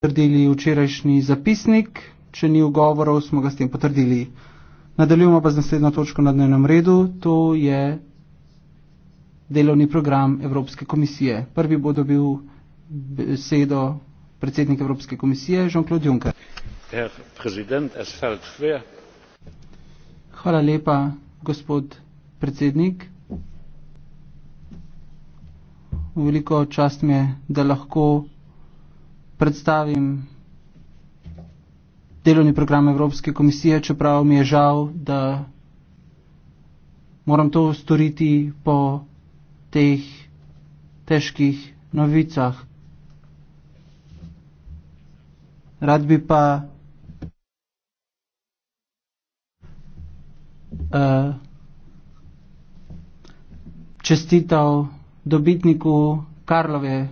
potrdili včerajšnji zapisnik, če ni ugovorov, smo ga s tem potrdili. Nadaljujemo pa z naslednjo točko na dnevnem redu, to je delovni program Evropske komisije. Prvi bo dobil besedo predsednik Evropske komisije Jean-Claude Juncker. Hvala lepa, gospod predsednik. Veliko čast mi je, da lahko predstavim delovni program Evropske komisije, čeprav mi je žal, da moram to storiti po teh težkih novicah. Rad bi pa uh, čestital dobitniku Karlove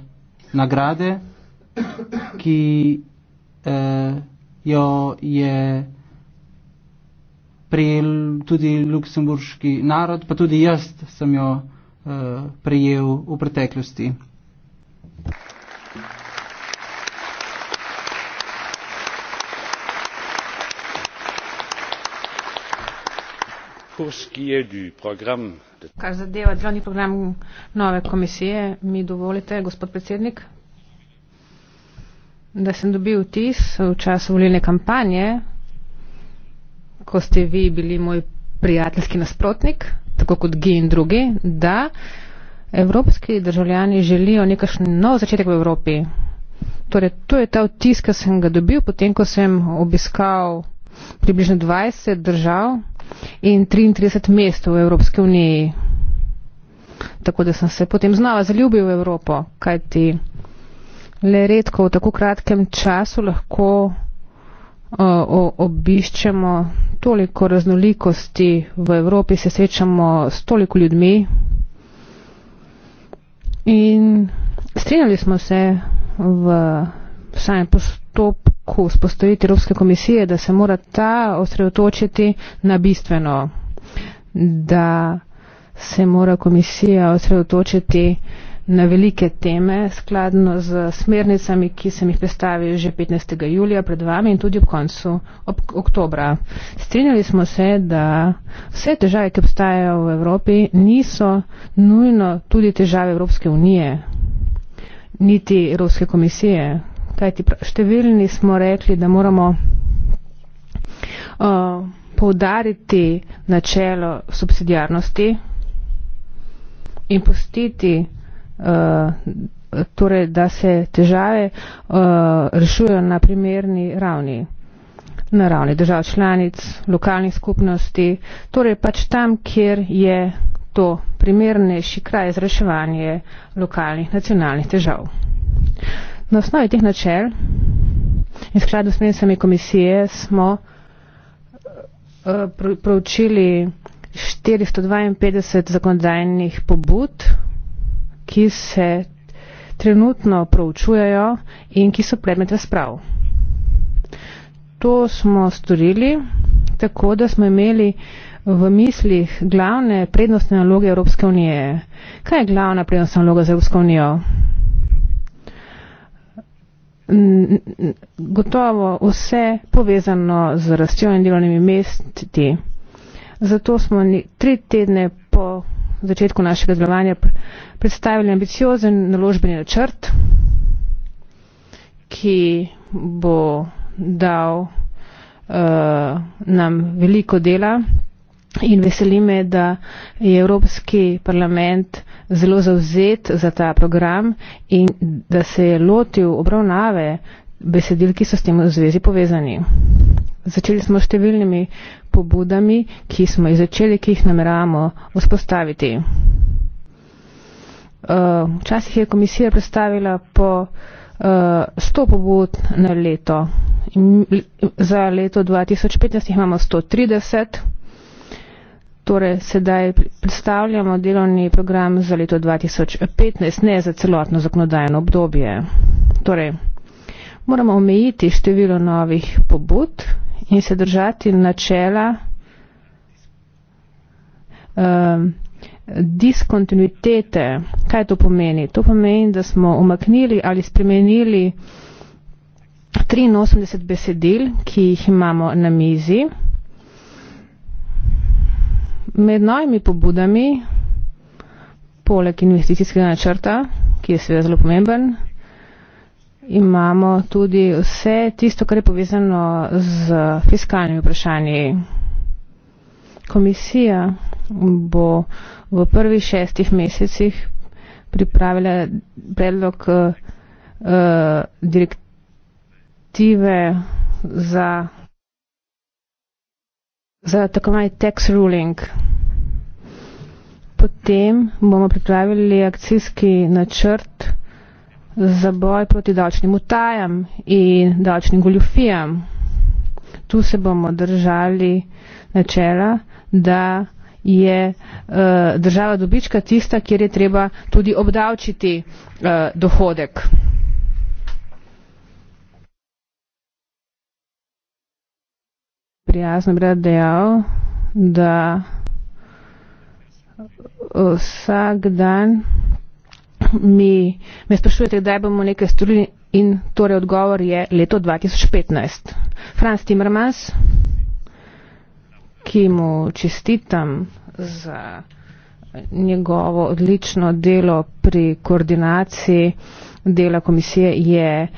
nagrade ki eh, jo je prejel tudi luksemburški narod, pa tudi jaz sem jo eh, prejel v preteklosti. Kar zadeva zadnji program nove komisije, mi dovolite, gospod predsednik da sem dobil vtis v času volilne kampanje, ko ste vi bili moj prijateljski nasprotnik, tako kot G in drugi, da evropski državljani želijo nekakšen nov začetek v Evropi. Torej, to je ta vtis, ki sem ga dobil, potem, ko sem obiskal približno 20 držav in 33 mest v Evropski uniji. Tako da sem se potem znala zaljubil v Evropo, kajti le redko v tako kratkem času lahko uh, obiščemo toliko raznolikosti v Evropi, se srečamo s toliko ljudmi. In strinjali smo se v samem postopku spostojiti Evropske komisije, da se mora ta osredotočiti na bistveno, da se mora komisija osredotočiti na na velike teme, skladno z smernicami, ki sem jih predstavil že 15. julija pred vami in tudi ob koncu ob oktobra. Strinjali smo se, da vse težave, ki obstajajo v Evropi, niso nujno tudi težave Evropske unije, niti Evropske komisije. Kajti številni smo rekli, da moramo uh, poudariti načelo subsidijarnosti in postiti Eh, torej, da se težave eh, rešujejo na primerni ravni na ravni držav članic, lokalnih skupnosti, torej pač tam, kjer je to primernejši kraj za reševanje lokalnih nacionalnih težav. Na osnovi teh načel in skladu s mencami komisije smo uh, proučili 452 zakonodajnih pobud ki se trenutno proučujejo in ki so predmet razprav. To smo storili tako, da smo imeli v mislih glavne prednostne naloge Evropske unije. Kaj je glavna prednostna naloga za Evropsko unijo? Gotovo vse povezano z rastjo in delovnimi mesti. Zato smo tri tedne po v začetku našega delovanja predstavili ambiciozen naložbeni načrt, ki bo dal uh, nam veliko dela in veseli me, da je Evropski parlament zelo zauzet za ta program in da se je lotil obravnave besedil, ki so s tem v zvezi povezani. Začeli smo s številnimi pobudami, ki smo jih začeli, ki jih nameravamo vzpostaviti. Eh, včasih je komisija predstavila po 100 eh, pobud na leto. Za leto 2015 jih imamo 130. Torej, sedaj predstavljamo delovni program za leto 2015, ne za celotno zakonodajno obdobje. Torej, moramo omejiti število novih pobud in se držati načela um, diskontinuitete. Kaj to pomeni? To pomeni, da smo omaknili ali spremenili 83 besedil, ki jih imamo na mizi. Med novimi pobudami, poleg investicijskega načrta, ki je seveda zelo pomemben, imamo tudi vse tisto, kar je povezano z fiskalnimi vprašanji. Komisija bo v prvih šestih mesecih pripravila predlog uh, direktive za, za tako imenovani tax ruling. Potem bomo pripravili akcijski načrt uh, za boj proti davčnim utajam in davčnim goljufijam. Tu se bomo držali načela, da je uh, država dobička tista, kjer je treba tudi obdavčiti uh, dohodek. Prijazno bi rad dejal, da eh, vsak dan mi, me sprašujete, kdaj bomo nekaj storili in torej odgovor je leto 2015. Franz Timmermans, ki mu čestitam za njegovo odlično delo pri koordinaciji dela komisije, je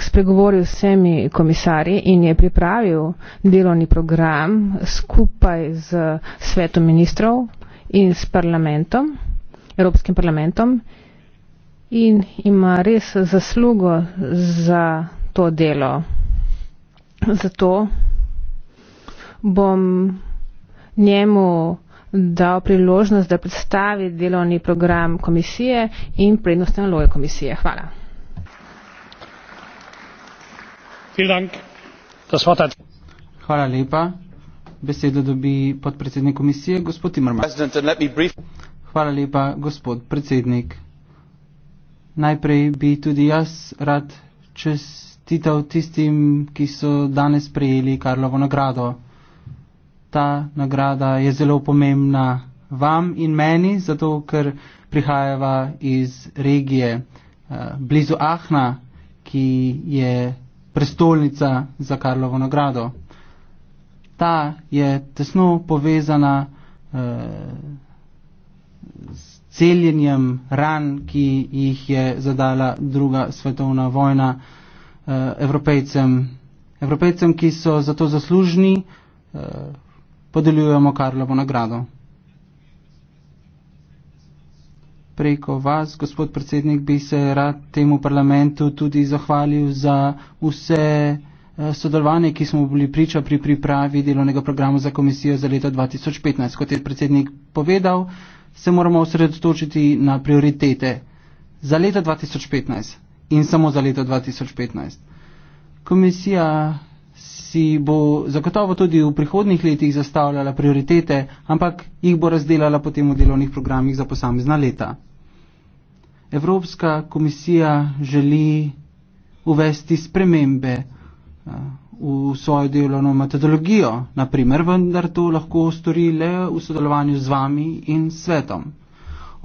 spregovoril vsemi komisarji in je pripravil delovni program skupaj z svetom ministrov in s parlamentom, Evropskim parlamentom in ima res zaslugo za to delo. Zato bom njemu dal priložnost, da predstavi delovni program komisije in prednostne naloge komisije. Hvala. Hvala lepa. Besedo dobi podpredsednik komisije, gospod Timrman. Hvala lepa, gospod predsednik. Najprej bi tudi jaz rad čestital tistim, ki so danes prejeli Karlovo nagrado. Ta nagrada je zelo pomembna vam in meni, zato ker prihajava iz regije eh, blizu Ahna, ki je prestolnica za Karlovo nagrado. Ta je tesno povezana eh, celjenjem ran, ki jih je zadala druga svetovna vojna eh, evropejcem. Evropejcem, ki so za to zaslužni, eh, podeljujemo Karlovo nagrado. Preko vas, gospod predsednik, bi se rad temu parlamentu tudi zahvalil za vse eh, sodelovanje, ki smo bili priča pri pripravi delovnega programa za komisijo za leto 2015. Kot je predsednik povedal, se moramo osredotočiti na prioritete za leto 2015 in samo za leto 2015. Komisija si bo zagotovo tudi v prihodnih letih zastavljala prioritete, ampak jih bo razdelala potem v delovnih programih za posamezna leta. Evropska komisija želi uvesti spremembe. Uh, v svojo delovno metodologijo, naprimer, vendar to lahko stori le v sodelovanju z vami in svetom.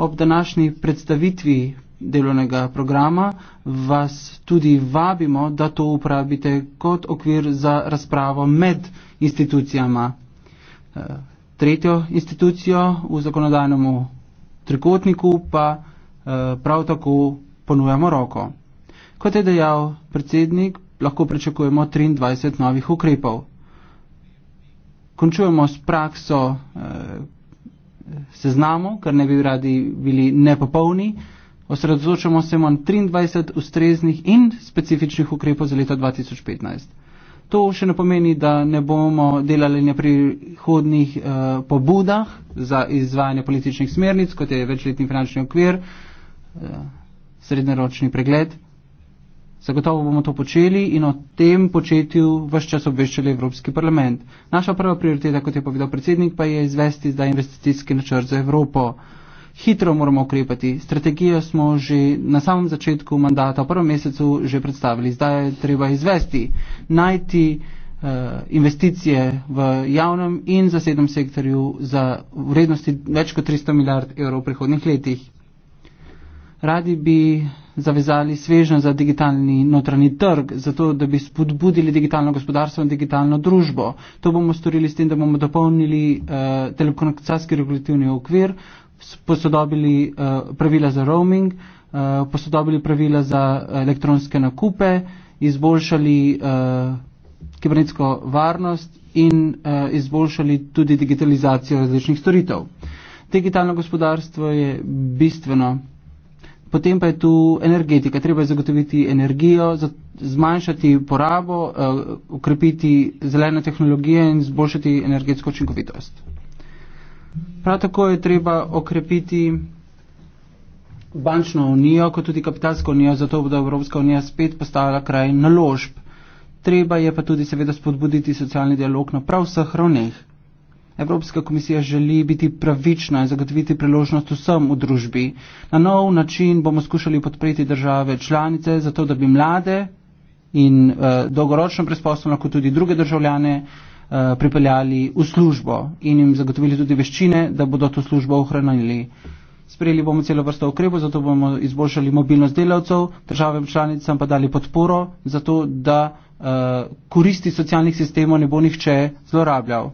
Ob današnji predstavitvi delovnega programa vas tudi vabimo, da to uporabite kot okvir za razpravo med institucijama. Eh, tretjo institucijo v zakonodajnem trikotniku pa eh, prav tako ponujamo roko. Kot je dejal predsednik, lahko pričakujemo 23 novih ukrepov. Končujemo s prakso eh, seznamo, ker ne bi radi bili nepopolni. Osredotočamo se manj 23 ustreznih in specifičnih ukrepov za leto 2015. To še ne pomeni, da ne bomo delali na prihodnih eh, pobudah za izvajanje političnih smernic, kot je večletni finančni okvir, eh, srednjeročni pregled Zagotovo bomo to počeli in o tem početju vse čas obveščali Evropski parlament. Naša prva prioriteta, kot je povedal predsednik, pa je izvesti zdaj investicijski načrt za Evropo. Hitro moramo ukrepati. Strategijo smo že na samem začetku mandata, v prvem mesecu, že predstavili. Zdaj je treba izvesti, najti uh, investicije v javnem in zasednem sektorju za vrednosti več kot 300 milijard evrov v prihodnih letih. Radi bi zavezali svežno za digitalni notranji trg, zato da bi spodbudili digitalno gospodarstvo in digitalno družbo. To bomo storili s tem, da bomo dopolnili uh, telekomunikacijski regulativni okvir, posodobili uh, pravila za roaming, uh, posodobili pravila za elektronske nakupe, izboljšali uh, kibernetsko varnost in uh, izboljšali tudi digitalizacijo različnih storitev. Digitalno gospodarstvo je bistveno Potem pa je tu energetika. Treba je zagotoviti energijo, zmanjšati porabo, ukrepiti eh, zelene tehnologije in zboljšati energetsko učinkovitost. Prav tako je treba okrepiti bančno unijo, kot tudi kapitalsko unijo, zato bo Evropska unija spet postala kraj naložb. Treba je pa tudi seveda spodbuditi socialni dialog na prav vseh ravneh. Evropska komisija želi biti pravična in zagotoviti priložnost vsem v družbi. Na nov način bomo skušali podpreti države članice, zato da bi mlade in uh, dolgoročno brezposobno lahko tudi druge državljane uh, pripeljali v službo in jim zagotovili tudi veščine, da bodo to službo ohranili. Sprejeli bomo celo vrsto ukrepov, zato bomo izboljšali mobilnost delavcev, državam članicam pa dali podporo, zato da uh, koristi socialnih sistemov ne bo nihče zlorabljal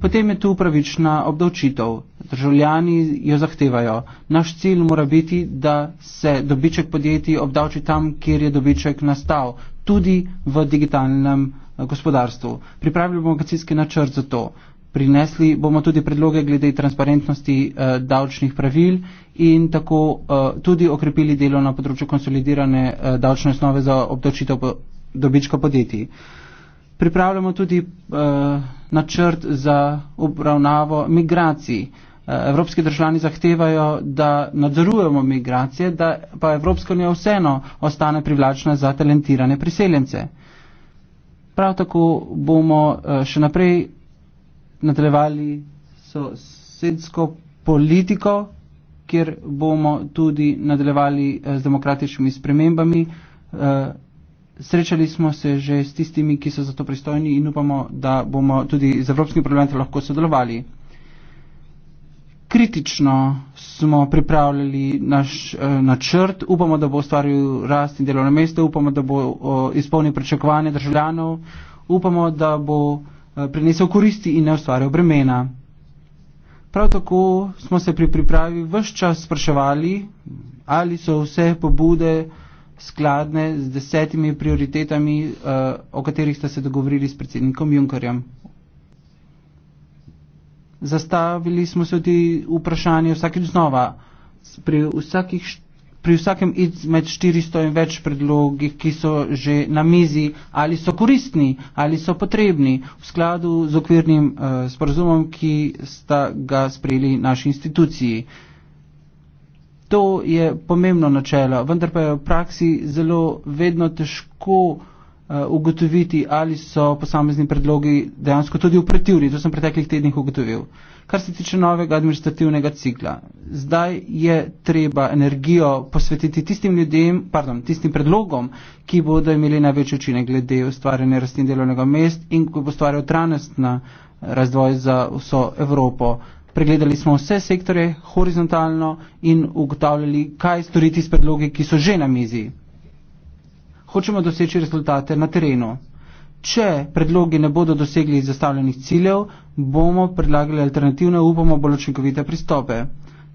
potem je tu pravična obdavčitev. Državljani jo zahtevajo. Naš cilj mora biti, da se dobiček podjetij obdavči tam, kjer je dobiček nastal, tudi v digitalnem eh, gospodarstvu. Pripravili bomo akcijski načrt za to. Prinesli bomo tudi predloge glede transparentnosti eh, davčnih pravil in tako eh, tudi okrepili delo na področju konsolidirane eh, davčne osnove za obdavčitev dobička podjetij. Eh, Pripravljamo tudi uh, načrt za obravnavo migracij. Eh, evropski državljani zahtevajo, da nadzorujemo migracije, da pa Evropska unija vseeno ostane privlačna za talentirane priseljence. Prav tako bomo eh, še naprej nadaljevali sosedsko politiko, kjer bomo tudi nadaljevali z demokratičnimi spremembami, Srečali smo se že s tistimi, ki so za to pristojni in upamo, da bomo tudi z Evropskim parlamentom lahko sodelovali. Kritično smo pripravljali naš eh, načrt, upamo, da bo ustvaril rast in delovne mesta, upamo, da bo izpolnil pričakovanje državljanov, upamo, da bo eh, prinesel koristi in ne ustvaril bremena. Prav tako smo se pri pripravi vse čas spraševali, ali so vse pobude, skladne z desetimi prioritetami, uh, o katerih ste se dogovorili s predsednikom Junkerjem. Zastavili smo se tudi vprašanje vsakeč znova. Pri, vsakih, pri vsakem izmed 400 in več predlogih, ki so že na mizi, ali so koristni, ali so potrebni v skladu z okvirnim uh, eh, sporozumom, ki sta ga sprejeli naši instituciji. Uh, To je pomembno načelo, vendar pa je v praksi zelo vedno težko uh, ugotoviti, ali so posamezni predlogi dejansko tudi upretivni. To sem v preteklih tednih ugotovil. Kar se tiče novega administrativnega cikla, zdaj je treba energijo posvetiti tistim ljudem, pardon, tistim predlogom, ki bodo imeli največji učinek glede ustvarjanja rasti in delovnega mest in ko bo ustvarjal trajnostna eh, razvoj za vso Evropo. Uh, Pregledali smo vse sektore horizontalno in ugotavljali, kaj storiti s predlogi, ki so že na mizi. Hočemo doseči rezultate na terenu. Če predlogi ne bodo dosegli zastavljenih ciljev, bomo predlagali alternativne, upamo, bolj učinkovite pristope.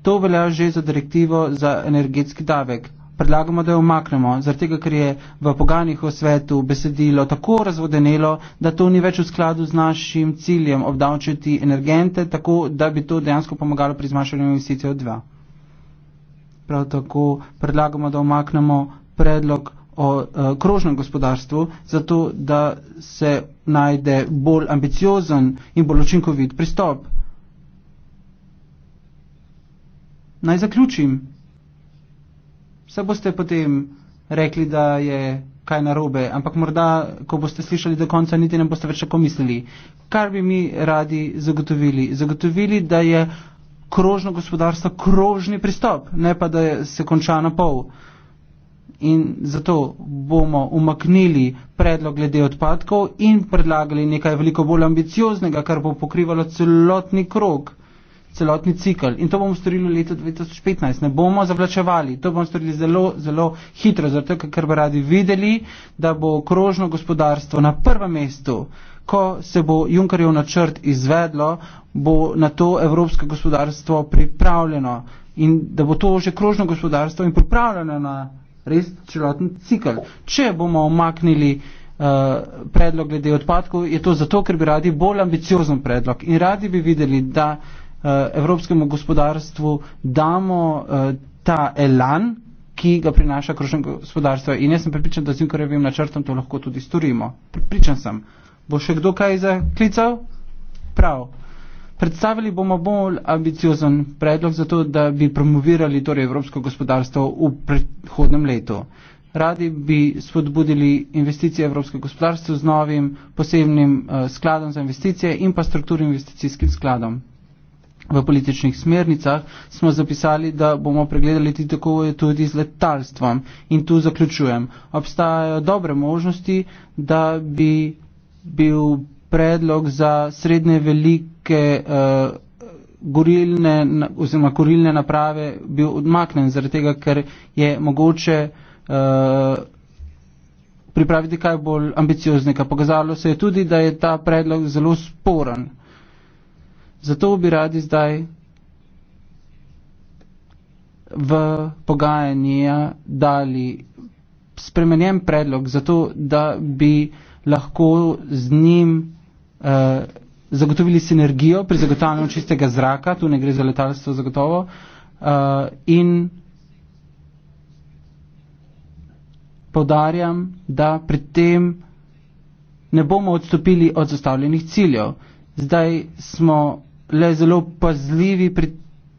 To velja že za direktivo za energetski davek, predlagamo, da jo omaknemo, zaradi tega, ker je v poganjih o svetu besedilo tako razvodenelo, da to ni več v skladu z našim ciljem obdavčiti energente, tako da bi to dejansko pomagalo pri zmanjšanju investicij od 2. Prav tako predlagamo, da omaknemo predlog o uh, krožnem gospodarstvu, zato da se najde bolj ambiciozen in bolj učinkovit pristop. Naj zaključim se boste potem rekli, da je kaj narobe, ampak morda, ko boste slišali do konca, niti ne boste več tako mislili. Kar bi mi radi zagotovili? Zagotovili, da je krožno gospodarstvo krožni pristop, ne pa, da se konča na pol. In zato bomo umaknili predlog glede odpadkov in predlagali nekaj veliko bolj ambicioznega, kar bo pokrivalo celotni krog celotni cikl. In to bomo storili v letu 2015. Ne bomo zavlačevali, to bomo storili zelo, zelo hitro, zato ker bi radi videli, da bo krožno gospodarstvo na prvem mestu, ko se bo Junkerjev načrt izvedlo, bo na to evropsko gospodarstvo pripravljeno in da bo to že krožno gospodarstvo in pripravljeno na res celoten cikl. Če bomo omaknili Uh, eh, predlog glede odpadkov je to zato, ker bi radi bolj ambiciozen predlog in radi bi videli, da Eh, evropskemu gospodarstvu damo eh, ta elan, ki ga prinaša krožno gospodarstvo. In jaz sem pripričan, da z Junkerjevim načrtom to lahko tudi storimo. Pripričan sem. Bo še kdo kaj zaklical? Prav. Predstavili bomo bolj ambiciozen predlog za to, da bi promovirali torej evropsko gospodarstvo v prihodnem letu. Radi bi spodbudili investicije evropskega gospodarstva z novim posebnim eh, skladom za investicije in pa strukturnim investicijskim skladom. V političnih smernicah smo zapisali, da bomo pregledali tudi tako je tudi z letalstvom. In tu zaključujem. Obstajajo dobre možnosti, da bi bil predlog za srednje velike uh, gorilne oziroma korilne naprave bil odmaknen, zaradi tega, ker je mogoče uh, pripraviti kaj bolj ambicioznega. Pokazalo se je tudi, da je ta predlog zelo sporan. Zato bi radi zdaj v pogajanje dali spremenjen predlog, zato da bi lahko z njim eh, zagotovili sinergijo pri zagotavljanju čistega zraka, tu ne gre za letalstvo zagotovo, eh, in podarjam, da pri tem ne bomo odstopili od zastavljenih ciljev. Zdaj smo le zelo pazljivi pri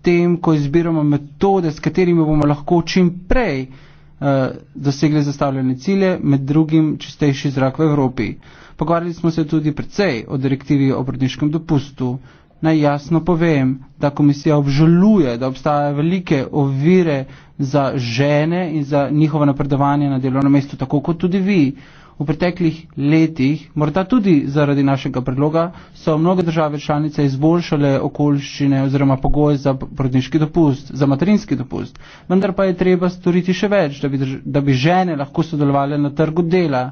tem, ko izbiramo metode, s katerimi bomo lahko čim prej uh, dosegli zastavljene cilje, med drugim čistejši zrak v Evropi. Pogovarjali smo se tudi precej o direktivi o obrtniškem dopustu. Naj jasno povem, da komisija obžaluje, da obstajajo velike ovire za žene in za njihovo napredovanje na delovnem mestu, tako kot tudi vi v preteklih letih, morda tudi zaradi našega predloga, so mnoge države članice izboljšale okoliščine oziroma pogoje za porodniški dopust, za materinski dopust. Vendar pa je treba storiti še več, da bi, da bi žene lahko sodelovali na trgu dela.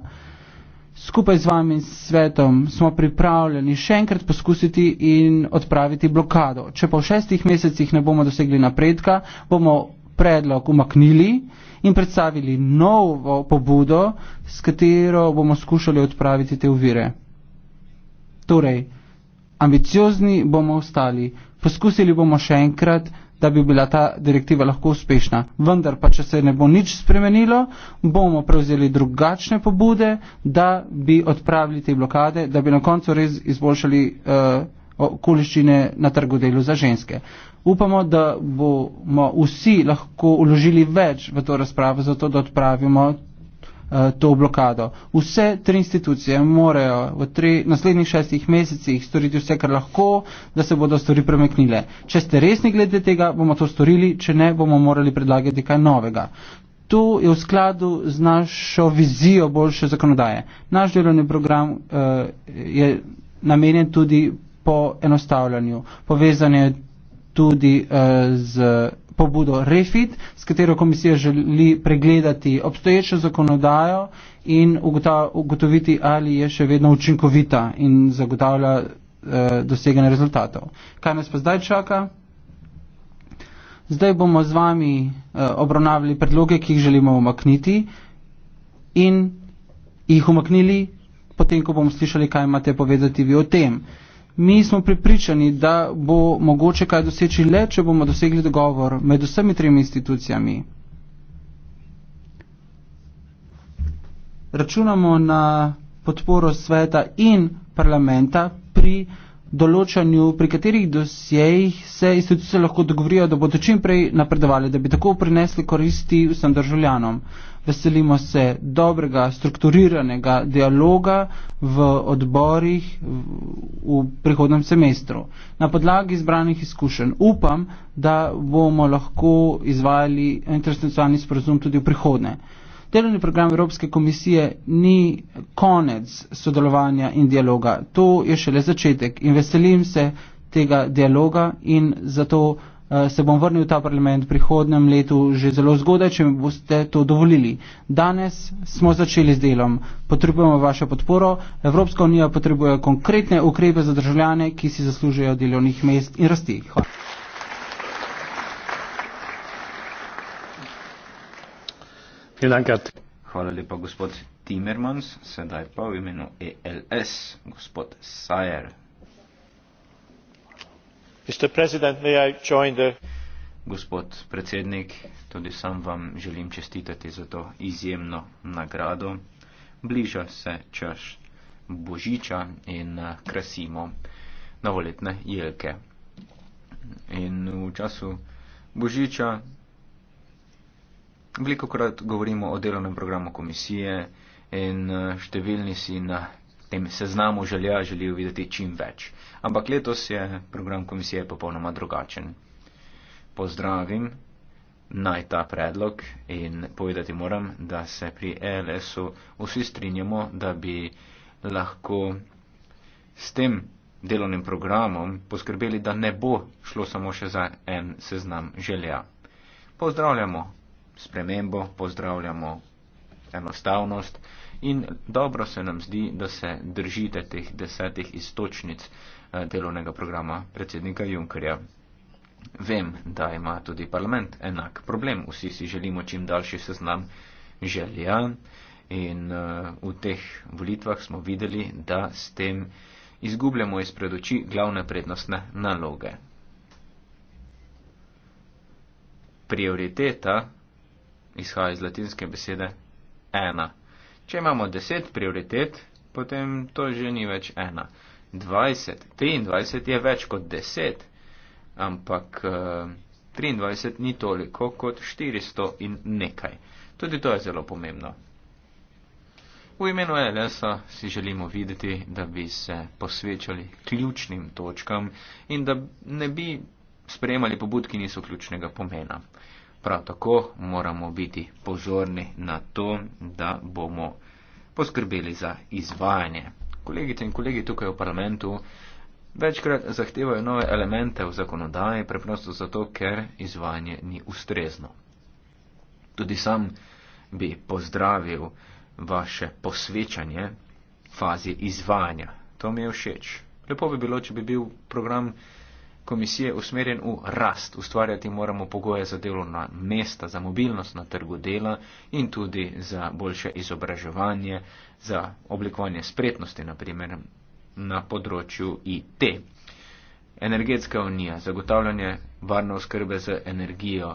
Skupaj z vami in svetom smo pripravljeni še enkrat poskusiti in odpraviti blokado. Če pa v šestih mesecih ne bomo dosegli napredka, bomo predlog umaknili in predstavili novo pobudo, s katero bomo skušali odpraviti te uvire. Torej, ambiciozni bomo ostali, poskusili bomo še enkrat, da bi bila ta direktiva lahko uspešna. Vendar pa, če se ne bo nič spremenilo, bomo prevzeli drugačne pobude, da bi odpravili te blokade, da bi na koncu res izboljšali uh, okoliščine na trgu delu za ženske. Upamo, da bomo vsi lahko uložili več v to razpravo, zato da odpravimo eh, to blokado. Vse tri institucije morajo v tri, naslednjih šestih mesecih storiti vse, kar lahko, da se bodo stvari premeknile. Če ste resni glede tega, bomo to storili, če ne, bomo morali predlagati kaj novega. To je v skladu z našo vizijo boljše zakonodaje. Naš delovni program uh, je namenjen tudi po enostavljanju. Povezanje tudi eh, z pobudo REFIT, s katero komisija želi pregledati obstoječo zakonodajo in ugotoviti, ali je še vedno učinkovita in zagotavlja eh, dosegene rezultatov. Kaj nas pa zdaj čaka? Zdaj bomo z vami eh, obravnavali predloge, ki jih želimo omakniti in jih omaknili, potem ko bomo slišali, kaj imate povedati vi o tem mi smo pripričani, da bo mogoče kaj doseči le, če bomo dosegli dogovor med vsemi tremi institucijami. Računamo na podporo sveta in parlamenta pri določanju, pri katerih dosjejih se institucije lahko dogovorijo, da bodo čim prej napredovali, da bi tako prinesli koristi vsem državljanom. Veselimo se dobrega, strukturiranega dialoga v odborih v prihodnem semestru. Na podlagi izbranih izkušenj upam, da bomo lahko izvajali interstitucionalni sporozum tudi v prihodnje. Delovni program Evropske komisije ni konec sodelovanja in dialoga. To je šele začetek in veselim se tega dialoga in zato uh, se bom vrnil v ta parlament v prihodnem letu že zelo zgodaj, če mi boste to dovolili. Danes smo začeli z delom. Potrebujemo vašo podporo. Evropska unija potrebuje konkretne ukrepe za državljane, ki si zaslužijo delovnih mest in rasti. Hvala. Hvala lepa, gospod Timmermans. Sedaj pa v imenu ELS, gospod Sajer. Gospod predsednik, tudi sam vam želim čestitati za to izjemno nagrado. Bliža se čas božiča in eh, krasimo novoletne jelke. In v času božiča Veliko krat govorimo o delovnem programu komisije in eh, številni si na tem seznamu želja želijo videti čim več. Ampak letos je program komisije popolnoma drugačen. Pozdravim naj ta predlog in povedati moram, da se pri e LS-u vsi strinjamo, da bi lahko s tem delovnim programom poskrbeli, da ne bo šlo samo še za en seznam želja. Pozdravljamo spremembo, pozdravljamo enostavnost in dobro se nam zdi, da se držite teh desetih istočnic eh, delovnega programa predsednika Junkerja. Vem, da ima tudi parlament enak problem. Vsi si želimo čim daljši seznam želja in eh, v teh volitvah smo videli, da s tem izgubljamo izpred oči glavne prednostne naloge. Prioriteta izhaja iz latinske besede ena. Če imamo deset prioritet, potem to že ni več ena. Dvajset, triindvajset je več kot deset, ampak eh, triindvajset uh, ni toliko kot štiristo in nekaj. Tudi to je zelo pomembno. V imenu LS-a si želimo videti, da bi se posvečali ključnim točkam in da ne bi sprejemali pobud, ki niso ključnega pomena. Prav tako moramo biti pozorni na to, da bomo poskrbeli za izvajanje. Kolegice in kolegi tukaj v parlamentu večkrat zahtevajo nove elemente v zakonodaji, preprosto zato, ker izvajanje ni ustrezno. Tudi sam bi pozdravil vaše posvečanje fazi izvajanja. To mi je všeč. Lepo bi bilo, če bi bil program komisije usmerjen v rast. Ustvarjati moramo pogoje za delovna mesta, za mobilnost na trgu dela in tudi za boljše izobraževanje, za oblikovanje spretnosti, naprimer na področju IT. Energetska unija, zagotavljanje varne oskrbe z energijo,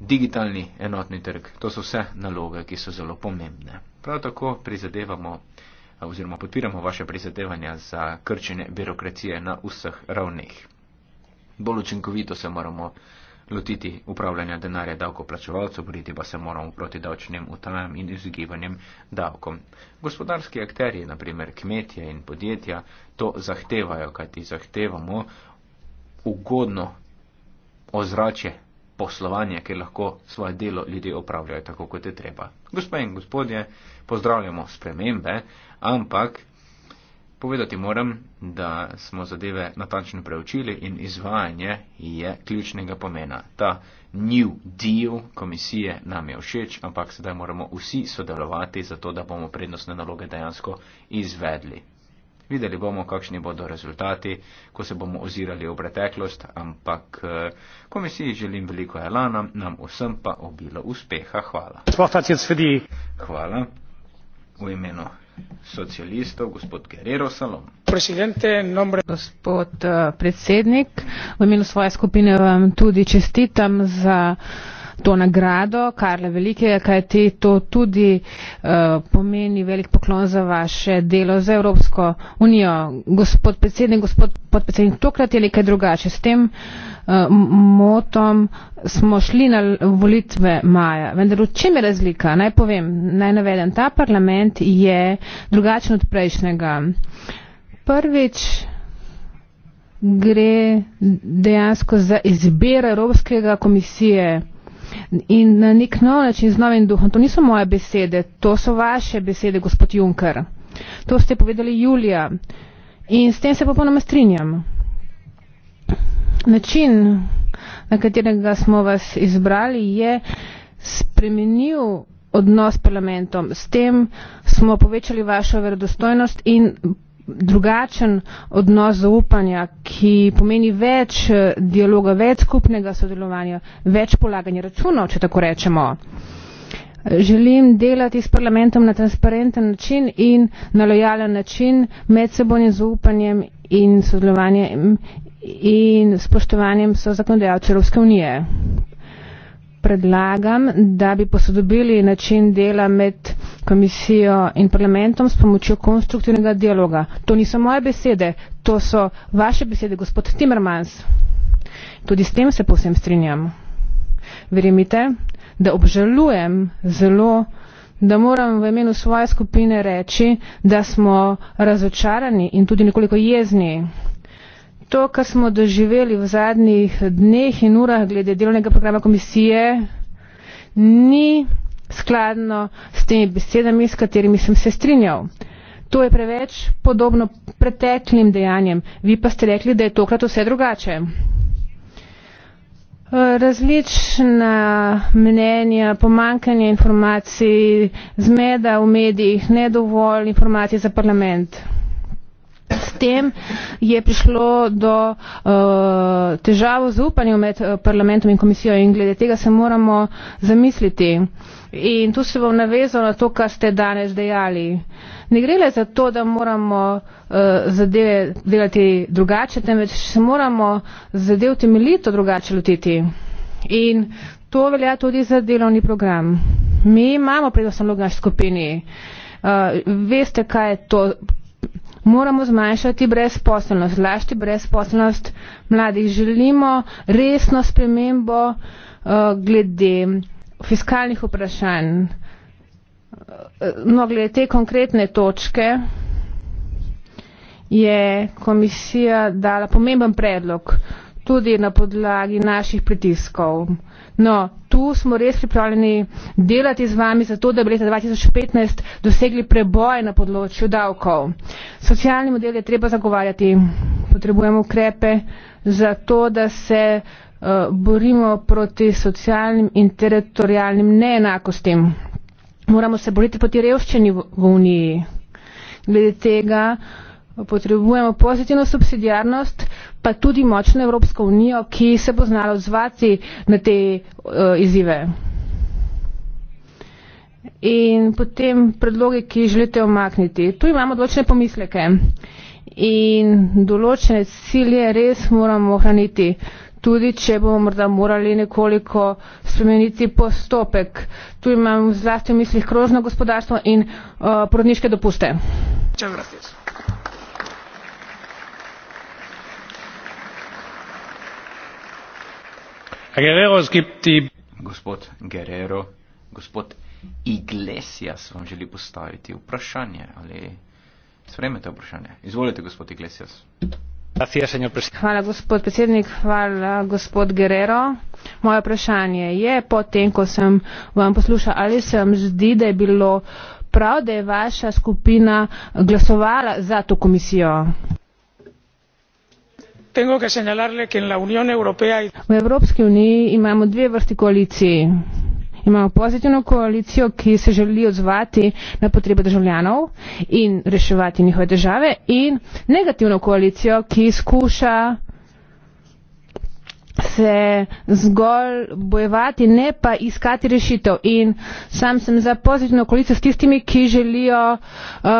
digitalni enotni trg, to so vse naloge, ki so zelo pomembne. Prav tako prizadevamo oziroma podpiramo vaše prizadevanja za krčenje birokracije na vseh ravneh bolj učinkovito se moramo lotiti upravljanja denarja davkoplačevalcev, boriti pa se moramo proti davčnim utajam in izogibanjem davkom. Gospodarski akteri, naprimer kmetje in podjetja, to zahtevajo, kajti zahtevamo ugodno ozračje poslovanja, ker lahko svoje delo ljudje opravljajo tako, kot je treba. Gospod in gospodje, pozdravljamo spremembe, ampak Povedati moram, da smo zadeve natančno preučili in izvajanje je ključnega pomena. Ta New Deal komisije nam je všeč, ampak sedaj moramo vsi sodelovati, zato da bomo prednostne naloge dejansko izvedli. Videli bomo, kakšni bodo rezultati, ko se bomo ozirali v preteklost, ampak eh, komisiji želim veliko elana, nam vsem pa obilo uspeha. Hvala. Hvala. V imenu socialistov, gospod Guerrero Salom. Gospod eh, predsednik, v imenu svoje skupine vam tudi čestitam za to nagrado Karla Velikega, kaj ti to tudi eh, pomeni velik poklon za vaše delo za Evropsko unijo. Gospod predsednik, gospod podpredsednik, tokrat je nekaj drugače. S tem eh, motom smo šli na volitve maja. Vendar v čem je razlika? Naj povem, naj navedem, ta parlament je drugačen od prejšnjega. Prvič gre dejansko za izbiro Evropskega komisije in na eh, nek nov način z novim duhom. To niso moje besede, to so vaše besede, gospod Juncker. To ste povedali Julija in s tem se popolnoma strinjam. Način, na katerega smo vas izbrali, je spremenil odnos s parlamentom. S tem smo povečali vašo verodostojnost in drugačen odnos zaupanja, ki pomeni več eh, dialoga, več skupnega sodelovanja, več polaganja računov, če tako rečemo. Želim delati s parlamentom na transparenten način in na lojalen način med sebojnim zaupanjem in sodelovanjem in spoštovanjem so zakonodajalce Evropske unije predlagam, da bi posodobili način dela med komisijo in parlamentom s pomočjo konstruktivnega dialoga. To niso moje besede, to so vaše besede, gospod Timmermans. Tudi s tem se povsem strinjam. Verjemite, da obžalujem zelo, da moram v imenu svoje skupine reči, da smo razočarani in tudi nekoliko jezni to, kar smo doživeli v zadnjih dneh in urah glede delovnega programa komisije, ni skladno s temi besedami, s katerimi sem se strinjal. To je preveč podobno preteklim dejanjem. Vi pa ste rekli, da je tokrat vse drugače. Različna mnenja, pomankanje informacij, zmeda v medijih, nedovolj informacij za parlament. S tem je prišlo do uh, eh, težavo zaupanja med eh, parlamentom in komisijo in glede tega se moramo zamisliti. In tu se bom navezal na to, kar ste danes dejali. Ne gre le za to, da moramo uh, zadeve delati drugače, temveč se moramo zadev temeljito drugače lotiti. In to velja tudi za delovni program. Mi imamo predvsem vlogo naši skupini. Uh, veste, kaj je to, moramo zmanjšati brezposelnost, zlasti brezposelnost mladih. Želimo resno spremembo uh, glede fiskalnih vprašanj. Eh, no, glede te konkretne točke je komisija dala pomemben predlog tudi na podlagi naših pritiskov no tu smo res pripravljeni delati z vami zato da bi leta dva tisoč petnajst dosegli preboj na področju davkov socialni model je treba zagovarjati potrebujemo ukrepe zato da se uh, borimo proti socialnim in teritorijalnim neenakostim moramo se boriti proti revščini v, v uniji glede tega Potrebujemo pozitivno subsidijarnost, pa tudi močno Evropsko unijo, ki se bo znala odzvati na te eh, izzive. In potem predloge, ki želite omakniti. Tu imamo določene pomisleke in določene cilje res moramo ohraniti. Tudi, če bomo morda morali nekoliko spremeniti postopek. Tu imam zlasti v mislih krožno gospodarstvo in uh, porodniške dopuste. Čau, gospod Guerrero, gospod Iglesias vam želi postaviti vprašanje ali sprejmete vprašanje. Izvolite, gospod Iglesias. Hvala, gospod predsednik. Hvala, gospod Guerrero. Moje vprašanje je, potem, ko sem vam poslušal, ali se vam zdi, da je bilo prav, da je vaša skupina glasovala za to komisijo? v evropski uniji imamo dve vrsti koalicij imamo pozitivno koalicijo ki se želi odzvati na potrebe državljanov in reševati njihove države in negativno koalicijo ki skuša se zgolj bojevati ne pa iskati rešitev in sam sem za pozitivno koalicijo s tistimi ki želijo uh,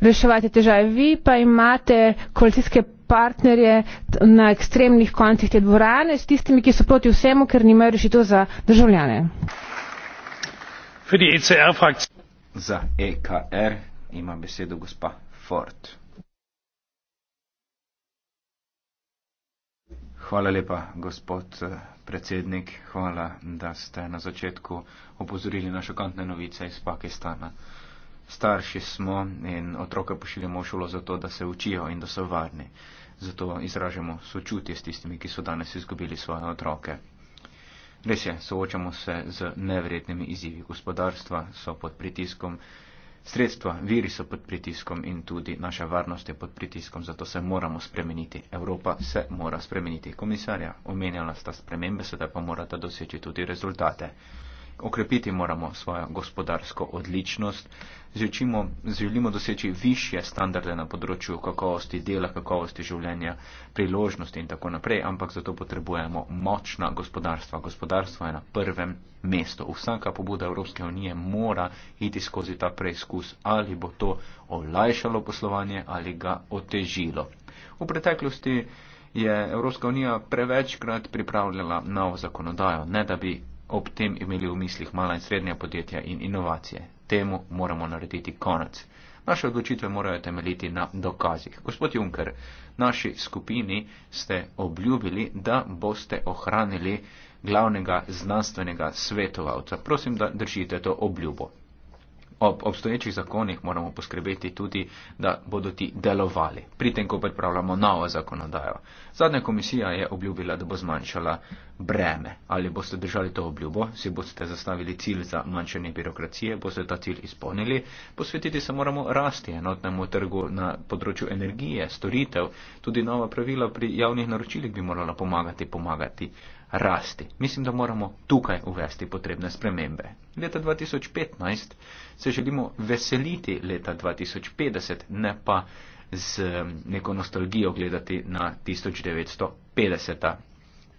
reševati težave vi pa imate koalicijske partnerje na ekstremnih koncih te dvorane s tistimi, ki so proti vsemu, ker nimajo rešitev za državljane. E za EKR ima besedo gospa Ford. Hvala lepa, gospod eh, predsednik. Hvala, da ste na začetku opozorili na šokantne novice iz Pakistana starši smo in otroke pošiljamo v šolo zato, da se učijo in da so varni. Zato izražamo sočutje s tistimi, ki so danes izgubili svoje otroke. Res je, soočamo se z nevrednimi izzivi. Gospodarstva so pod pritiskom, sredstva, viri so pod pritiskom in tudi naša varnost je pod pritiskom, zato se moramo spremeniti. Evropa se mora spremeniti. Komisarja, omenjala sta spremembe, sedaj pa morata doseči tudi rezultate okrepiti moramo svojo gospodarsko odličnost, želimo, želimo doseči više standarde na področju kakovosti dela, kakovosti življenja, priložnosti in tako naprej, ampak zato potrebujemo močna gospodarstva. Gospodarstvo je na prvem mestu. Vsaka pobuda Evropske unije mora iti skozi ta preizkus, ali bo to olajšalo poslovanje ali ga otežilo. V preteklosti je Evropska unija prevečkrat pripravljala novo zakonodajo, ne da bi ob tem imeli v mislih mala in srednja podjetja in inovacije. Temu moramo narediti konec. Naše odločitve morajo temeljiti na dokazih. Gospod Juncker, naši skupini ste obljubili, da boste ohranili glavnega znanstvenega svetovalca. Prosim, da držite to obljubo ob obstoječih zakonih moramo poskrbeti tudi, da bodo ti delovali. Pri tem, ko pripravljamo novo zakonodajo. Zadnja komisija je obljubila, da bo zmanjšala breme. Ali boste držali to obljubo, si boste zastavili cilj za manjšanje birokracije, boste ta cilj izpolnili. Posvetiti se moramo rasti enotnemu trgu na področju energije, storitev. Tudi nova pravila pri javnih naročilih bi morala pomagati, pomagati rasti. Mislim, da moramo tukaj uvesti potrebne spremembe. Leta 2015 se želimo veseliti leta 2050, ne pa z um, neko nostalgijo gledati na 1950.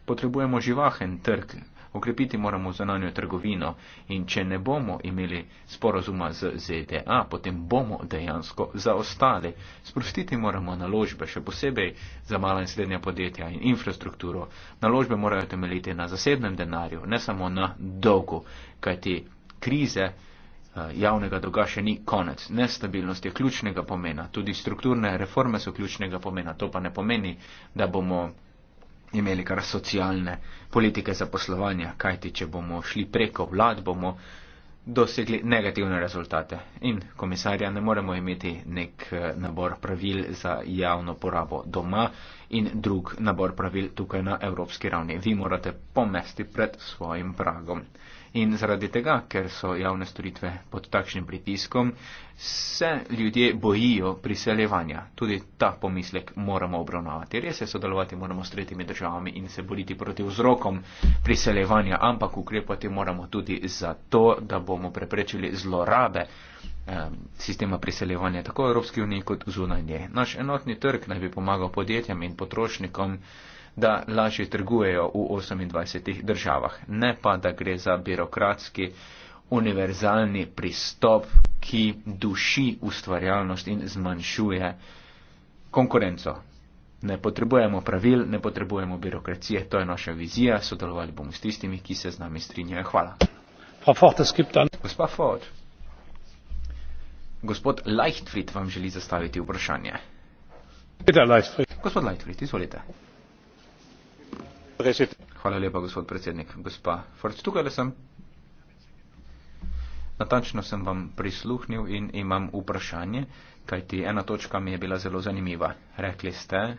Potrebujemo živahen trg okrepiti moramo zunanjo trgovino in če ne bomo imeli sporozuma z ZDA, potem bomo dejansko zaostali. Sprostiti moramo naložbe, še posebej za mala in srednja podjetja in infrastrukturo. Naložbe morajo temeljiti na zasebnem denarju, ne samo na dolgu, kajti krize eh, javnega dolga še ni konec. Nestabilnost je ključnega pomena, tudi strukturne reforme so ključnega pomena. To pa ne pomeni, da bomo imeli kar socialne politike zaposlovanja, kajti če bomo šli preko vlad, bomo dosegli negativne rezultate. In komisarja ne moremo imeti nek eh, nabor pravil za javno porabo doma in drug nabor pravil tukaj na evropski ravni. Vi morate pomesti pred svojim pragom. In zaradi tega, ker so javne storitve pod takšnim pritiskom, se ljudje bojijo priseljevanja. Tudi ta pomislek moramo obravnavati. Res je, sodelovati moramo s tretjimi državami in se boriti proti vzrokom priseljevanja, ampak ukrepati moramo tudi zato, da bomo preprečili zlorabe sistema priseljevanja tako v Evropski uniji kot zunanje. Naš enotni trg naj bi pomagal podjetjem in potrošnikom da lažje trgujejo v 28 državah, ne pa, da gre za birokratski univerzalni pristop, ki duši ustvarjalnost in zmanjšuje konkurenco. Ne potrebujemo pravil, ne potrebujemo birokracije, to je naša vizija, sodelovali bomo s tistimi, ki se z nami strinjajo. Hvala. Gospa Ford, gospod Leichtfried vam želi zastaviti vprašanje. Gospod Leichtfried, izvolite. Hvala lepa, gospod predsednik. Gospa Ford, tukaj sem. Natančno sem vam prisluhnil in imam vprašanje, kajti ena točka mi je bila zelo zanimiva. Rekli ste,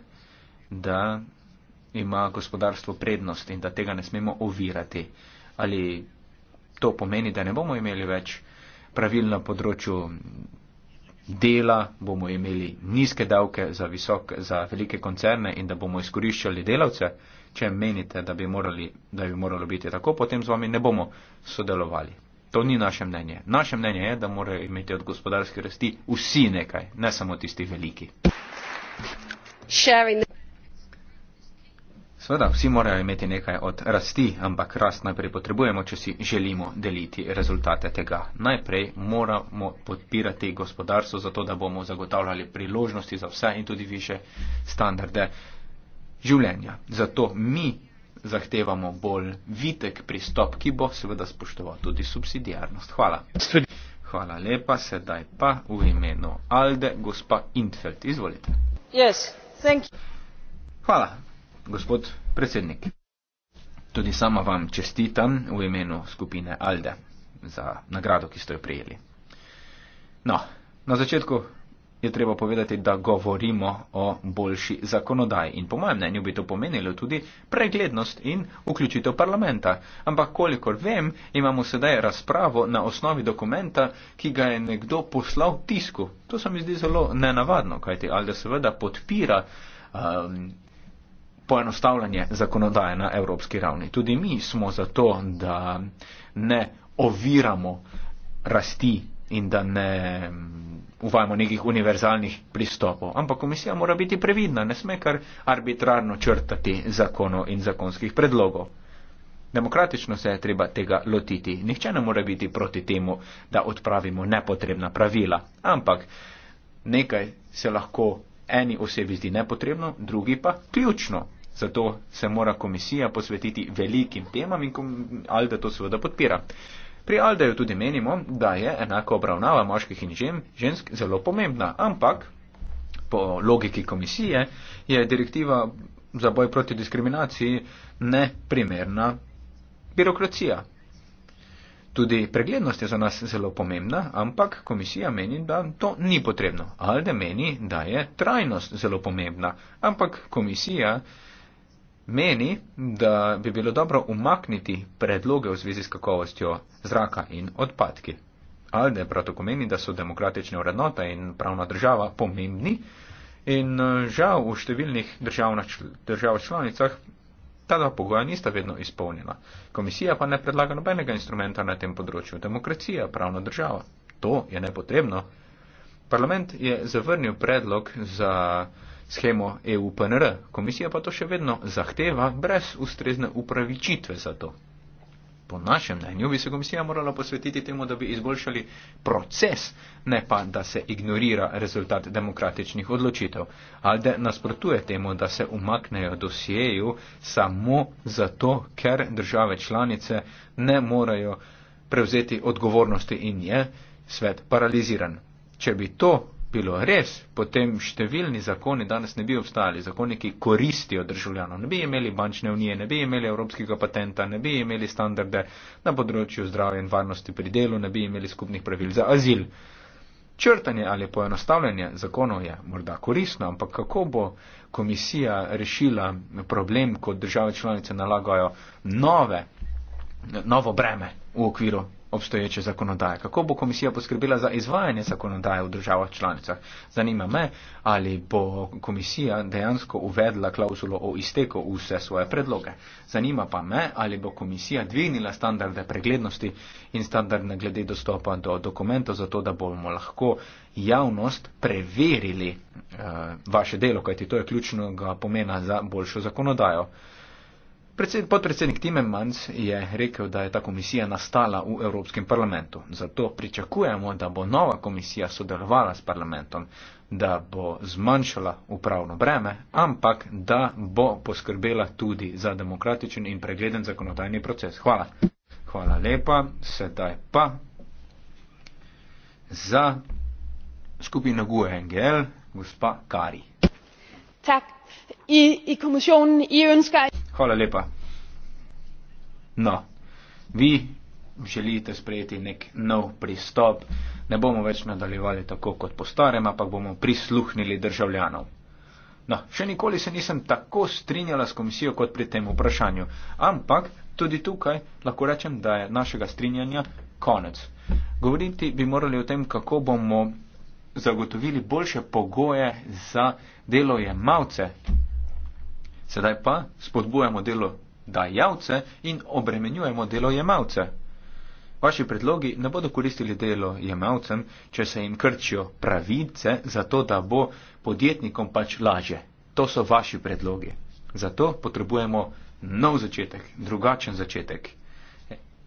da ima gospodarstvo prednost in da tega ne smemo ovirati. Ali to pomeni, da ne bomo imeli več pravil na področju dela, bomo imeli nizke davke za, visok, za velike koncerne in da bomo izkoriščali delavce? če menite, da bi, morali, da bi moralo biti tako, potem z vami ne bomo sodelovali. To ni naše mnenje. Naše mnenje je, da morajo imeti od gospodarske rasti vsi nekaj, ne samo tisti veliki. Sveda, vsi morajo imeti nekaj od rasti, ampak rast najprej potrebujemo, če si želimo deliti rezultate tega. Najprej moramo podpirati gospodarstvo, zato da bomo zagotavljali priložnosti za vse in tudi više standarde življenja. Zato mi zahtevamo bolj vitek pristop, ki bo seveda spoštoval tudi subsidijarnost. Hvala. Hvala lepa, sedaj pa v imenu Alde, gospa Intfeld, izvolite. Yes, Hvala, gospod predsednik. Tudi sama vam čestitam v imenu skupine Alde za nagrado, ki ste jo prijeli. No, na začetku je treba povedati, da govorimo o boljši zakonodaji. In po mojem mnenju bi to pomenilo tudi preglednost in vključitev parlamenta. Ampak kolikor vem, imamo sedaj razpravo na osnovi dokumenta, ki ga je nekdo poslal tisku. To se mi zdi zelo nenavadno, kajti Alde seveda podpira. Um, poenostavljanje zakonodaje na evropski ravni. Tudi mi smo za to, da ne oviramo rasti in da ne mm, uvajamo nekih univerzalnih pristopov. Ampak komisija mora biti previdna, ne sme kar arbitrarno črtati zakonov in zakonskih predlogov. Demokratično se je treba tega lotiti. Nihče ne more biti proti temu, da odpravimo nepotrebna pravila. Ampak nekaj se lahko eni osebi zdi nepotrebno, drugi pa ključno. Zato se mora komisija posvetiti velikim temam in Alde to seveda podpira. Pri Aldeju tudi menimo, da je enako obravnava moških in žensk zelo pomembna, ampak po logiki komisije je direktiva za boj proti diskriminaciji neprimerna birokracija. Tudi preglednost je za nas zelo pomembna, ampak komisija meni, da to ni potrebno. Alde meni, da je trajnost zelo pomembna, ampak komisija meni, da bi bilo dobro umakniti predloge v zvezi s kakovostjo zraka in odpadki. Alde prav tako meni, da so demokratične vrednote in pravna država pomembni in eh, žal v številnih držav članicah ta dva pogoja nista vedno izpolnjena. Komisija pa ne predlaga nobenega instrumenta na tem področju. Demokracija, pravna država. To je nepotrebno. Parlament je zavrnil predlog za. Schemo EUPNR komisija pa to še vedno zahteva brez ustrezne upravičitve za to. Po našem mnenju bi se komisija morala posvetiti temu, da bi izboljšali proces, ne pa, da se ignorira rezultat demokratičnih odločitev. Ali da nasprotuje temu, da se umaknejo dosjeju samo zato, ker države članice ne morejo prevzeti odgovornosti in je svet paraliziran. Če bi to bilo res, potem številni zakoni danes ne bi obstajali, zakoni, ki koristijo državljanom. Ne bi imeli bančne unije, ne bi imeli evropskega patenta, ne bi imeli standarde na področju zdravja in varnosti pri delu, ne bi imeli skupnih pravil za azil. Črtanje ali poenostavljanje zakonov je morda korisno, ampak kako bo komisija rešila problem, ko države članice nalagajo nove, novo breme v okviru obstoječe zakonodaje. Kako bo komisija poskrbela za izvajanje zakonodaje v državah članicah? Zanima me, ali bo komisija dejansko uvedla klauzulo o izteku v vse svoje predloge. Zanima pa me, ali bo komisija dvignila standarde preglednosti in standarde glede dostopa do dokumentov, zato da bomo lahko javnost preverili uh, vaše delo, kajti to je ključnega pomena za boljšo zakonodajo. Podpredsednik Timemans je rekel, da je ta komisija nastala v Evropskem parlamentu. Zato pričakujemo, da bo nova komisija sodelovala s parlamentom, da bo zmanjšala upravno breme, ampak da bo poskrbela tudi za demokratičen in pregleden zakonodajni proces. Hvala. Hvala lepa. Sedaj pa za skupino GUE NGL, gospa Kari. Tak i, i komisjonen, I ønsker. Hvala lepa. No, vi želite sprejeti nek nov pristop. Ne bomo več nadaljevali tako kot po starem, ampak bomo prisluhnili državljanov. No, še nikoli se nisem tako strinjala s komisijo kot pri tem vprašanju. Ampak tudi tukaj lahko rečem, da je našega strinjanja konec. Govoriti bi morali o tem, kako bomo zagotovili boljše pogoje za delojemalce. Sedaj pa spodbujamo delo dajalce in obremenjujemo delojemalce. Vaši predlogi ne bodo koristili delojemalcem, če se jim krčijo pravice, zato da bo podjetnikom pač laže. To so vaši predlogi. Zato potrebujemo nov začetek, drugačen začetek.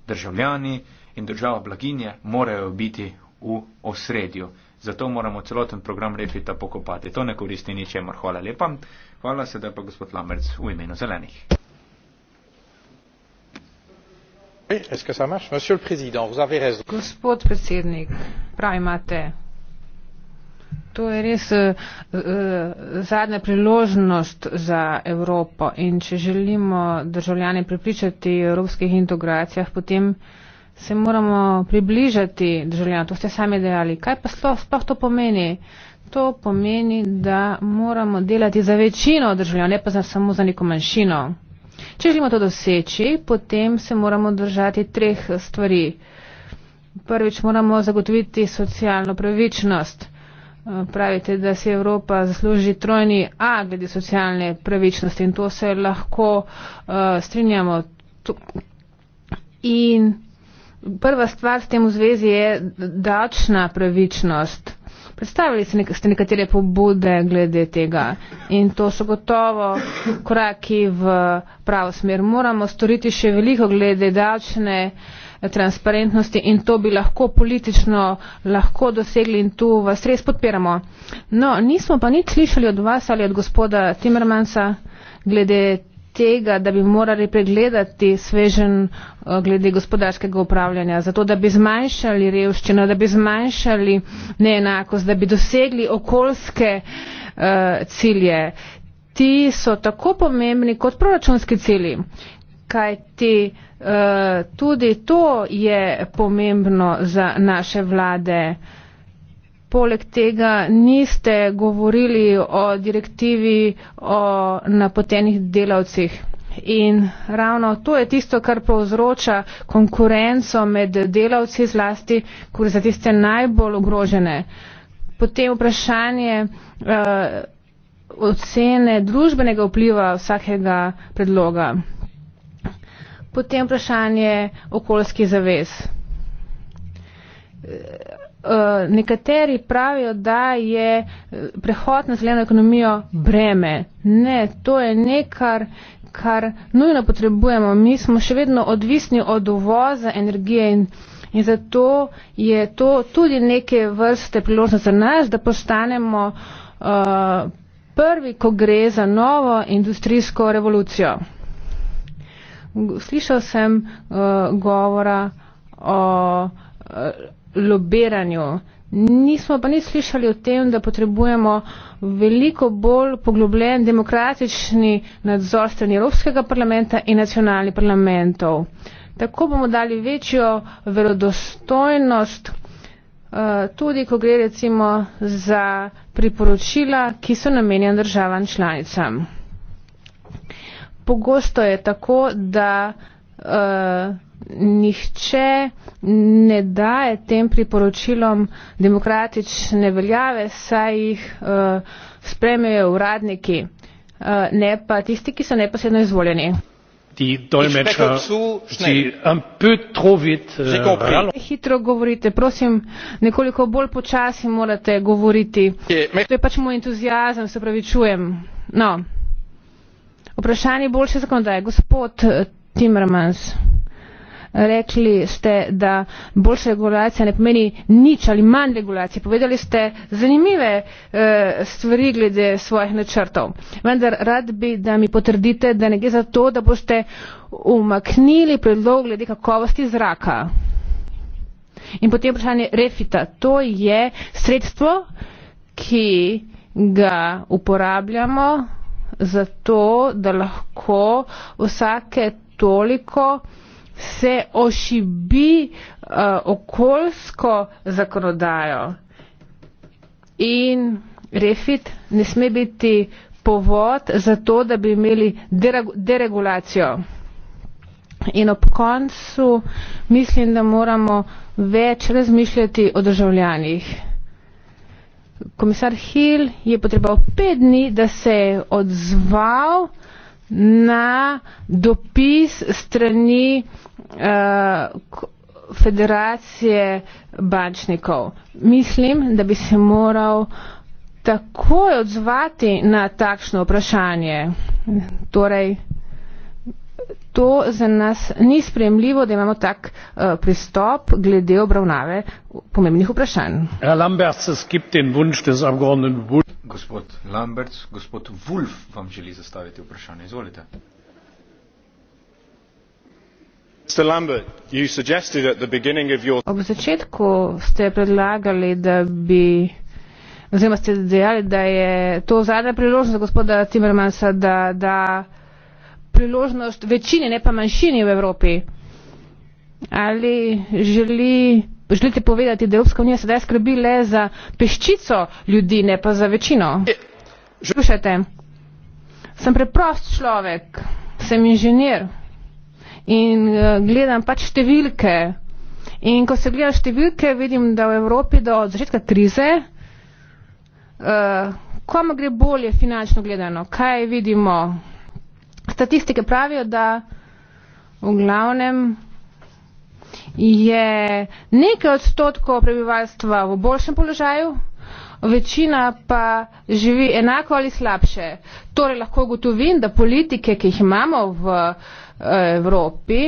Državljani in država blaginje morajo biti v osredju. Zato moramo celoten program refita pokopati. To ne koristi ničemor. Hvala lepa. Hvala sedaj pa gospod Lamerc v imenu zelenih. Gospod predsednik, prav imate. To je res uh, zadnja priložnost za Evropo in če želimo državljane pripričati o evropskih integracijah, potem se moramo približati državljanom. To ste sami dejali. Kaj pa sploh to pomeni? To pomeni, da moramo delati za večino državljanov, ne pa za samo za neko manjšino. Če želimo to doseči, potem se moramo držati treh stvari. Prvič moramo zagotoviti socialno pravičnost. Pravite, da si Evropa zasluži trojni A glede socialne pravičnosti in to se lahko uh, strinjamo. In prva stvar s tem v zvezi je davčna pravičnost. Predstavili ste nekatere pobude glede tega in to so gotovo koraki v pravo smer. Moramo storiti še veliko glede davčne eh, transparentnosti in to bi lahko politično lahko dosegli in tu vas res podpiramo. No, nismo pa nič slišali od vas ali od gospoda Timmermansa glede tega, da bi morali pregledati svežen eh, glede gospodarskega upravljanja, zato da bi zmanjšali revščino, da bi zmanjšali neenakost, da bi dosegli okoljske uh, cilje. Ti so tako pomembni kot proračunski cilji, kajti uh, tudi to je pomembno za naše vlade. Uh, Poleg tega niste govorili o direktivi o napotenih delavcih. In ravno to je tisto, kar povzroča konkurenco med delavci zlasti, kot za tiste najbolj ogrožene. Potem vprašanje eh, ocene družbenega vpliva vsakega predloga. Potem vprašanje okoljskih zavez. Eh, nekateri pravijo, da je eh, prehod na zeleno ekonomijo breme. Ne, to je nekaj, kar nujno potrebujemo. Mi smo še vedno odvisni od uvoza energije in, in zato je to tudi neke vrste priložnost za nas, da postanemo uh, prvi, ko gre za novo industrijsko revolucijo. Slišal sem uh, govora o lobiranju. Nismo pa ni slišali o tem, da potrebujemo veliko bolj poglobljen demokratični nadzor strani Evropskega parlamenta in nacionalnih parlamentov. Tako bomo dali večjo verodostojnost eh, tudi, ko gre recimo za priporočila, ki so namenjena državam članicam. Pogosto je tako, da eh, nihče ne daje tem priporočilom demokratične veljave, saj jih uh, eh, spremejo uradniki, uh, ne pa tisti, ki so neposredno izvoljeni. Die Dolmetscher, zu die un peu trop vite, uh, hitro govorite, prosim, nekoliko bolj počasi morate govoriti. To je pač moj entuzijazem, se pravi, čujem. No. Vprašanje boljše zakonodaje. Gospod eh, Timmermans. Uh, rekli ste, da boljša regulacija ne pomeni nič ali manj regulacije. Povedali ste zanimive eh, stvari glede svojih načrtov. Vendar rad bi, da mi potrdite, da ne gre za to, da boste umaknili predlog glede kakovosti zraka. In potem vprašanje refita. To je sredstvo, ki ga uporabljamo zato, da lahko vsake toliko uh, se ošibi uh, okoljsko zakonodajo in refit ne sme biti povod za to, da bi imeli deregulacijo. In ob koncu mislim, da moramo več razmišljati o državljanih. Komisar Hill je potreboval pet dni, da se je odzval uh, na dopis strani uh, federacije bančnikov. Mislim, da bi se moral takoj odzvati na takšno vprašanje. Torej, to za nas ni sprejemljivo, da imamo tak uh, pristop glede obravnave pomembnih vprašanj. Gospod Lambert, gospod Wolf vam želi zastaviti vprašanje. Izvolite. Ob začetku ste predlagali, da bi, oziroma ste dejali, da je to zadnja priložnost gospoda Timmermansa, da da priložnost večini, ne pa manjšini v Evropi? Ali želi, želite povedati, da Evropska unija sedaj skrbi le za peščico ljudi, ne pa za večino? Slušajte, sem preprost človek, sem inženir in eh, gledam pač številke. In ko se gledajo številke, vidim, da v Evropi do začetka krize, eh, komu gre bolje finančno gledano, kaj vidimo? statistike pravijo, da v glavnem je nekaj odstotkov prebivalstva v boljšem položaju, večina pa živi enako ali slabše. Torej lahko ugotovim, da politike, ki jih imamo v eh, Evropi,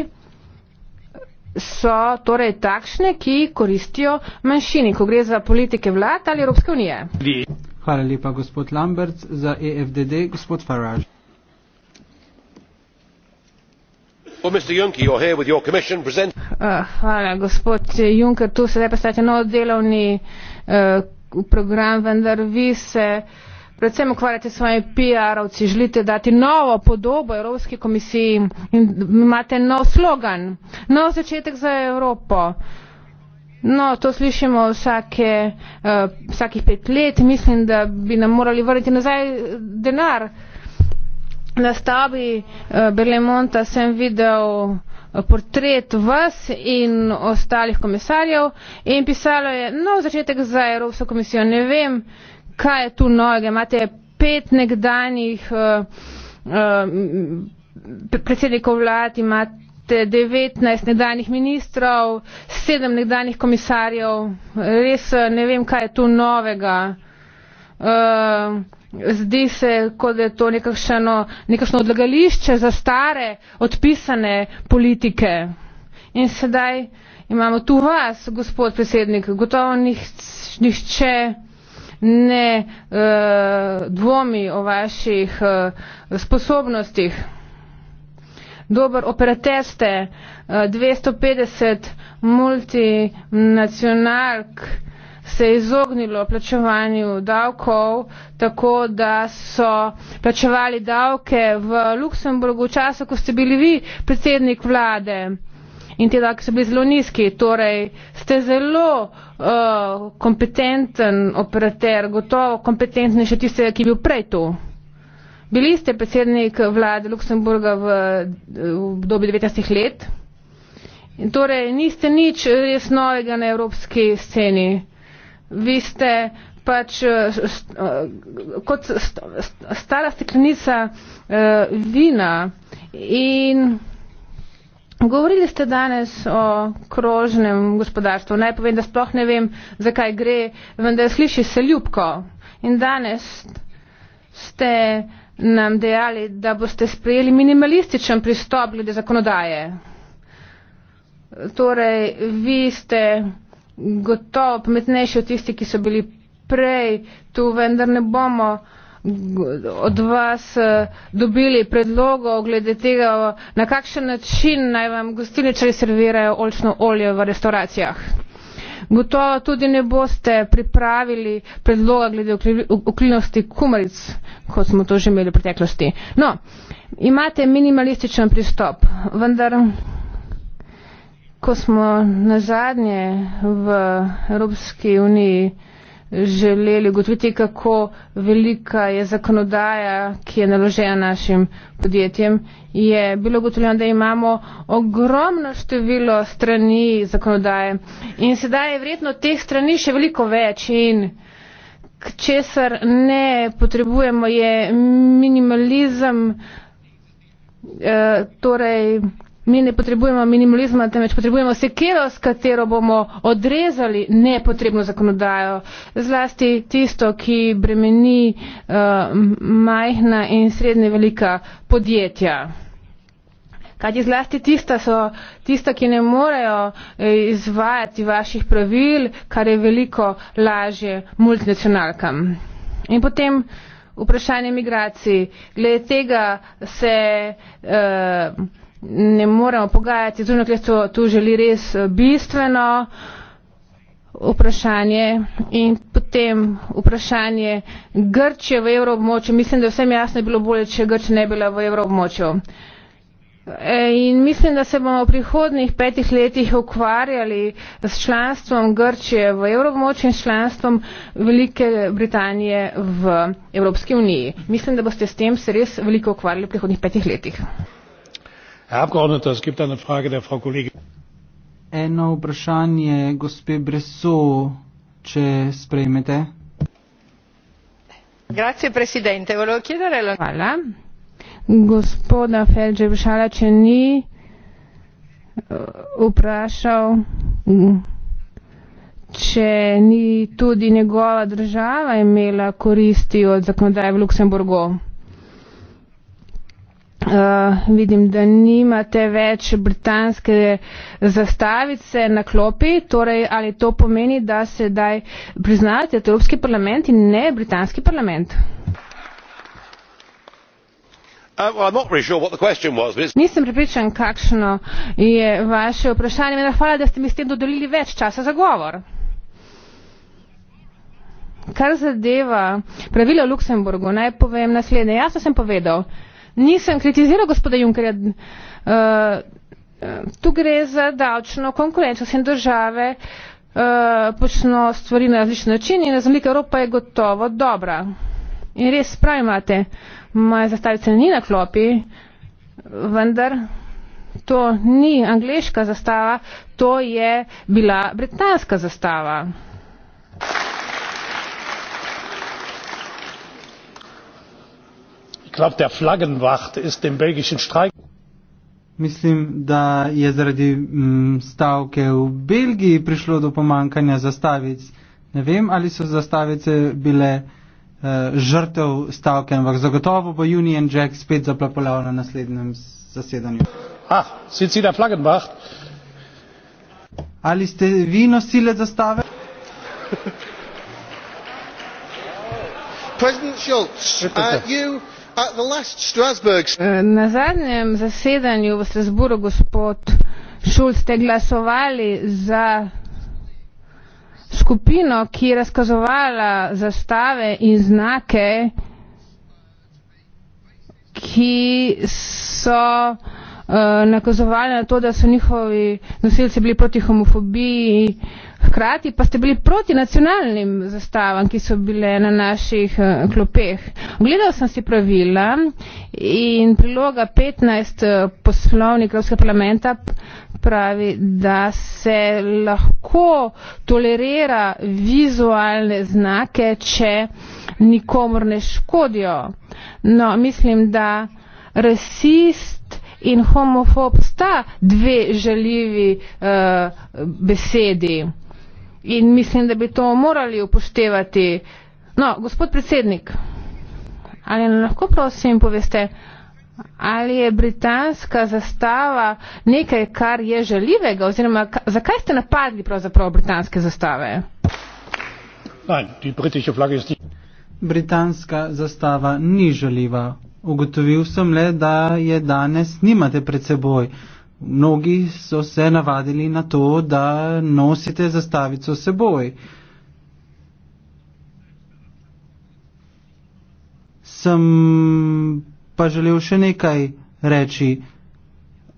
so torej takšne, ki koristijo manjšini, ko gre za politike vlad ali Evropske unije. Hvala lepa, gospod Lambert, za EFDD, gospod Farage. Uh, gospod juncker tu sedaj postavljate nov delovni uh, program vendar vi se predvsem ukvarjate s svojimi piarovci želite dati novo podobo evropski komisiji in imate nov slogan nov začetek za evropo. No, to slišimo vsake, uh, vsakih pet let. Mislim, da bi nam morali vrniti nazaj denar, ki ga dajemo v evropske projekte na stavbi eh, Berlemonta sem videl eh, portret vas in ostalih komisarjev in pisalo je nov začetek za Evropsko komisijo. Ne vem, kaj je tu noge. Imate pet nekdanjih eh, predsednikov vlad, imate 19 nekdanjih ministrov, sedem nekdanjih komisarjev. Res ne vem, kaj je tu novega. Uh, zdi se, kot da je to nekakšno, nekakšno odlagališče za stare, odpisane politike. In sedaj imamo tu vas, gospod predsednik, gotovo nihče ne uh, dvomi o vaših uh, sposobnostih. Dober operater ste, uh, eh, 250 multinacionalk, uh, se je izognilo plačevanju davkov, tako da so plačevali davke v Luksemburgu v času, ko ste bili vi predsednik vlade in te davke so bili zelo nizki. Torej, ste zelo uh, kompetenten operater, gotovo kompetentni še tiste, ki je bil prej tu. Bili ste predsednik vlade Luksemburga v, v dobi 19 let. In torej, niste nič res novega na evropski sceni vi ste pač eh, eh, kot stara steklenica eh, vina in govorili ste danes o krožnem gospodarstvu. Naj povem, da sploh ne vem, zakaj gre, vendar sliši se ljubko. In danes ste nam dejali, da boste sprejeli minimalističen pristop glede zakonodaje. Torej, vi ste gotovo pametnejši od tisti, ki so bili prej. Tu vendar ne bomo od vas eh, dobili predlogov glede tega, na kakšen način naj vam gostilničari servirajo olčno olje v restauracijah. Gotovo tudi ne boste pripravili predloga glede okljivosti kumaric, kot smo to že imeli v preteklosti. No, imate minimalističen pristop, vendar. Ko smo na zadnje v Evropski uniji želeli ugotoviti, kako velika je zakonodaja, ki je naložena našim podjetjem, je bilo ugotovljeno, da imamo ogromno število strani zakonodaje in sedaj je vredno teh strani še veliko več in česar ne potrebujemo je minimalizem, eh, torej Mi ne potrebujemo minimalizma, temveč potrebujemo sekero, s katero bomo odrezali nepotrebno zakonodajo, zlasti tisto, ki bremeni uh, majhna in srednje velika podjetja. Kaj je zlasti tista, so tista, ki ne morejo eh, izvajati vaših pravil, kar je veliko lažje multinacionalkam. In potem vprašanje migracij. Glede tega se. Uh, ne moremo pogajati, zunaj kresto tu želi res eh, bistveno vprašanje in potem vprašanje Grče v evroobmočju. Mislim, da vsem jasno je bilo bolje, če Grče ne bila v evroobmočju. Eh, in mislim, da se bomo v prihodnih petih letih ukvarjali s članstvom Grče v evroobmočju in s članstvom Velike Britanije v Evropski uniji. Mislim, da boste s tem se res veliko ukvarjali v prihodnih petih letih herr abgeordneter es gibt eine frage der frau kollegin eno vprašanje gospe Bresso, če sprejmete. Hvala. Gospoda Felđe Bršala, če ni eh, vprašal, mm, če ni tudi njegova država imela koristi od zakonodaje v Luksemburgu. Uh, vidim, da nimate več britanske zastavice na klopi, torej ali to pomeni, da se daj priznate Evropski parlament in ne Britanski parlament? Uh, well, sure Nisem pripričan, kakšno je vaše vprašanje. Mena hvala, da ste mi s tem dodelili več časa za govor. Kar zadeva pravila v Luksemburgu, naj povem naslednje. Jasno sem povedal, nisem kritiziral gospoda Junkerja. Eh, tu gre za davčno konkurenčnost. Vse države eh, počno stvari na različen način in razlika Evropa je gotovo dobra. In res pravi imate, moja zastavica ni na klopi, vendar to ni angliška zastava, to je bila britanska zastava. Kraft der Flaggenwacht ist dem belgischen Streik. Mislim, da je zaradi m, mm, stavke v Belgiji prišlo do pomankanja zastavic. Ne vem, ali so zastavice bile e, žrtev stavke, ampak zagotovo bo Union Jack spet zaplapolal na naslednjem zasedanju. Ah, sitzi da Flaggenbach. Ali ste vi nosile zastave? President Schulz, uh, you... Eh, na zadnjem zasedanju v Strasburu, gospod Šulc, ste glasovali za skupino, ki je razkazovala zastave in znake, ki so uh, nakazovali na to, da so njihovi nosilci bili proti homofobiji. Uh, hkrati pa ste bili proti nacionalnim zastavam, ki so bile na naših eh, klopeh. Ogledal sem si pravila in priloga 15 eh, poslovnika Evropskega parlamenta pravi, da se lahko tolerira vizualne znake, če nikomor ne škodijo. No, mislim, da rasist in homofob sta dve žaljivi uh, besedi in mislim, da bi to morali upoštevati. No, gospod predsednik, ali lahko prosim poveste, ali je britanska zastava nekaj, kar je želivega, oziroma zakaj ste napadli pravzaprav britanske zastave? Britanska zastava ni želiva. Ugotovil sem le, da je danes nimate pred seboj. Mnogi so se navadili na to, da nosite zastavico seboj. Sem pa želel še nekaj reči.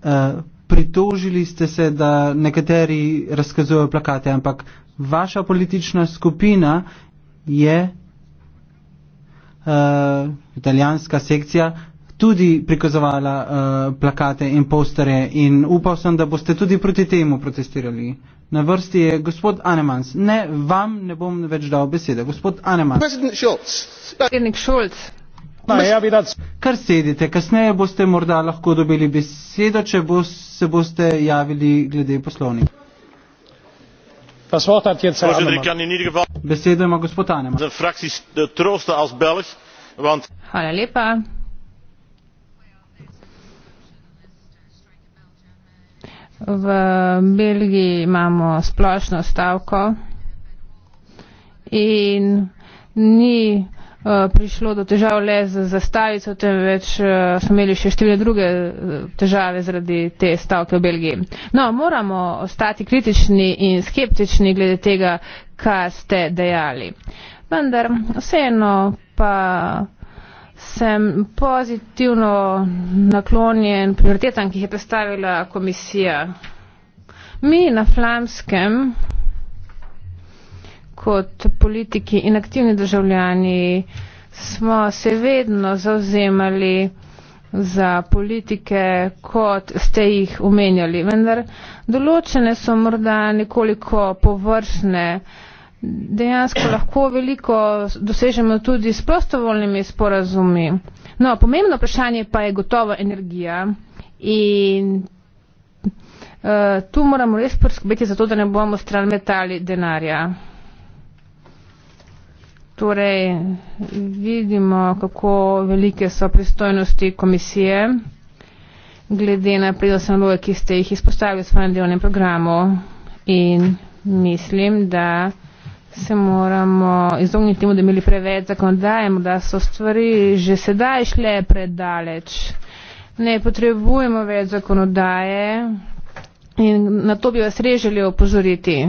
Eh, pritožili ste se, da nekateri razkazujejo plakate, ampak vaša politična skupina je uh, italijanska sekcija, tudi prikazovala uh, plakate in posterje in upal sem, da boste tudi proti temu protestirali. Na vrsti je gospod Anemans. Ne, vam ne bom več dal besede. Gospod Anemans. Predsednik Šulc. Ja, Kar sedite, kasneje boste morda lahko dobili besedo, če bo, se boste javili glede poslovnika. Besedo ima gospod Anemans. Hvala lepa. V Belgiji imamo splošno stavko in ni uh, prišlo do težav le z zastavico, temveč uh, smo imeli še številne druge eh, težave zaradi te stavke v Belgiji. No, moramo ostati kritični in skeptični glede tega, kar ste dejali. Vendar vseeno pa sem pozitivno naklonjen prioritetam, ki jih je predstavila komisija. Mi na flamskem, kot politiki in aktivni državljani, smo se vedno zauzemali za politike, kot ste jih omenjali. Vendar določene so morda nekoliko površne dejansko lahko veliko dosežemo tudi s prostovoljnimi sporazumi. No, pomembno vprašanje pa je gotovo energija in uh, tu moramo res poskrbeti za to, da ne bomo stran metali denarja. Torej, vidimo, kako velike so pristojnosti komisije glede na prednost naloge, ki ste jih izpostavili v svojem delovnem programu in mislim, da se moramo izogniti temu, da imeli preveč zakonodaje, da so stvari že sedaj šle predaleč. Ne potrebujemo več zakonodaje in na to bi vas res želel opozoriti.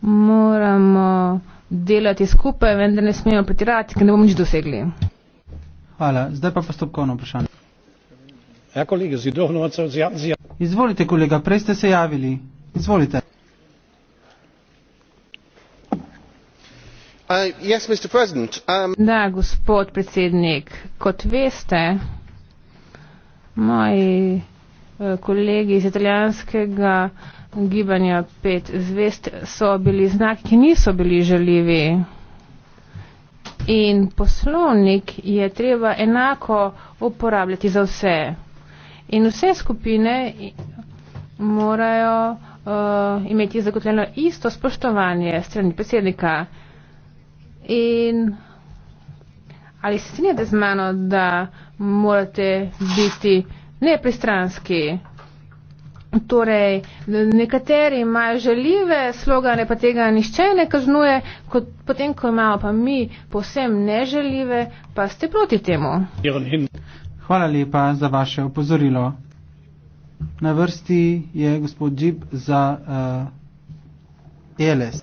Moramo delati skupaj, vendar ne smemo pretirati, ker ne bomo nič dosegli. Hvala. Zdaj pa postopkovno vprašanje. Ja, kolega, zidovno, zja, zja. Izvolite, kolega, prej ste se javili. Izvolite. Uh, um, da, gospod predsednik, kot veste, moji eh, kolegi iz italijanskega gibanja 5 zvest so bili znaki, ki niso bili želivi. In poslovnik je treba enako uporabljati za vse. In vse skupine morajo uh, imeti zagotovljeno isto spoštovanje strani predsednika. In ali se strinjate z mano, da morate biti nepristranski? Torej, nekateri imajo želive slogane, pa tega nišče ne kaznuje, kot potem, ko imamo pa mi posem neželive, pa ste proti temu. Hvala lepa za vaše opozorilo. Na vrsti je gospod Džib za uh, eh, ELS.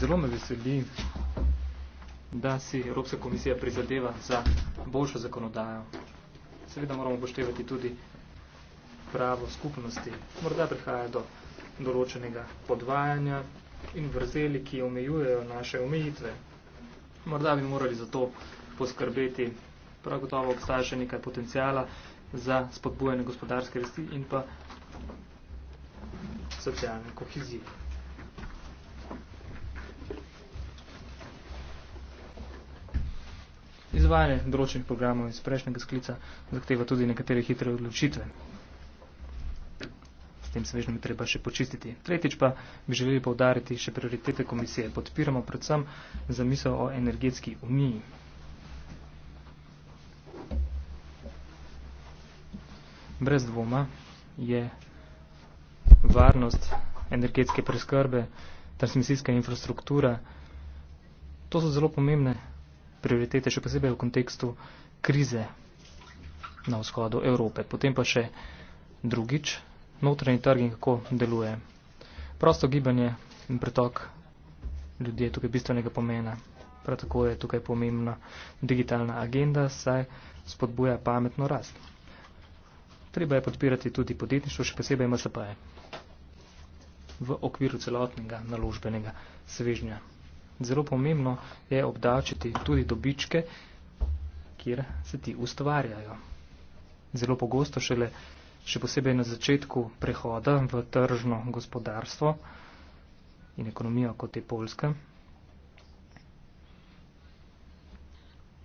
Zelo me veseli, da si Evropska komisija prizadeva za boljšo zakonodajo. Seveda moramo poštevati tudi pravo skupnosti. Morda prihaja do določenega podvajanja in vrzeli, ki omejujejo naše omejitve. Morda bi morali za to poskrbeti. Prav gotovo obstaja še nekaj potencijala za spodbujanje gospodarske rasti in pa socialne kohezije. izvajanje določenih programov iz prejšnjega sklica zahteva tudi nekatere hitre odločitve. S tem svežnjem treba še počistiti. Tretjič pa bi želeli poudariti še prioritete komisije. Podpiramo predvsem zamisel o energetski uniji. Brez dvoma je varnost energetske preskrbe, transmisijska infrastruktura, to so zelo pomembne prioritete, še posebej v kontekstu krize na vzhodu Evrope. Potem pa še drugič, notranji trg in kako deluje. Prosto gibanje in pretok ljudi je tukaj bistvenega pomena. Prav tako je tukaj pomembna digitalna agenda, saj spodbuja pametno rast. Treba je podpirati tudi podjetništvo, še posebej MSP-je, v okviru celotnega naložbenega svežnja zelo pomembno je obdavčiti tudi dobičke, kjer se ti ustvarjajo. Zelo pogosto šele, še posebej na začetku prehoda v tržno gospodarstvo in ekonomijo kot je Poljska,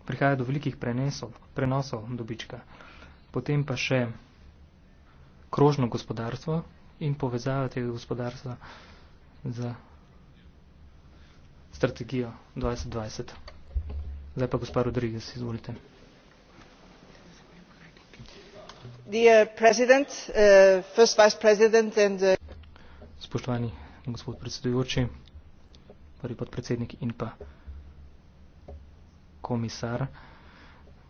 prihaja do velikih prenesov, prenosov dobička. Potem pa še krožno gospodarstvo in povezava tega gospodarstva z strategijo 2020. Zdaj pa gospod Rodriguez, izvolite. Uh, uh, Spoštovani gospod predsedujoči, prvi podpredsednik in pa komisar.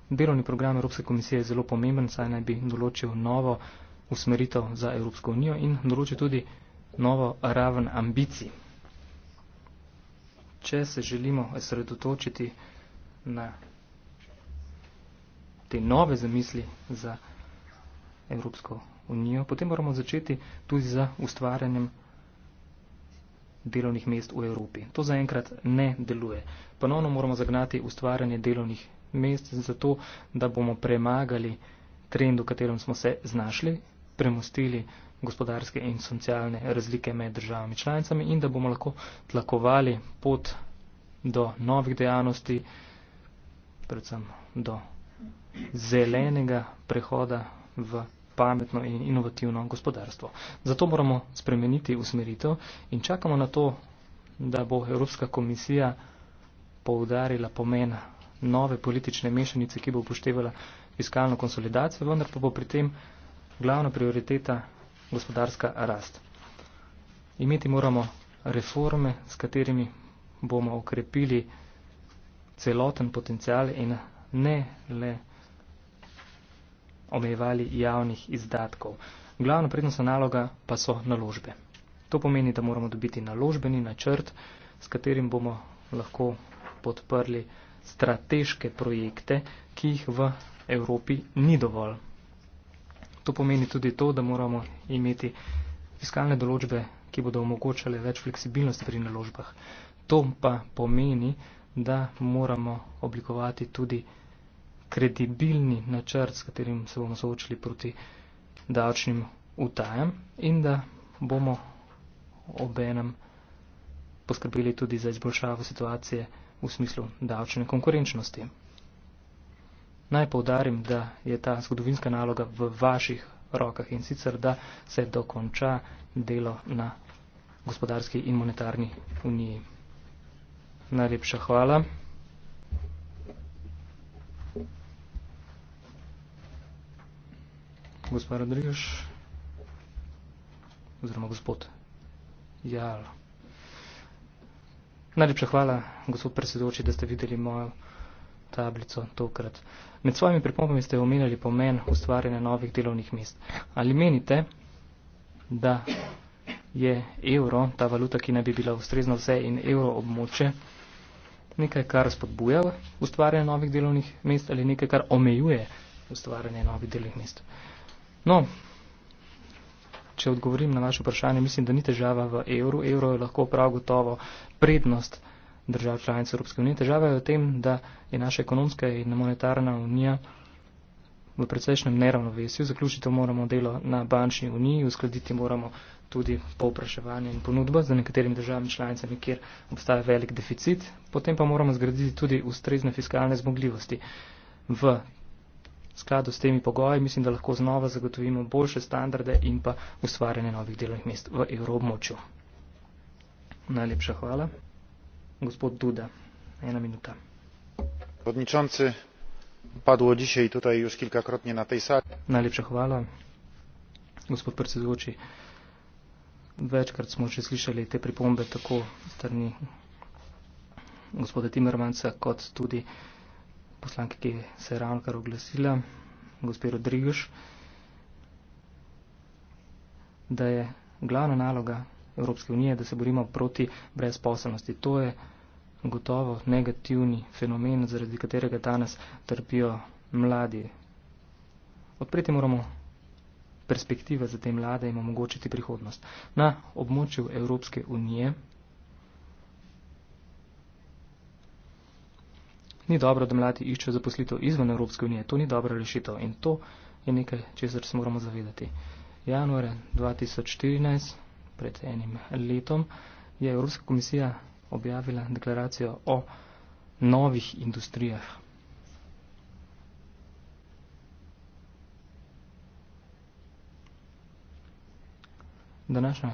Delovni program Evropske komisije je zelo pomemben, saj naj bi določil novo usmeritev za Evropsko unijo in določil tudi novo raven ambicij če se želimo osredotočiti na te nove zamisli za Evropsko unijo, potem moramo začeti tudi za ustvarjanjem delovnih mest v Evropi. To zaenkrat ne deluje. Ponovno moramo zagnati ustvarjanje delovnih mest, zato da bomo premagali trend, v katerem smo se znašli, premustili gospodarske in socialne razlike med državami članicami in da bomo lahko tlakovali pot do novih dejavnosti, predvsem do zelenega prehoda v pametno in inovativno gospodarstvo. Zato moramo spremeniti usmeritev in čakamo na to, da bo Evropska komisija poudarila pomen nove politične mešanice, ki bo upoštevala fiskalno konsolidacijo, vendar pa bo pri tem glavna prioriteta gospodarska rast. Imeti moramo reforme, s katerimi bomo okrepili celoten potencial in ne le omejevali javnih izdatkov. Glavna prednostna naloga pa so naložbe. To pomeni, da moramo dobiti naložbeni načrt, s katerim bomo lahko podprli strateške projekte, ki jih v Evropi ni dovolj. To pomeni tudi to, da moramo imeti fiskalne določbe, ki bodo omogočale več fleksibilnosti pri naložbah. To pa pomeni, da moramo oblikovati tudi kredibilni načrt, s katerim se bomo soočili proti davčnim utajam in da bomo obenem poskrbeli tudi za izboljšavo situacije v smislu davčne konkurenčnosti. Naj povdarim, da je ta zgodovinska naloga v vaših rokah in sicer, da se dokonča delo na gospodarski in monetarni uniji. Najlepša hvala. Gospod Rodrigoš, oziroma gospod Jal. Najlepša hvala, gospod predsedoči, da ste videli mojo tablico tokrat. Med svojimi pripombami ste omenjali pomen ustvarjanja novih delovnih mest. Ali menite, da je evro, ta valuta, ki naj bi bila ustrezna vse in evro območje, nekaj, kar spodbuja ustvarjanje novih delovnih mest ali nekaj, kar omejuje ustvarjanje novih delovnih mest? No, če odgovorim na vaše vprašanje, mislim, da ni težava v evru. Evro je lahko prav gotovo prednost držav članic Evropske unije. Težava je v tem, da je naša ekonomska in monetarna unija v precejšnjem neravnovesju. Zaključiti moramo delo na bančni uniji, uskladiti moramo tudi povpraševanje in ponudbo za nekaterimi državami članicami, kjer obstaja velik deficit. Potem pa moramo zgraditi tudi ustrezne fiskalne zmogljivosti. V skladu s temi pogoji mislim, da lahko znova zagotovimo boljše standarde in pa ustvarjanje novih delovnih mest v evrobmočju. Najlepša hvala panie przewodniczący! padło dzisiaj tutaj już kilkakrotnie na tej sali. najlepsza chwała. gospod przewodniczący wieczkartsmo już słyszeli te przypombe tako strony gospoda timmermansa kot tudi poslanki ki se ravnokar oglasila gospe rodriguez da je glavna naloga Evropske unije, da se borimo proti brezposobnosti. To je gotovo negativni fenomen, zaradi katerega danes trpijo mladi. Odpreti moramo perspektive za te mlade in omogočiti prihodnost. Na območju Evropske unije ni dobro, da mladi iščejo zaposlitev izven Evropske unije. To ni dobra rešitev in to je nekaj, česar se moramo zavedati. Januar 2014 pred enim letom, je Evropska komisija objavila deklaracijo o novih industrijah. Današnja,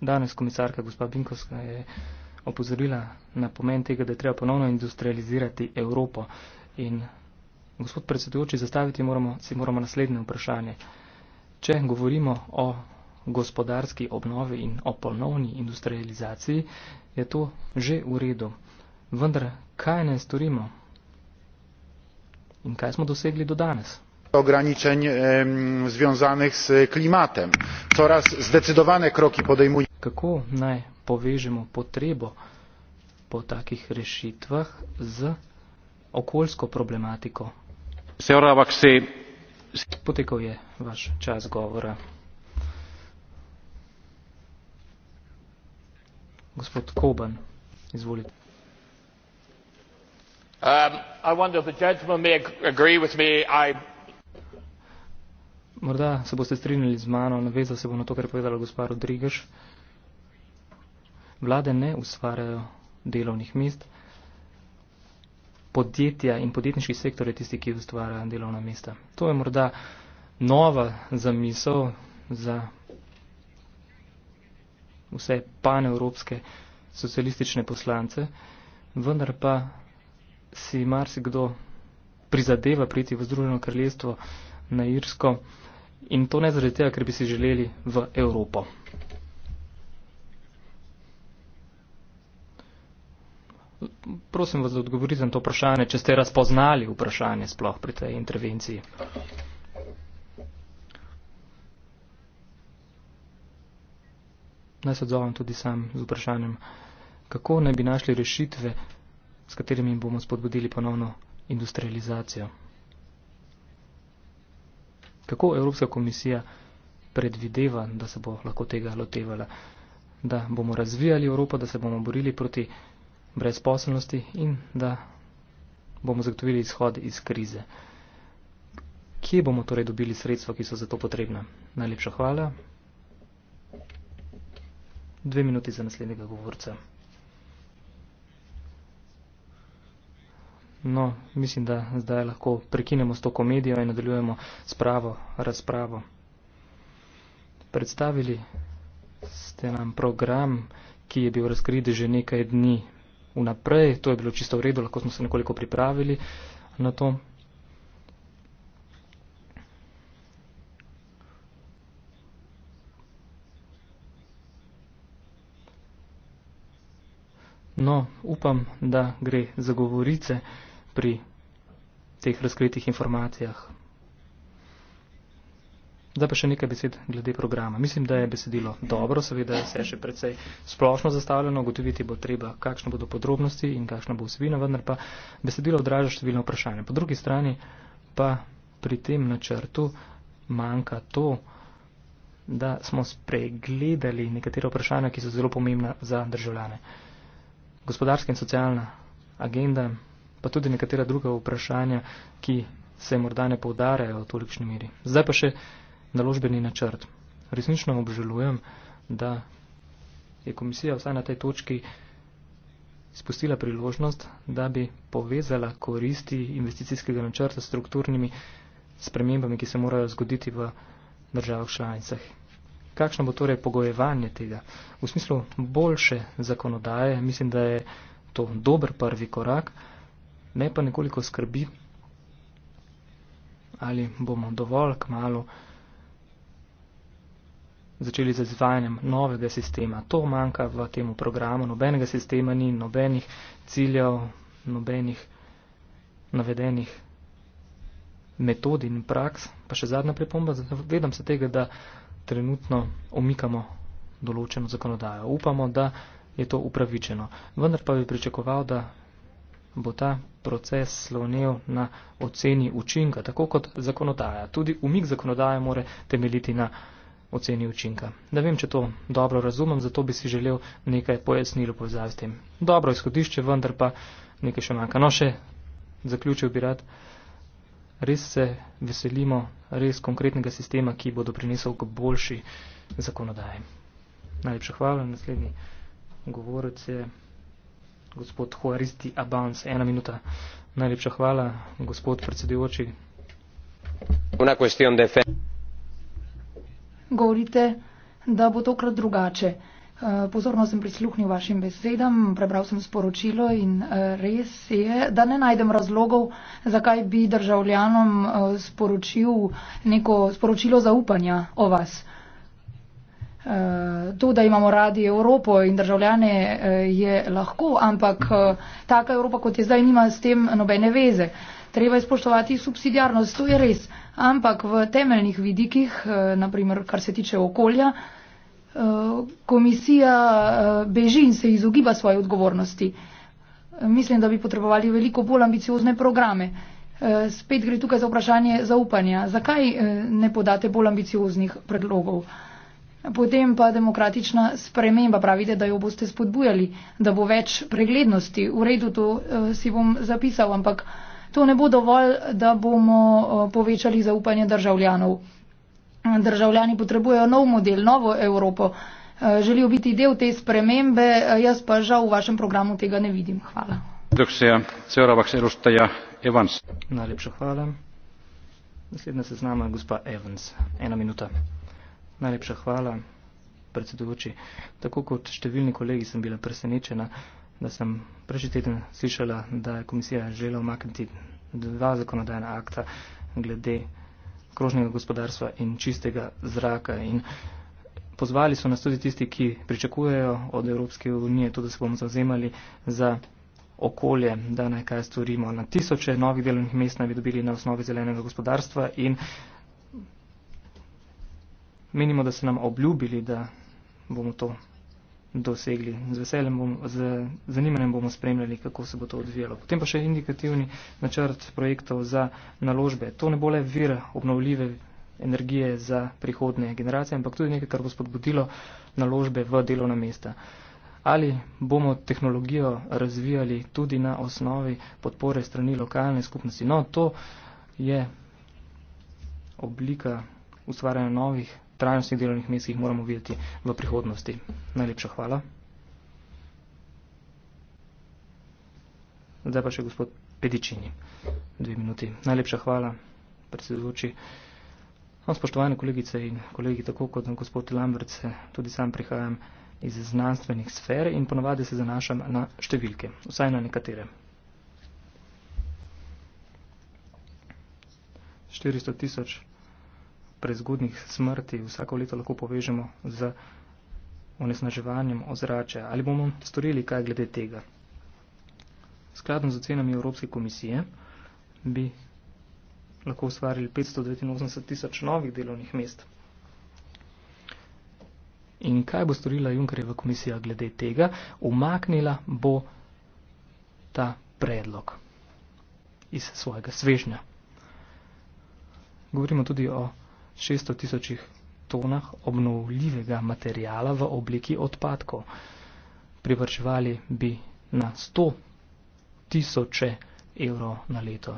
danes komisarka gospa Binkovska je opozorila na pomen tega, da je treba ponovno industrializirati Evropo. In gospod predsedujoči, zastaviti moramo, si moramo naslednje vprašanje. Če govorimo o gospodarski obnovi in o polnovni industrializaciji, je to že v redu. Vendar, kaj ne storimo in kaj smo dosegli do danes? ograniczeń e, związanych z klimatem. Coraz zdecydowane kroki podejmuje. Kako naj povežemo potrebo po takih rešitvah z okoljsko problematiko? Potekal je vaš čas govora. Gospod Koban, izvolite. Um, morda se boste strinjali z mano, navezal se bom na to, kar je povedala gospa Rodrigež. Vlade ne ustvarjajo delovnih mest, podjetja in podjetniški sektor je tisti, ki ustvarja delovna mesta. To je morda nova zamisel za vse paneuropske socialistične poslance, vendar pa si marsikdo prizadeva priti v Združeno kraljestvo na Irsko in to ne zaradi tega, ker bi si želeli v Evropo. Prosim vas, da odgovorite na to vprašanje, če ste razpoznali vprašanje sploh pri tej intervenciji. naj se odzovem tudi sam z vprašanjem, kako naj bi našli rešitve, s katerimi bomo spodbudili ponovno industrializacijo. Kako Evropska komisija predvideva, da se bo lahko tega lotevala, da bomo razvijali Evropo, da se bomo borili proti brezposelnosti in da bomo zagotovili izhod iz krize. Kje bomo torej dobili sredstva, ki so za to potrebna? Najlepša hvala dve minuti za naslednjega govorca. No, mislim, da zdaj lahko prekinemo s to komedijo in nadaljujemo s pravo razpravo. Predstavili ste nam program, ki je bil razkrit že nekaj dni vnaprej. To je bilo čisto v redu, lahko smo se nekoliko pripravili na to. No, upam, da gre za govorice pri teh razkritih informacijah. Zdaj pa še nekaj besed glede programa. Mislim, da je besedilo dobro, seveda je vse še precej splošno zastavljeno, gotoviti bo treba, kakšne bodo podrobnosti in kakšna bo vsebina, vendar pa besedilo odraža številne vprašanja. Po drugi strani pa pri tem načrtu manjka to, da smo spregledali nekatera vprašanja, ki so zelo pomembna za državljane gospodarska in socialna agenda, pa tudi nekatera druga vprašanja, ki se morda ne poudarjajo v tolikšni meri. Zdaj pa še naložbeni načrt. Resnično obžalujem, da je komisija vsaj na tej točki spustila priložnost, da bi povezala koristi investicijskega načrta s strukturnimi spremembami, ki se morajo zgoditi v državah članicah kakšno bo torej pogojevanje tega. V smislu boljše zakonodaje mislim, da je to dober prvi korak, ne pa nekoliko skrbi, ali bomo dovolj kmalo začeli z izvajanjem novega sistema. To manjka v tem programu, nobenega sistema ni, nobenih ciljev, nobenih navedenih metod in praks. Pa še zadnja pripomba, zavedam se tega, da trenutno omikamo določeno zakonodajo. Upamo, da je to upravičeno. Vendar pa bi pričakoval, da bo ta proces slonev na oceni učinka, tako kot zakonodaja. Tudi umik zakonodaje more temeljiti na oceni učinka. Ne vem, če to dobro razumem, zato bi si želel nekaj pojasnil povezav s tem. Dobro izhodišče, vendar pa nekaj še manjka. No, še zaključil bi rad res se veselimo res konkretnega sistema, ki bo doprinesel k boljši zakonodaji. Najlepša hvala. Naslednji govorec je gospod Huaristi Abans. Ena minuta. Najlepša hvala, gospod predsedujoči. Una question de fe. Govorite, da bo tokrat drugače. Eh, pozorno sem prisluhnil vašim besedam, prebral sem sporočilo in eh, res je, da ne najdem razlogov, zakaj bi državljanom eh, sporočil neko sporočilo zaupanja o vas. To, da imamo radi Evropo in državljane, je lahko, ampak taka Evropa, kot je zdaj, nima s tem nobene veze. Treba je spoštovati subsidijarnost, to je res, ampak v temeljnih vidikih, naprimer kar se tiče okolja, Eh, komisija eh, beži in se izogiba svoje odgovornosti. Mislim, da bi potrebovali veliko bolj ambiciozne programe. Eh, spet gre tukaj za vprašanje zaupanja. Zakaj ne podate bolj ambicioznih predlogov? Potem pa demokratična sprememba, pravite, da jo boste spodbujali, da bo več preglednosti. V redu, to si bom zapisal, ampak to ne bo dovolj, da bomo povečali zaupanje državljanov državljani potrebujejo nov model, novo Evropo. Eh, želijo biti del te spremembe, eh, jaz pa žal v vašem programu tega ne vidim. Hvala. Najlepša hvala. Naslednja se z nama je gospa Evans. Ena minuta. Najlepša hvala, predsedujoči. Tako kot številni kolegi sem bila presenečena, da sem prejšnji teden slišala, da je komisija želela omakniti dva zakonodajna akta glede krožnega gospodarstva in čistega zraka. In pozvali so nas tudi tisti, ki pričakujejo od Evropske unije to, da se bomo zauzemali za okolje, da nekaj storimo. Na tisoče novih delovnih mest naj bi dobili na osnovi zelenega gospodarstva in menimo, da se nam obljubili, da bomo to dosegli. Z veseljem bom, z zanimanjem bomo spremljali, kako se bo to odvijalo. Potem pa še indikativni načrt projektov za naložbe. To ne bo le vir obnovljive energije za prihodne generacije, ampak tudi nekaj, kar bo spodbudilo naložbe v delovna mesta. Ali bomo tehnologijo razvijali tudi na osnovi podpore strani lokalne skupnosti? No, to je oblika ustvarjanja novih trajnostnih delovnih mest, ki jih moramo videti v prihodnosti. Najlepša hvala. Zdaj pa še gospod Pedičini. Dve minuti. Najlepša hvala, predsedujoči. No, spoštovane kolegice in kolegi, tako kot gospod Lambert, tudi sam prihajam iz znanstvenih sfer in ponovadi se zanašam na številke, vsaj na nekatere. 400 tisoč prezgodnih smrti vsako leto lahko povežemo z onesnaževanjem ozračja? Ali bomo storili kaj glede tega? Skladno z ocenami Evropske komisije bi lahko ustvarili 589 tisoč novih delovnih mest. In kaj bo storila Junkerjeva komisija glede tega? Umaknila bo ta predlog iz svojega svežnja. Govorimo tudi o 600 tisočih tonah obnovljivega materijala v obliki odpadkov. Privrčevali bi na 100 tisoče evrov na leto.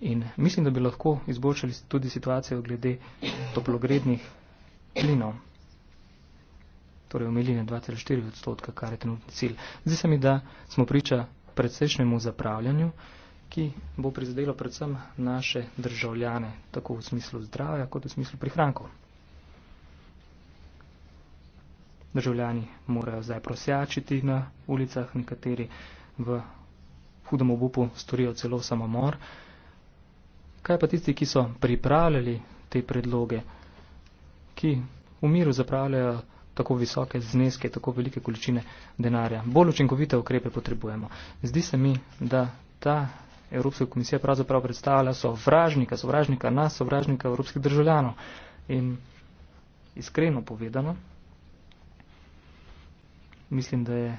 In mislim, da bi lahko izboljšali tudi situacijo glede toplogrednih plinov. Torej omiline 2,4 odstotka, kar je trenutni cilj. Zdi se mi, da smo priča predsečnemu zapravljanju ki bo prizadelo predvsem naše državljane, tako v smislu zdravja, kot v smislu prihrankov. Državljani morajo zdaj prosjačiti na ulicah, nekateri v hudem obupu storijo celo samomor. Kaj pa tisti, ki so pripravljali te predloge, ki v miru zapravljajo tako visoke zneske, tako velike količine denarja. Bolj učinkovite ukrepe potrebujemo. Zdi se mi, da ta Evropska komisija pravzaprav predstavlja sovražnika, sovražnika nas, sovražnika evropskih državljanov. In iskreno povedano, mislim, da je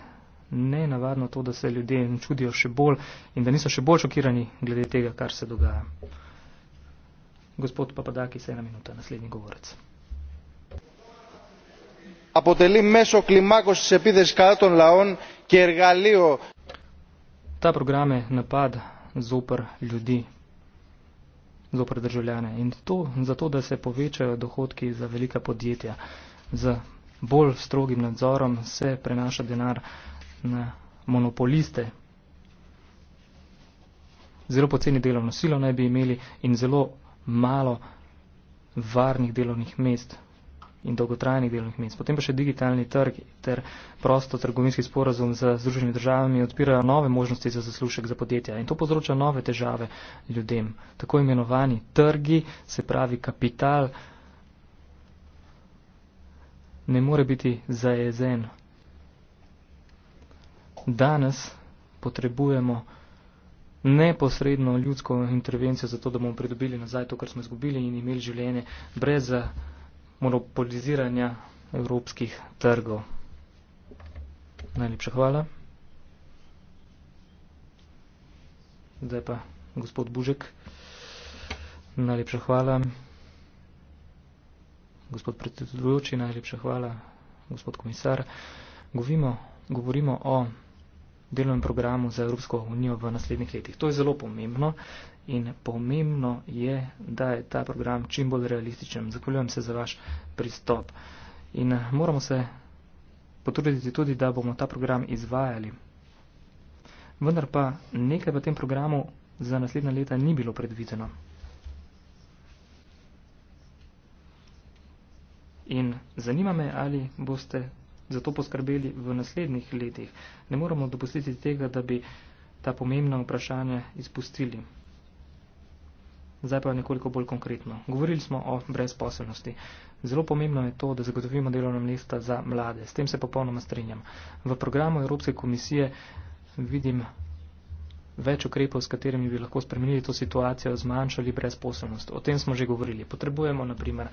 nenavadno to, da se ljudje čudijo še bolj in da niso še bolj šokirani glede tega, kar se dogaja. Gospod Papadaki, se ena minuta, naslednji govorec. Apotelim mešo klimakos se pide skalaton laon, ki je Ta program je napad zoper ljudi, zoper državljane. In to zato, da se povečajo dohodki za velika podjetja. Z bolj strogim nadzorom se prenaša denar na monopoliste. Zelo poceni delovno silo naj bi imeli in zelo malo varnih delovnih mest in dolgotrajnih delovnih mest. Potem pa še digitalni trg ter prosto trgovinski sporazum z združenimi državami odpirajo nove možnosti za zaslušek za podjetja in to povzroča nove težave ljudem. Tako imenovani trgi, se pravi kapital, ne more biti zajezen. Danes potrebujemo neposredno ljudsko intervencijo za to, da bomo pridobili nazaj to, kar smo izgubili in imeli življenje brez zaslušanja monopoliziranja evropskih trgov. Najlepša hvala. Zdaj pa gospod Bužek. Najlepša hvala. Gospod predsedujoči, najlepša hvala. Gospod komisar. Govimo, govorimo o delovnem programu za Evropsko unijo v naslednjih letih. To je zelo pomembno, in pomembno je, da je ta program čim bolj realističen. Zakoljujem se za vaš pristop. In eh, moramo se potruditi tudi, da bomo ta program izvajali. Vendar pa nekaj v tem programu za naslednja leta ni bilo predvideno. In zanima me, ali boste za to poskrbeli v naslednjih letih. Ne moramo dopustiti tega, da bi ta pomembna vprašanja izpustili. Zdaj pa nekoliko bolj konkretno. Govorili smo o brezposobnosti. Zelo pomembno je to, da zagotovimo delovna mesta za mlade. S tem se popolnoma strinjam. V programu Evropske komisije vidim več ukrepov, s katerimi bi lahko spremenili to situacijo, zmanjšali brezposobnost. O tem smo že govorili. Potrebujemo naprimer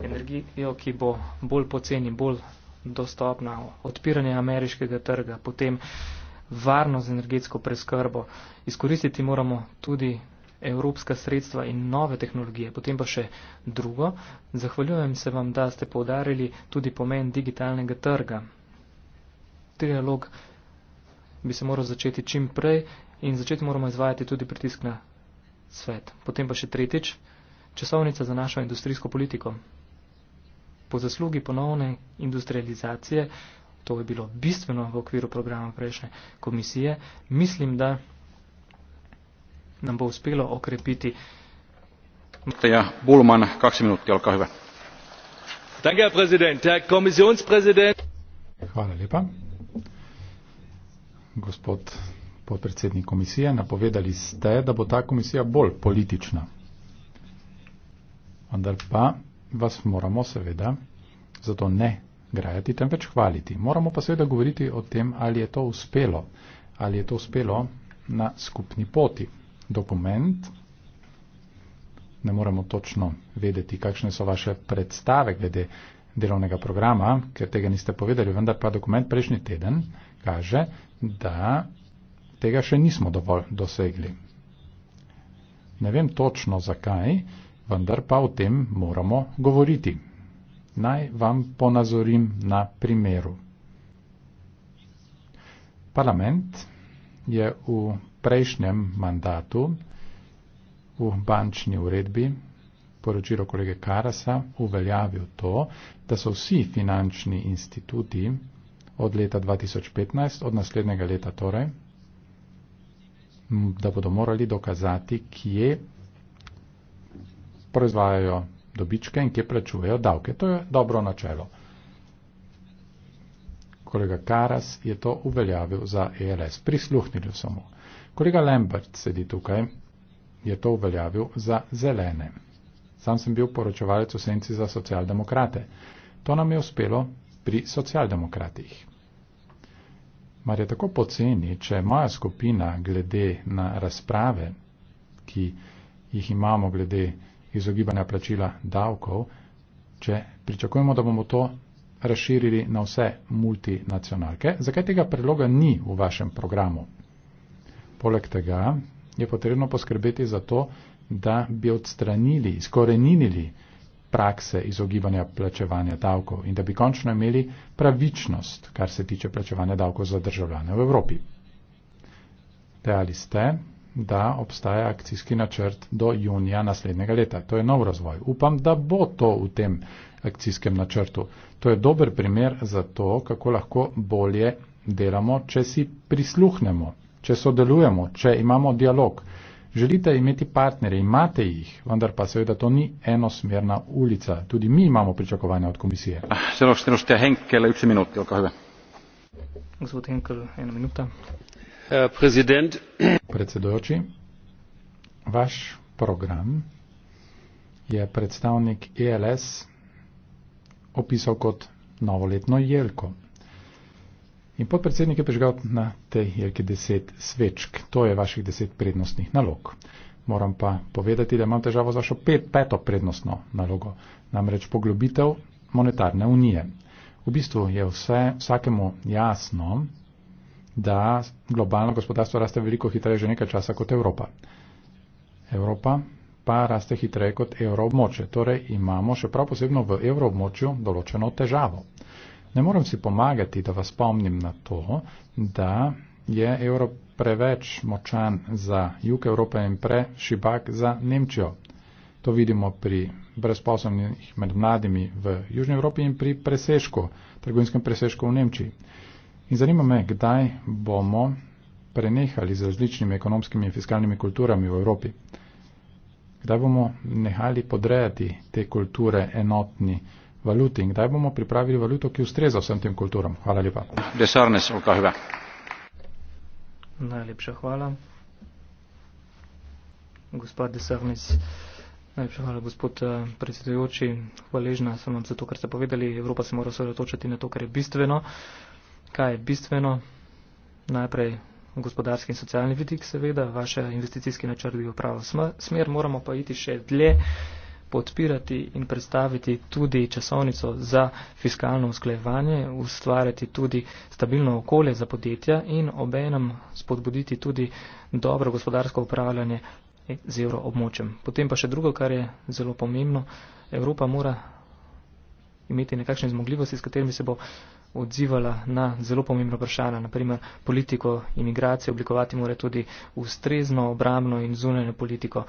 energijo, ki bo bolj poceni, bolj dostopna, odpiranje ameriškega trga, potem varno z energetsko preskrbo. Izkoristiti moramo tudi evropska sredstva in nove tehnologije. Potem pa še drugo, zahvaljujem se vam, da ste povdarili tudi pomen digitalnega trga. Trialog bi se moral začeti čim prej in začeti moramo izvajati tudi pritisk na svet. Potem pa še tretjič, časovnica za našo industrijsko politiko. Po zaslugi ponovne industrializacije, to je bilo bistveno v okviru programa prejšnje komisije, mislim, da nam bo uspelo okrepiti. Ja, Bulman, minuti, Hvala lepa. Gospod podpredsednik komisije, napovedali ste, da bo ta komisija bolj politična. Vendar pa vas moramo seveda zato ne grajati, temveč hvaliti. Moramo pa seveda govoriti o tem, ali je to uspelo, ali je to uspelo na skupni poti dokument. Ne moremo točno vedeti, kakšne so vaše predstave glede delovnega programa, ker tega niste povedali, vendar pa dokument prejšnji teden kaže, da tega še nismo dovolj dosegli. Ne vem točno zakaj, vendar pa o tem moramo govoriti. Naj vam ponazorim na primeru. Parlament je v prejšnjem mandatu v bančni uredbi poročilo kolege Karasa uveljavil to, da so vsi finančni instituti od leta 2015, od naslednjega leta torej, da bodo morali dokazati, kje proizvajajo dobičke in kje plačujejo davke. To je dobro načelo. Kolega Karas je to uveljavil za ELS. Prisluhnili so mu. Kolega Lambert sedi tukaj, je to uveljavil za zelene. Sam sem bil poročevalec v senci za socialdemokrate. To nam je uspelo pri socialdemokratih. Mar je tako poceni, če moja skupina glede na razprave, ki jih imamo glede izogibanja plačila davkov, če pričakujemo, da bomo to razširili na vse multinacionalke. Zakaj tega predloga ni v vašem programu? Poleg tega je potrebno poskrbeti za to, da bi odstranili, skorenili prakse izogibanja plačevanja davkov in da bi končno imeli pravičnost, kar se tiče plačevanja davkov za državljane v Evropi. Dejali ste, da obstaja akcijski načrt do junija naslednjega leta. To je nov razvoj. Upam, da bo to v tem akcijskem načrtu. To je dober primer za to, kako lahko bolje delamo, če si prisluhnemo, če sodelujemo, če imamo dialog. Želite imeti partnerje, imate jih, vendar pa seveda to ni enosmerna ulica. Tudi mi imamo pričakovanja od komisije. Ah, ja Gospod Henkel, ena minuta. Predsednik. Predsedujoči, vaš program je predstavnik ELS opisal kot novoletno jelko. In podpredsednik je prižgal na tej jelki deset svečk. To je vaših deset prednostnih nalog. Moram pa povedati, da imam težavo z vašo pet, peto prednostno nalogo, namreč poglobitev monetarne unije. V bistvu je vse, vsakemu jasno, da globalno gospodarstvo raste veliko hitreje že nekaj časa kot Evropa. Evropa pa raste hitreje kot evroobmoče. Torej imamo še prav posebno v evroobmočju določeno težavo. Ne morem si pomagati, da vas spomnim na to, da je evro preveč močan za jug Evrope in pre šibak za Nemčijo. To vidimo pri brezposobnih med mladimi v Južni Evropi in pri presežku, trgovinskem presežku v Nemčiji. In zanima me, kdaj bomo prenehali z različnimi ekonomskimi in fiskalnimi kulturami v Evropi kdaj bomo nehali podrejati te kulture enotni valuti in kdaj bomo pripravili valuto, ki ustreza vsem tem kulturam. Hvala lepa. Desarnes, najlepša hvala. Gospod Desarnes, najlepša hvala, gospod eh, predsedujoči. Hvaležna sem vam za to, kar ste povedali. Evropa se mora osredotočiti na to, kar je bistveno. Kaj je bistveno? Najprej gospodarski in socialni vidik, seveda, vaše investicijski načrti v pravo smer, moramo pa iti še dlje, podpirati in predstaviti tudi časovnico za fiskalno usklejevanje, ustvarjati tudi stabilno okolje za podjetja in obenem spodbuditi tudi dobro gospodarsko upravljanje z evro območjem. Potem pa še drugo, kar je zelo pomembno, Evropa mora imeti nekakšne zmogljivosti, s katerimi se bo odzivala na zelo pomembna vprašanja, naprimer politiko imigracije, oblikovati mora tudi ustrezno obramno in zunanje politiko.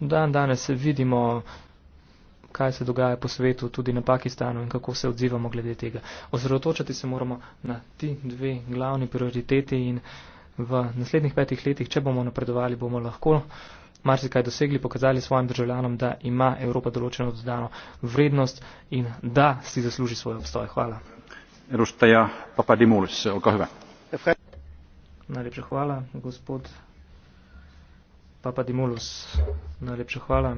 Dan danes vidimo, kaj se dogaja po svetu, tudi na Pakistanu in kako se odzivamo glede tega. Ozrotočati se moramo na ti dve glavni prioriteti in v naslednjih petih letih, če bomo napredovali, bomo lahko marsikaj dosegli, pokazali svojim državljanom, da ima Evropa določeno dodano vrednost in da si zasluži svoj obstoj. Hvala najlepša hvala gospod papadimoulis najlepša hvala.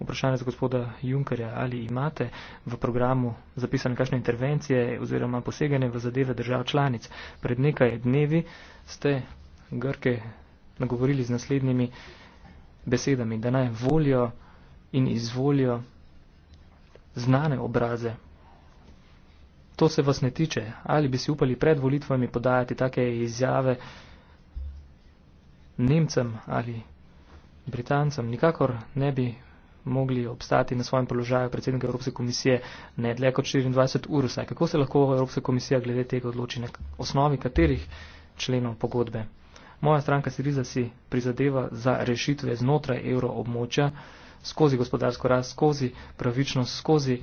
vprašanje za gospoda junckerja ali imate v programu zapisane kakšne intervencije oziroma poseganje v zadeve držav članic pred nekaj dnevi ste grke nagovorili z naslednjimi besedami da naj volijo in izvolijo znane obraze. To se vas ne tiče. Ali bi si upali pred volitvami podajati take izjave Nemcem ali Britancem? Nikakor ne bi mogli obstati na svojem položaju predsednika Evropske komisije ne dlje kot 24 ur vsaj. Kako se lahko Evropska komisija glede tega odloči na osnovi katerih členov pogodbe? Moja stranka Siriza si prizadeva za rešitve znotraj evroobmočja območja, skozi gospodarsko rast, skozi pravičnost, skozi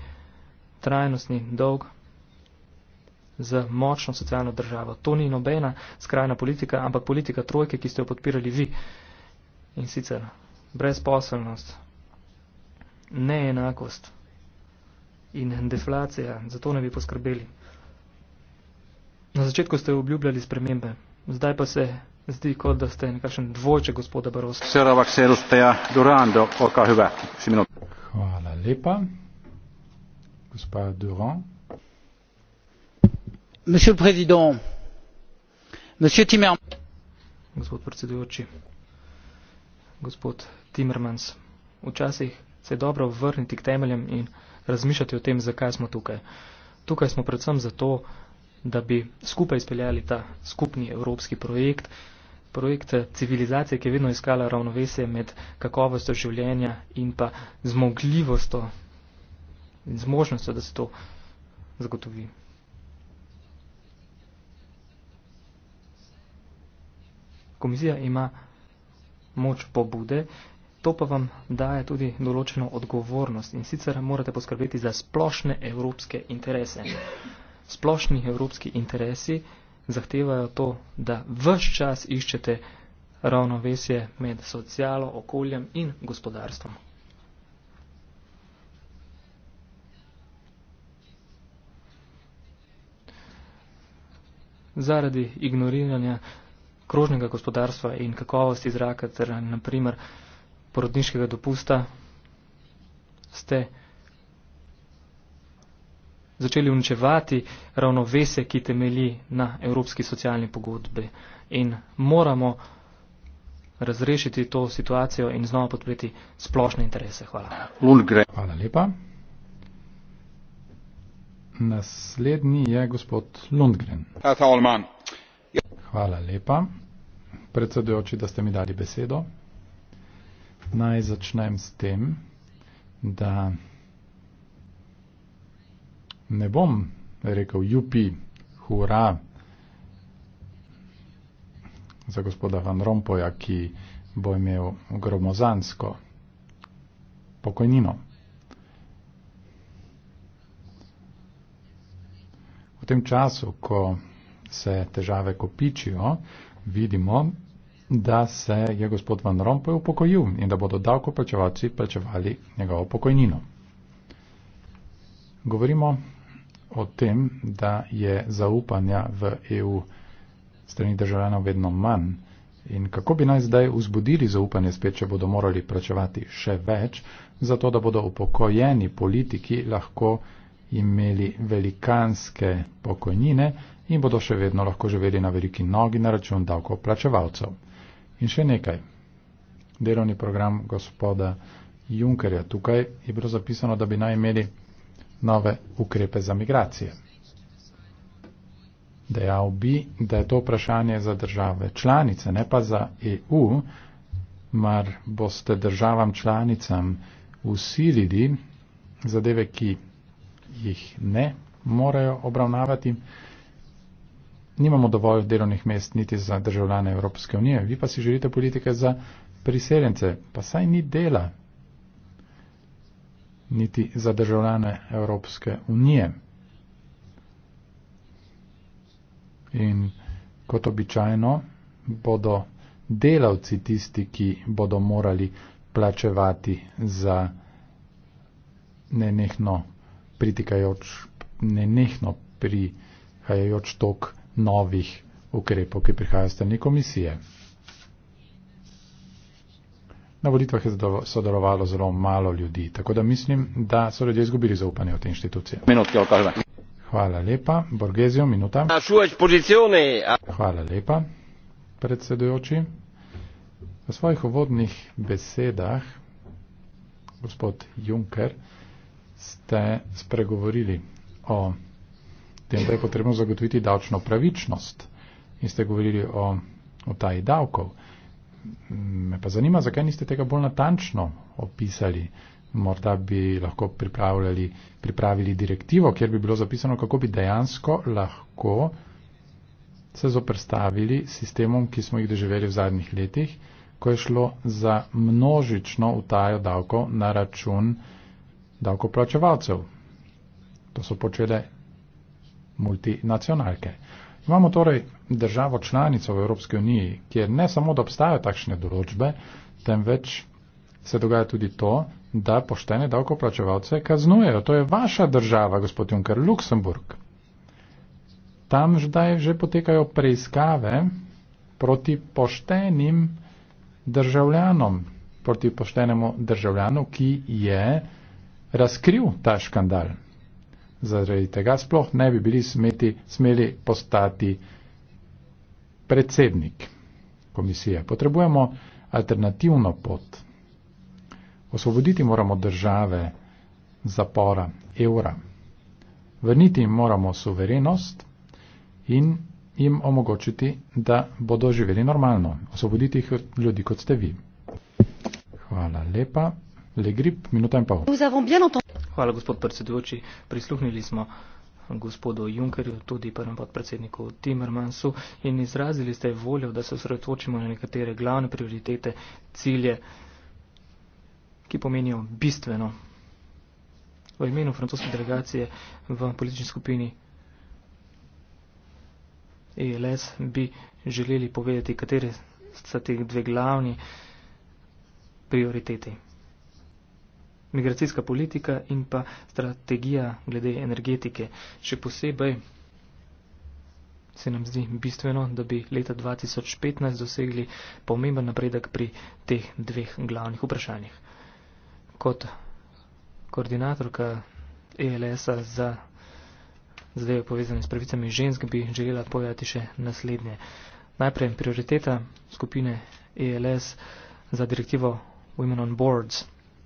trajnostni dolg z močno socialno državo. To ni nobena skrajna politika, ampak politika trojke, ki ste jo podpirali vi. In sicer brezposelnost, neenakost in deflacija, zato ne bi poskrbeli. Na začetku ste obljubljali spremembe, zdaj pa se zdi kot da ste nekakšen dvojček gospoda Barosa. Durando, Hvala lepa. Gospa Durand. Monsieur le Président, Monsieur Timmermans. Gospod predsedujoči, gospod Timmermans, včasih se je dobro vrniti k temeljem in razmišljati o tem, zakaj smo tukaj. Tukaj smo predvsem zato, da bi skupaj izpeljali ta skupni evropski projekt, projekt civilizacije, ki je vedno iskala ravnovesje med kakovostjo življenja in pa zmogljivostjo in zmožnostjo, da se to zagotovi. Komisija ima moč pobude, to pa vam daje tudi določeno odgovornost in sicer morate poskrbeti za splošne evropske interese. Splošni evropski interesi zahtevajo to, da vse čas iščete ravnovesje med socialo, okoljem in gospodarstvom. Zaradi ignoriranja krožnega gospodarstva in kakovosti zraka, ter naprimer porodniškega dopusta, ste začeli uničevati ravnovese, ki temeli na evropski socialni pogodbi. In moramo razrešiti to situacijo in znova podpreti splošne interese. Hvala. Hvala lepa. Naslednji je gospod Lundgren. Ja, ja. Hvala lepa, predsedujoči, da ste mi dali besedo. Naj začnem s tem, da ne bom rekel jupi, hura za gospoda Van Rompoja, ki bo imel gromozansko pokojnino. V tem času, ko se težave kopičijo, vidimo, da se je gospod Van Rompoj upokojil in da bodo davkoplačevalci plačevali njegovo pokojnino. Govorimo o tem, da je zaupanja v EU strani državljanov vedno manj. In kako bi naj zdaj vzbudili zaupanje spet, če bodo morali plačevati še več, zato da bodo upokojeni politiki lahko imeli velikanske pokojnine in bodo še vedno lahko živeli na veliki nogi na račun davkoplačevalcev. In še nekaj. Delovni program gospoda Junkerja tukaj je bilo zapisano, da bi naj imeli nove ukrepe za migracije. Dejal bi, da je to vprašanje za države članice, ne pa za EU, mar boste državam članicam usilili zadeve, ki jih ne morajo obravnavati. Nimamo dovolj delovnih mest niti za državljane Evropske unije, vi pa si želite politike za priseljence, pa saj ni dela niti za državljane Evropske unije. In kot običajno bodo delavci tisti, ki bodo morali plačevati za nenehno pritikajoč, nenehno prihajajoč tok novih ukrepov, ki prihajajo strani komisije. Na volitvah je sodelovalo zelo malo ljudi, tako da mislim, da so ljudje izgubili zaupanje v te inštitucije. Ja, Hvala lepa. Borgezijo, minuta. Hvala lepa, predsedujoči. V svojih uvodnih besedah, gospod Juncker, ste spregovorili o tem, da je potrebno zagotoviti davčno pravičnost in ste govorili o utaji davkov me pa zanima, zakaj niste tega bolj natančno opisali. Morda bi lahko pripravili direktivo, kjer bi bilo zapisano, kako bi dejansko lahko se zoprstavili sistemom, ki smo jih doživeli v zadnjih letih, ko je šlo za množično utajo davkov na račun davkoplačevalcev. To so počele multinacionalke. Imamo torej državo članico v Evropski uniji, kjer ne samo, da obstajajo takšne določbe, temveč se dogaja tudi to, da poštene davkoplačevalce kaznujejo. To je vaša država, gospod Juncker, Luksemburg. Tam zdaj že potekajo preiskave proti poštenim državljanom, proti poštenemu državljanu, ki je razkril ta škandal zaradi tega sploh ne bi bili smeti, smeli postati predsednik komisije. Potrebujemo alternativno pot. Osvoboditi moramo države zapora evra. Vrniti jim moramo suverenost in jim omogočiti, da bodo živeli normalno. Osvoboditi jih ljudi, kot ste vi. Hvala lepa. Le grip, minuta in pol. Hvala, gospod predsedujoči. Prisluhnili smo gospodu Junkerju, tudi prvem podpredsedniku Timmermansu in izrazili ste voljo, da se osredotočimo na nekatere glavne prioritete, cilje, ki pomenijo bistveno. V imenu francoske delegacije v politični skupini ELS bi želeli povedati, katere so te dve glavni prioriteti migracijska politika in pa strategija glede energetike. Še posebej se nam zdi bistveno, da bi leta 2015 dosegli pomemben napredek pri teh dveh glavnih vprašanjih. Kot koordinatorka ELS-a za zadeve povezane s pravicami žensk bi želela povedati še naslednje. Najprej prioriteta skupine ELS za direktivo Women on Boards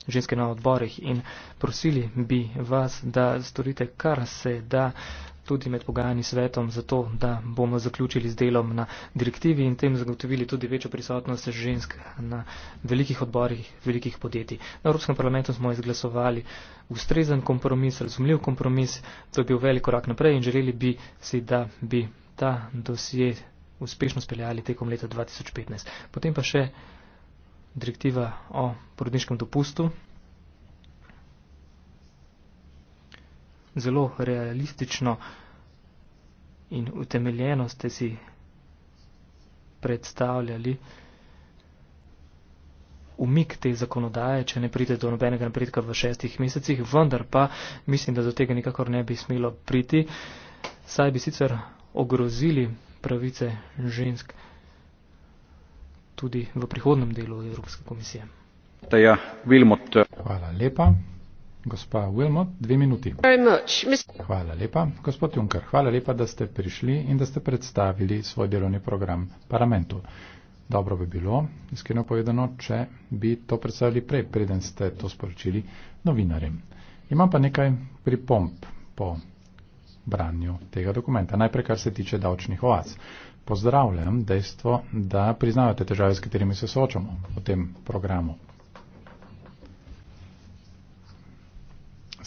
ženske na odborih in prosili bi vas, da storite kar se da tudi med pogajanji svetom, zato da bomo zaključili z delom na direktivi in tem zagotovili tudi večjo prisotnost žensk na velikih odborih velikih podjetij. Na Evropskem parlamentu smo izglasovali ustrezen kompromis, razumljiv kompromis, to je bil velik korak naprej in želeli bi si, da bi ta dosje uspešno speljali tekom leta 2015. Potem pa še direktiva o porodniškem dopustu. Zelo realistično in utemeljeno ste si predstavljali umik te zakonodaje, če ne pride do nobenega napredka v šestih mesecih, vendar pa mislim, da do tega nikakor ne bi smelo priti, saj bi sicer ogrozili pravice žensk tudi v prihodnem delu Evropske komisije. Teja Vilmot. Hvala lepa. Gospa Wilmot, dve minuti. Hvala lepa, gospod Juncker. Hvala lepa, da ste prišli in da ste predstavili svoj delovni program parlamentu. Dobro bi bilo, iskreno povedano, če bi to predstavili prej, preden ste to sporočili novinarjem. Imam pa nekaj pripomp po branju tega dokumenta. Najprej, kar se tiče davčnih oaz pozdravljam dejstvo, da priznavate težave, s katerimi se soočamo v tem programu.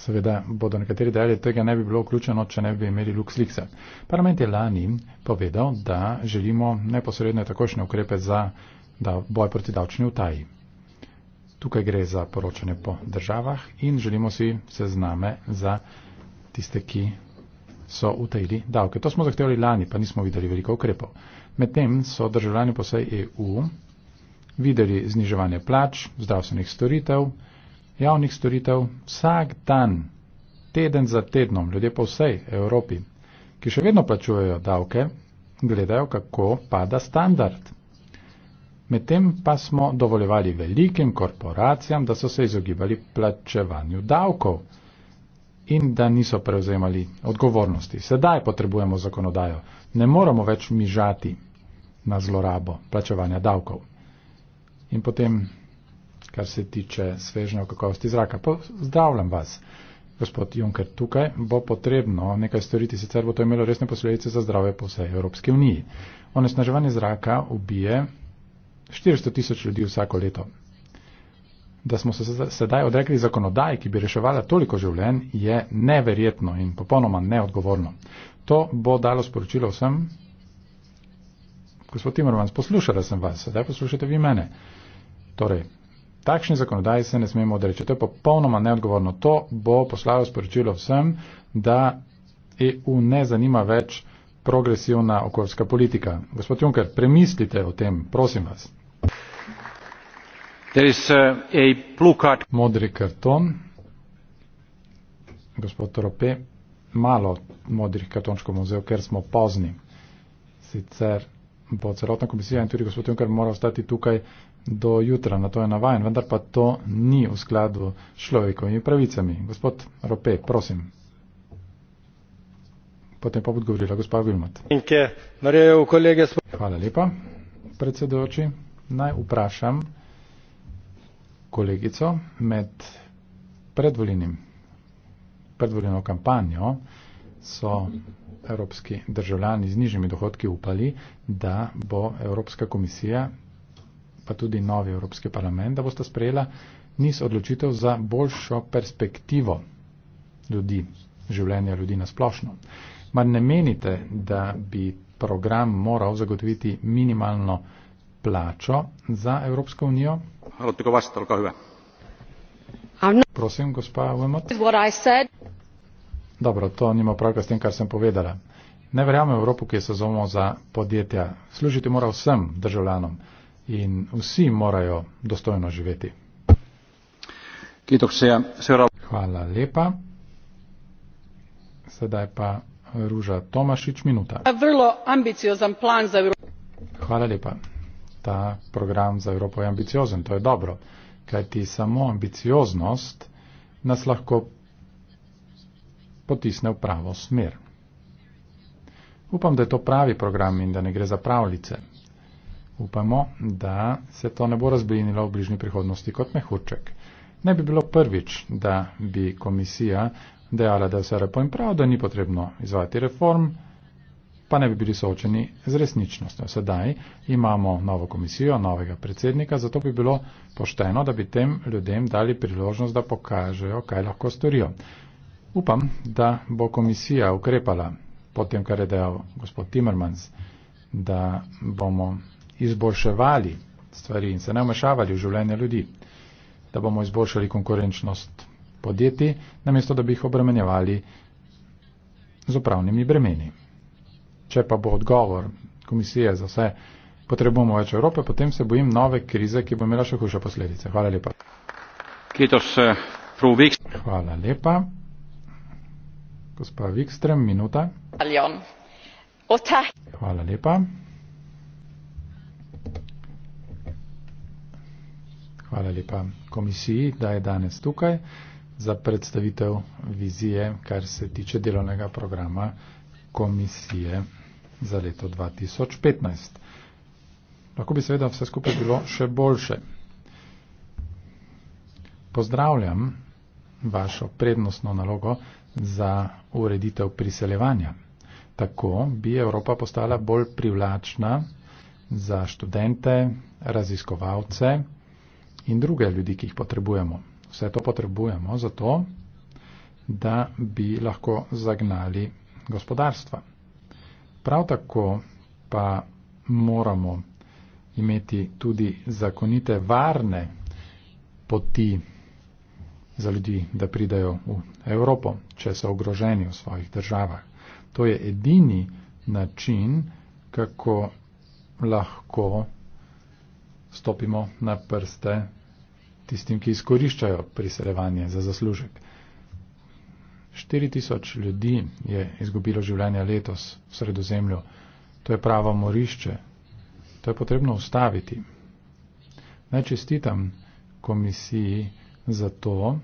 Seveda bodo nekateri dejali, da tega ne bi bilo vključeno, če ne bi imeli LuxLeaksa. Parlament je lani povedal, da želimo neposredne takošne ukrepe za da boj proti davčni utaji. Tukaj gre za poročanje po državah in želimo si sezname za tiste, ki so utajili davke. To smo zahtevali lani, pa nismo videli veliko ukrepov. Medtem so državljani po vsej EU videli zniževanje plač, zdravstvenih storitev, javnih storitev. Vsak dan, teden za tednom, ljudje po vsej Evropi, ki še vedno plačujejo davke, gledajo, kako pada standard. Medtem pa smo dovoljevali velikim korporacijam, da so se izogibali plačevanju davkov in da niso prevzemali odgovornosti. Sedaj potrebujemo zakonodajo. Ne moramo več mižati na zlorabo plačevanja davkov. In potem, kar se tiče svežnja o kakovosti zraka, pozdravljam vas, gospod Juncker, tukaj bo potrebno nekaj storiti, sicer bo to imelo resne posledice za zdravje po vsej Evropski uniji. Onesnaževanje zraka ubije 400 tisoč ljudi vsako leto da smo se sedaj odrekli zakonodaji, ki bi reševala toliko življenj, je neverjetno in popolnoma neodgovorno. To bo dalo sporočilo vsem. Gospod Timorovans, poslušala sem vas, sedaj poslušate vi mene. Torej, takšni zakonodaji se ne smemo odreči. To je popolnoma neodgovorno. To bo poslalo sporočilo vsem, da EU ne zanima več progresivna okoljska politika. Gospod Juncker, premislite o tem, prosim vas. There is a, uh, a blue card. Modri karton. Gospod Torope, malo modrih kartončkov bom vzel, ker smo pozni. Sicer bo celotna komisija in tudi gospod Junker moral ostati tukaj do jutra, na to je navajen, vendar pa to ni v skladu s človekovimi pravicami. Gospod Rope, prosim. Potem pa bo odgovorila gospa Vilmot. Hvala lepa, predsedujoči. Naj vprašam kolegico med predvolinim, predvolino kampanjo so evropski državljani z nižjimi dohodki upali, da bo Evropska komisija, pa tudi novi Evropski parlament, da boste sprejela niz odločitev za boljšo perspektivo ljudi, življenja ljudi na splošno. Mar ne menite, da bi program moral zagotoviti minimalno plačo za Evropsko unijo, haluatteko vastata olkaa hyvä Prosim, Dobro, to nima pravka s tem, kar sem povedala. Ne verjamem Evropo, ki je sezono za podjetja. Služiti mora vsem državljanom in vsi morajo dostojno živeti. Hvala lepa. Sedaj pa Ruža Tomašič, minuta. Hvala lepa ta program za Evropo je ambiciozen. To je dobro, kajti samo ambicioznost nas lahko potisne v pravo smer. Upam, da je to pravi program in da ne gre za pravljice. Upamo, da se to ne bo razblinilo v bližnji prihodnosti kot mehurček. Ne bi bilo prvič, da bi komisija dejala, da je vse repo in prav, da ni potrebno izvajati reform pa ne bi bili soočeni z resničnostjo. Sedaj imamo novo komisijo, novega predsednika, zato bi bilo pošteno, da bi tem ljudem dali priložnost, da pokažejo, kaj lahko storijo. Upam, da bo komisija ukrepala po tem, kar je dejal gospod Timmermans, da bomo izboljševali stvari in se ne vmešavali v življenje ljudi, da bomo izboljšali konkurenčnost podjetij, namesto da bi jih obremenjevali z upravnimi bremeni če pa bo odgovor komisije za vse, potrebujemo več Evrope, potem se bojim nove krize, ki bo imela še hujše posledice. Hvala lepa. Eh, Hvala lepa. Gospa Vikstrem, minuta. Hvala lepa. Hvala lepa komisiji, da je danes tukaj za predstavitev vizije, kar se tiče delovnega programa komisije za leto 2015. Lahko bi seveda vse skupaj bilo še boljše. Pozdravljam vašo prednostno nalogo za ureditev priseljevanja. Tako bi Evropa postala bolj privlačna za študente, raziskovalce in druge ljudi, ki jih potrebujemo. Vse to potrebujemo zato, da bi lahko zagnali gospodarstva. Prav tako pa moramo imeti tudi zakonite, varne poti za ljudi, da pridajo v Evropo, če so ogroženi v svojih državah. To je edini način, kako lahko stopimo na prste tistim, ki izkoriščajo priseljevanje za zaslužek. 4000 ljudi je izgubilo življenje letos v sredozemlju. To je pravo morišče. To je potrebno ustaviti. Naj čestitam komisiji za to,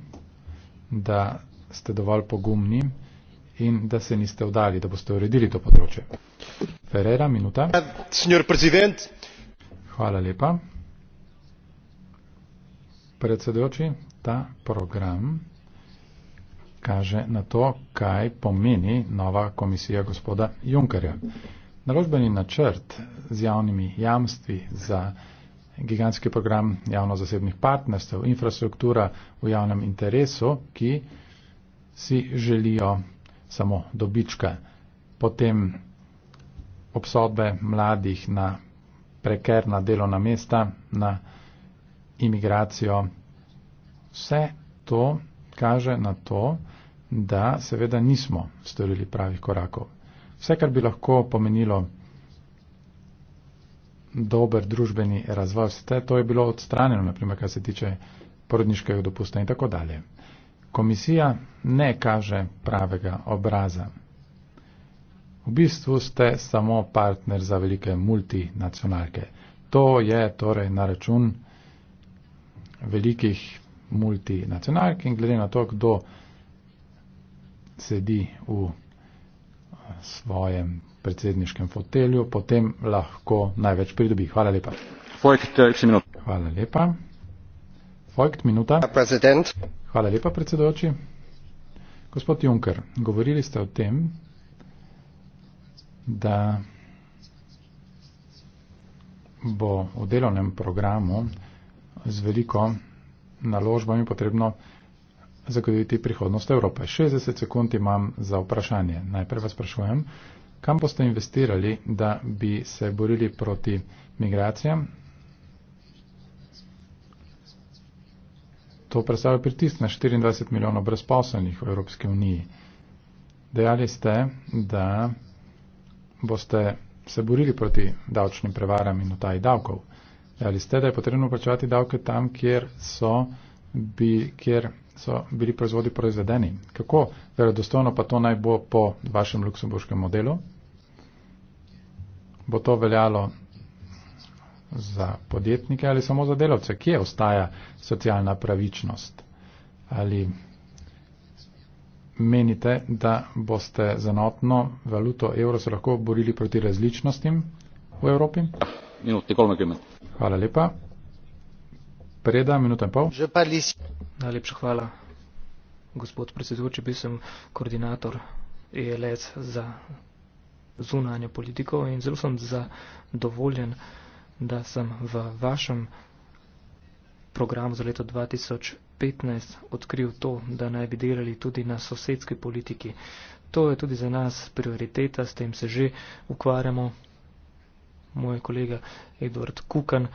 da ste dovolj pogumni in da se niste vdali, da boste uredili to področje. Ferreira, minuta. Hvala lepa. Predsedujoči, ta program kaže na to, kaj pomeni nova komisija gospoda Junkerja. Naložbeni načrt z javnimi jamstvi za gigantski program javno-zasebnih partnerstv, infrastruktura v javnem interesu, ki si želijo samo dobička, potem obsodbe mladih na prekerna delovna mesta, na imigracijo. Vse to kaže na to, da seveda nismo storili pravih korakov. Vse, kar bi lahko pomenilo dober družbeni razvoj, vse to je bilo odstranjeno, naprimer, kar se tiče porodniškega dopusta in tako dalje. Komisija ne kaže pravega obraza. V bistvu ste samo partner za velike multinacionalke. To je torej na račun velikih multinacionalk in glede na to, kdo sedi v eh, svojem predsedniškem fotelju, potem lahko največ pridobi. Hvala lepa. Eh, Hvala lepa. Folkt, minuta. Hvala lepa, predsedojoči. Gospod Juncker, govorili ste o tem, da bo v delovnem programu z veliko naložbami potrebno zagotoviti prihodnost Evrope. 60 sekund imam za vprašanje. Najprej vas sprašujem, kam boste investirali, da bi se borili proti migracijam? To predstavlja pritisk na 24 milijonov brezposlenih v Evropski uniji. Dejali ste, da boste se borili proti davčnim prevaram in utaji davkov. Ja, ali ste, da je potrebno plačevati davke tam, kjer so, bi, kjer so bili proizvodi proizvedeni? Kako verodostojno pa to naj bo po vašem luksemburškem modelu? Bo to veljalo za podjetnike ali samo za delavce? Kje ostaja socialna pravičnost? Ali menite, da boste z enotno valuto evro se lahko borili proti različnostim v Evropi? minuti, kolmekrat. Hvala lepa. Preda, minuta in pol. Že pa list. Najlepša hvala, gospod predsedujoči, bil sem koordinator ELS za zunanje politiko in zelo sem zadovoljen, da sem v vašem programu za leto 2015 odkril to, da naj bi delali tudi na sosedski politiki. To je tudi za nas prioriteta, s tem se že ukvarjamo moj kolega Edward Kukan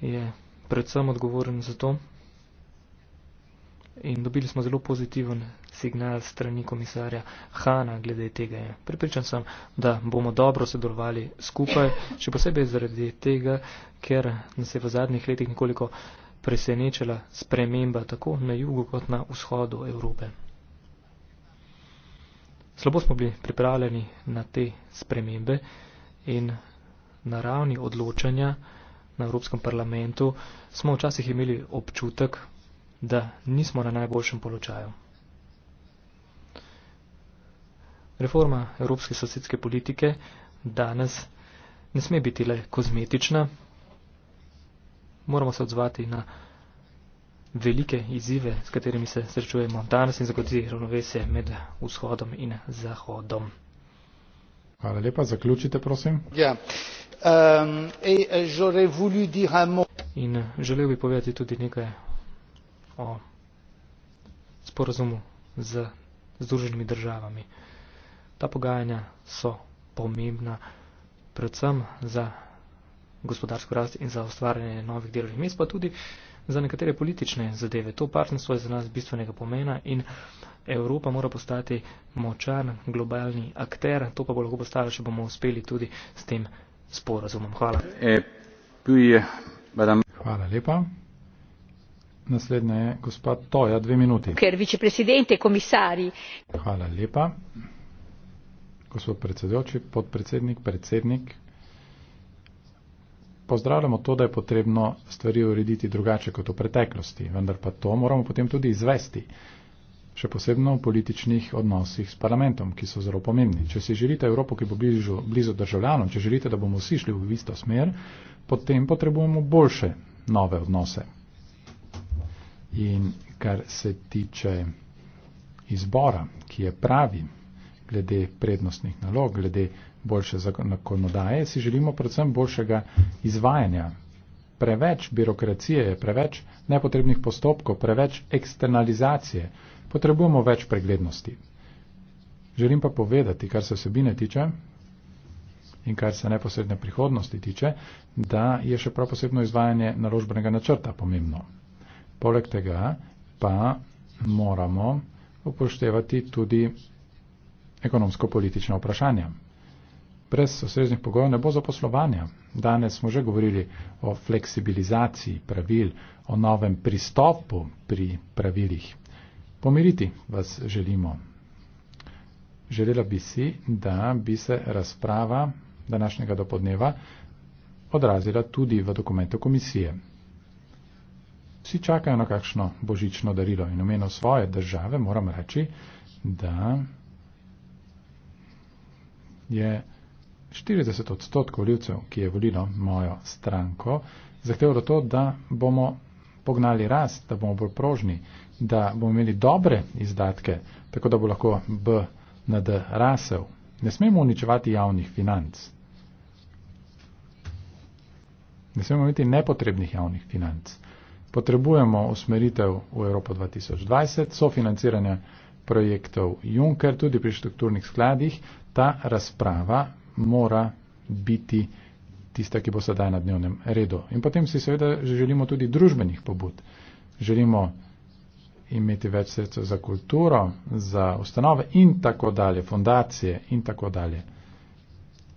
je predvsem odgovoren za to. In dobili smo zelo pozitiven signal strani komisarja Hana glede tega. Pripričan sem, da bomo dobro sodelovali skupaj, še posebej zaradi tega, ker nas je v zadnjih letih nekoliko presenečala sprememba tako na jugu kot na vzhodu Evrope. Slabo smo bili pripravljeni na te spremembe in na ravni odločanja na Evropskem parlamentu smo včasih imeli občutek, da nismo na najboljšem položaju. Reforma evropske sosedske politike danes ne sme biti le kozmetična. Moramo se odzvati na velike izzive, s katerimi se srečujemo danes in zagotoviti ravnovesje med vzhodom in zahodom. Hvala lepa, zaključite prosim. Ja. Yeah. Euh, euh, in želel bi povedati tudi nekaj o sporozumu z združenimi državami. Ta pogajanja so pomembna predvsem za gospodarsko rast in za ustvarjanje novih delovnih mest, pa tudi za nekatere politične zadeve. To partnerstvo je za nas bistvenega pomena in Evropa mora postati močan globalni akter, to pa bo lahko postala, če bomo uspeli tudi s tem sporazumom. Hvala. E, Hvala lepa. Naslednja je gospa Toja, dve minuti. Ker vicepresidente, komisari. Hvala lepa. Gospod predsedujoči, podpredsednik, predsednik. Pozdravljamo to, da je potrebno stvari urediti drugače kot v preteklosti, vendar pa to moramo potem tudi izvesti še posebno v političnih odnosih s parlamentom, ki so zelo pomembni. Če si želite Evropo, ki bo bližu, blizu državljanom, če želite, da bomo vsi šli v isto smer, potem potrebujemo boljše nove odnose. In kar se tiče izbora, ki je pravi glede prednostnih nalog, glede boljše zakonodaje, si želimo predvsem boljšega izvajanja. Preveč birokracije, preveč nepotrebnih postopkov, preveč eksternalizacije potrebujemo več preglednosti. Želim pa povedati, kar se vsebine tiče in kar se neposredne prihodnosti tiče, da je še prav posebno izvajanje naložbenega načrta pomembno. Poleg tega pa moramo upoštevati tudi ekonomsko-politična vprašanja. Brez osrednjih pogojev ne bo zaposlovanja. Danes smo že govorili o fleksibilizaciji pravil, o novem pristopu pri pravilih. Pomiriti vas želimo. Želela bi si, da bi se razprava današnjega dopodneva odrazila tudi v dokumentu komisije. Vsi čakajo na kakšno božično darilo in omeno svoje države moram reči, da je 40 odstotkov ljudcev, ki je volilo mojo stranko, zahtevalo to, da bomo pognali rast, da bomo bolj prožni, da bomo imeli dobre izdatke, tako da bo lahko BND rasel. Ne smemo uničevati javnih financ. Ne smemo imeti nepotrebnih javnih financ. Potrebujemo usmeritev v Evropo 2020, sofinanciranje projektov Juncker, tudi pri strukturnih skladih. Ta razprava mora biti tista, ki bo sedaj na dnevnem redu. In potem si seveda želimo tudi družbenih pobud. Želimo imeti več sredstev za kulturo, za ustanove in tako dalje, fondacije in tako dalje.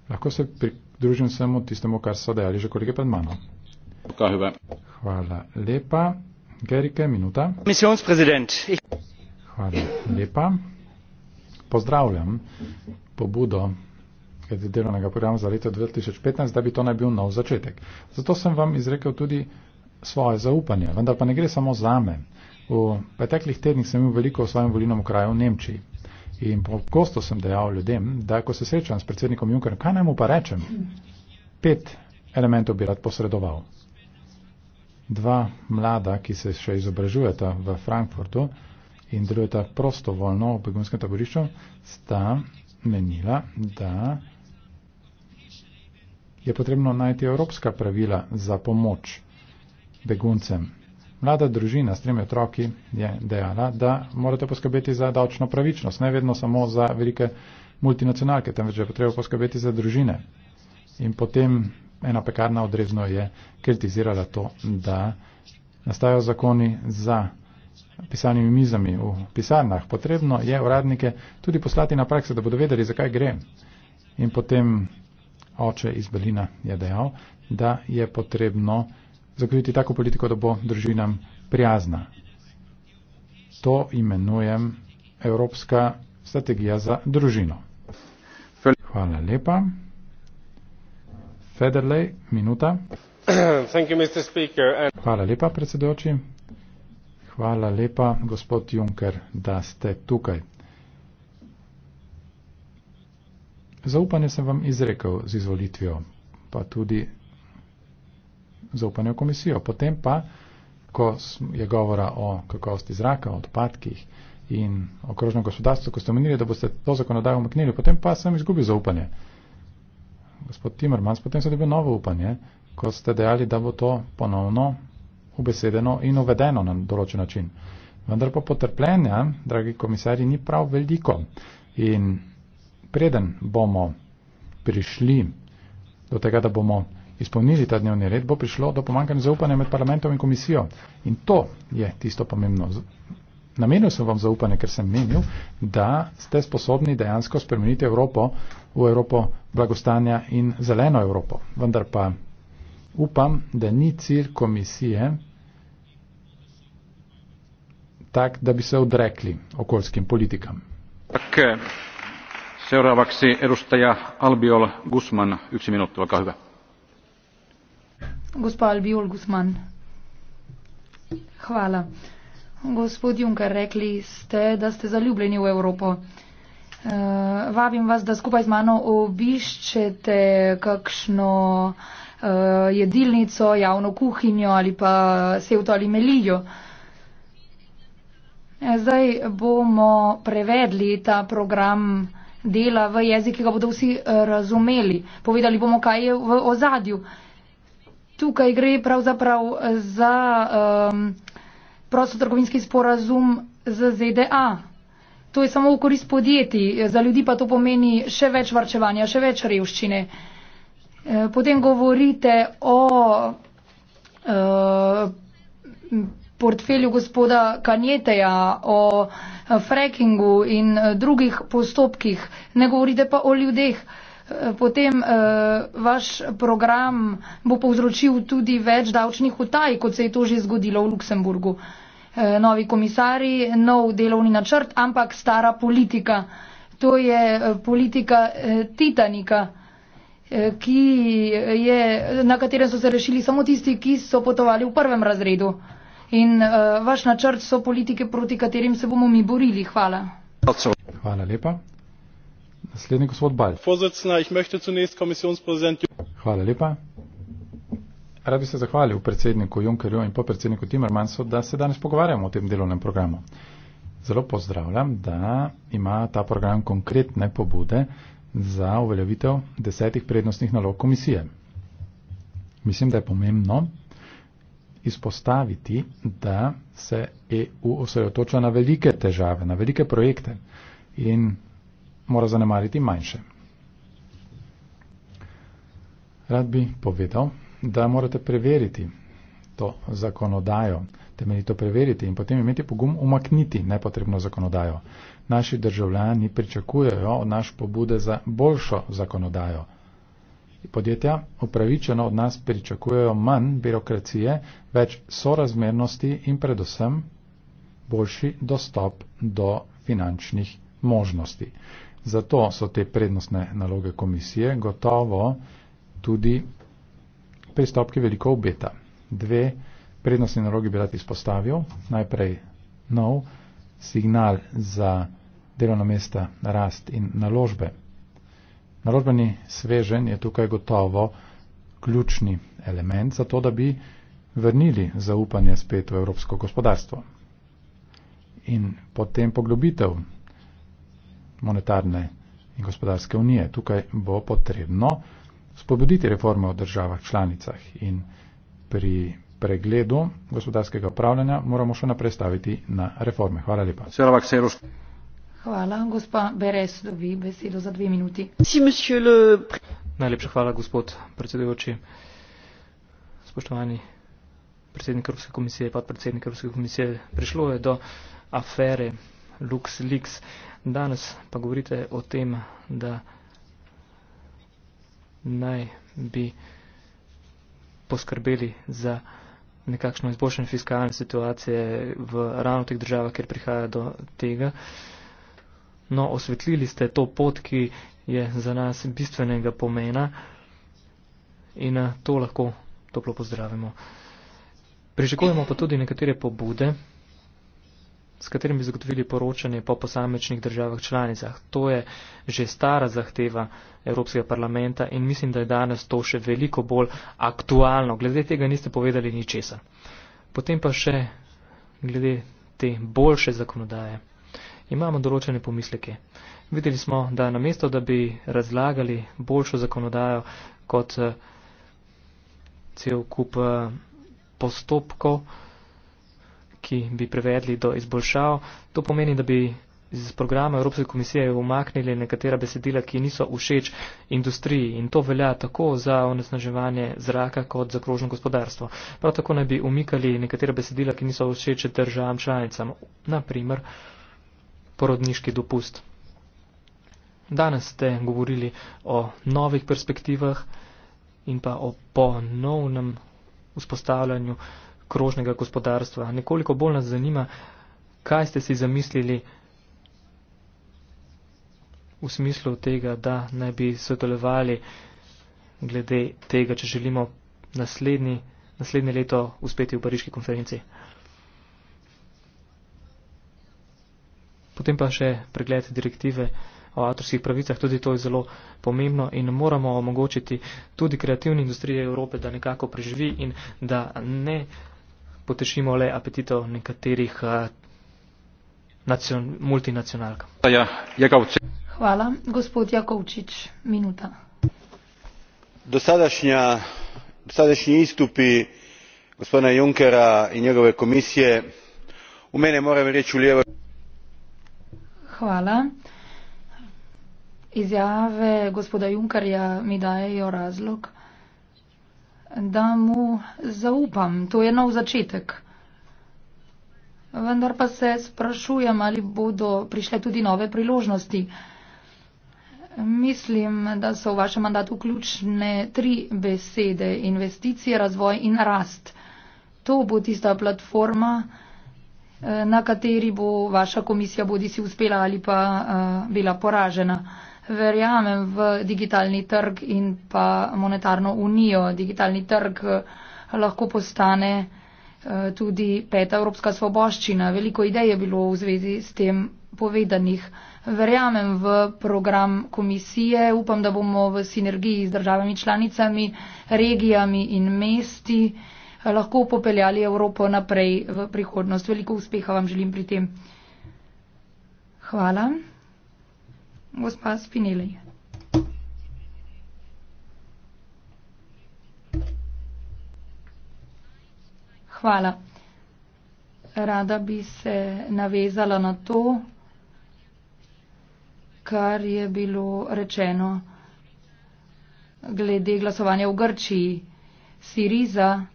Lahko se pridružim samo tistemu, kar so dejali že kolege pred mano. Hvala lepa. Gerike, minuta. Hvala lepa. Pozdravljam pobudo glede delovnega programa za leto 2015, da bi to naj bil nov začetek. Zato sem vam izrekel tudi svoje zaupanje, vendar pa ne gre samo za me. V preteklih tednih sem imel veliko v svojem volilnem kraju v Nemčiji. In pogosto sem dejal ljudem, da ko se srečam s predsednikom Junckerem, kaj naj mu pa rečem? Pet elementov bi rad posredoval. Dva mlada, ki se še izobražujeta v Frankfurtu in delujeta prostovoljno v begunskem taborišču, sta menila, da je potrebno najti evropska pravila za pomoč beguncem Mlada družina s tremi otroki je dejala, da morate poskrbeti za davčno pravičnost, ne vedno samo za velike multinacionalke, temveč je potrebno poskrbeti za družine. In potem ena pekarna odrezno je kritizirala to, da nastajajo zakoni za pisanimi mizami v pisarnah. Potrebno je uradnike tudi poslati na prakse, da bodo vedeli, zakaj gre. In potem oče iz Belina je dejal, da je potrebno zagotoviti tako politiko, da bo družinam prijazna. To imenujem Evropska strategija za družino. Hvala lepa. Federlej, minuta. Hvala lepa, predsedoči. Hvala lepa, gospod Juncker, da ste tukaj. Zaupanje sem vam izrekel z izvolitvijo, pa tudi zaupanje v komisijo. Potem pa, ko je govora o kakovosti zraka, odpadkih in okrožnem gospodarstvu, ko ste omenili, da boste to zakonodajo omaknili, potem pa sem izgubil zaupanje. Gospod Timmermans, potem se dobil novo upanje, ko ste dejali, da bo to ponovno ubesedeno in uvedeno na določen način. Vendar pa potrpljenja, dragi komisarji, ni prav veliko. In preden bomo prišli do tega, da bomo izpolnili ta dnevni red, bo prišlo do pomankanja zaupanja med parlamentom in komisijo. In to je tisto pomembno. Namenil sem vam zaupanje, ker sem menil, da ste sposobni dejansko spremeniti Evropo v Evropo blagostanja in zeleno Evropo. Vendar pa upam, da ni cilj komisije tak, da bi se odrekli okoljskim politikam. Okay. Eh, seuraavaksi edustaja Albiol Gusman, yksi minuutti, olkaa hyvä. Gospa Albiol Guzman. Hvala. Gospod Juncker, rekli ste, da ste zaljubljeni v Evropo. Uh, vabim vas, da skupaj z mano obiščete kakšno uh, jedilnico, javno kuhinjo ali pa sevto ali melijo. Eh, zdaj bomo prevedli ta program dela v jezik, ki ga bodo vsi razumeli. Povedali bomo, kaj je v ozadju. Uh, tukaj gre pravzaprav za um, prostotrgovinski sporazum z ZDA. To je samo v korist podjetij, za ljudi pa to pomeni še več varčevanja, še več revščine. Eh, potem govorite o uh, portfelju gospoda Kanjeteja, o eh, frackingu in drugih postopkih, ne govorite pa o ljudeh. Uh, potem uh, vaš program bo povzročil tudi več davčnih utaj, kot se je to že zgodilo v Luksemburgu. Uh, novi komisari, nov delovni načrt, ampak stara politika. To je eh, politika uh, Titanika, uh, je, na katerem so se rešili samo tisti, ki so potovali v prvem razredu. In uh, vaš načrt so politike, proti katerim se bomo mi borili. Hvala. Hvala lepa. Naslednji gospod Bal. Hvala lepa. Rad bi se zahvalil predsedniku Junkerju in podpredsedniku Timmermansu, da se danes pogovarjamo o tem delovnem programu. Zelo pozdravljam, da ima ta program konkretne pobude za uveljavitev desetih prednostnih nalog komisije. Mislim, da je pomembno izpostaviti, da se EU osredotoča na velike težave, na velike projekte. In mora zanemariti manjše. Rad bi povedal, da morate preveriti to zakonodajo, temeljito preveriti in potem imeti pogum umakniti nepotrebno zakonodajo. Naši državljani pričakujejo od naš pobude za boljšo zakonodajo. Podjetja upravičeno od nas pričakujejo manj birokracije, več sorazmernosti in predvsem boljši dostop do finančnih možnosti. Zato so te prednostne naloge komisije gotovo tudi pristop, ki veliko obeta. Dve prednostne naloge bi rad izpostavil. Najprej nov signal za delovna mesta, rast in naložbe. Naložbeni svežen je tukaj gotovo ključni element za to, da bi vrnili zaupanje spet v evropsko gospodarstvo. In potem poglobitev monetarne in gospodarske unije. Tukaj bo potrebno spobuditi reforme v državah članicah in pri pregledu gospodarskega upravljanja moramo še naprej staviti na reforme. Hvala lepa. Hvala, gospa Beres, dobi besedo za dve minuti. Najlepša hvala, gospod predsedujoči. Spoštovani predsednik Evropske komisije, podpredsednik Evropske komisije, prišlo je do afere LuxLeaks. Danes pa govorite o tem, da naj bi poskrbeli za nekakšno izboljšanje fiskalne situacije v ravno teh državah, kjer prihaja do tega. No, osvetlili ste to pot, ki je za nas bistvenega pomena in eh, to lahko toplo pozdravimo. Prižekujemo pa tudi nekatere pobude s katerim bi zagotovili poročanje po posamečnih državah članicah. To je že stara zahteva Evropskega parlamenta in mislim, da je danes to še veliko bolj aktualno. Glede tega niste povedali ničesar. Potem pa še glede te boljše zakonodaje. Imamo določene pomisleke. Videli smo, da namesto, da bi razlagali boljšo zakonodajo kot eh, cel kup eh, postopkov, ki bi prevedli do izboljšav. To pomeni, da bi iz programa Evropske komisije umaknili nekatera besedila, ki niso všeč industriji in to velja tako za onesnaževanje zraka kot za krožno gospodarstvo. Prav tako naj bi umikali nekatera besedila, ki niso všeč državam članicam, naprimer porodniški dopust. Danes ste govorili o novih perspektivah in pa o ponovnem vzpostavljanju krožnega gospodarstva. Nekoliko bolj nas zanima, kaj ste si zamislili v smislu tega, da ne bi sodelovali glede tega, če želimo naslednji, naslednje leto uspeti v Pariški konferenci. Potem pa še pregled direktive o avtorskih pravicah, tudi to je zelo pomembno in moramo omogočiti tudi kreativni industriji Evrope, da nekako preživi in da ne potešimo le apetito nekaterih eh, nacion, multinacionalk. Ja, Hvala. Gospod Jakovčič, minuta. Dosadašnja, dosadašnji istupi gospodina Junkera in njegove komisije v mene moram reči v lijevo. Hvala. Izjave gospoda Junkerja mi dajejo razlog da mu zaupam. To je nov začetek. Vendar pa se sprašujem, ali bodo prišle tudi nove priložnosti. Mislim, da so v vašem mandatu ključne tri besede – investicije, razvoj in rast. To bo tista platforma, eh, na kateri bo vaša komisija bodi si uspela ali pa uh, bila poražena verjamem v digitalni trg in pa monetarno unijo. Digitalni trg eh, lahko postane eh, tudi peta evropska svoboščina. Veliko idej je bilo v zvezi s tem povedanih. Verjamem v program komisije, upam, da bomo v sinergiji z državami članicami, regijami in mesti eh, lahko popeljali Evropo naprej v prihodnost. Veliko uspeha vam želim pri tem. Hvala gospa Spinelej. Hvala. Rada bi se navezala na to, kar je bilo rečeno glede glasovanja v Grčiji. Siriza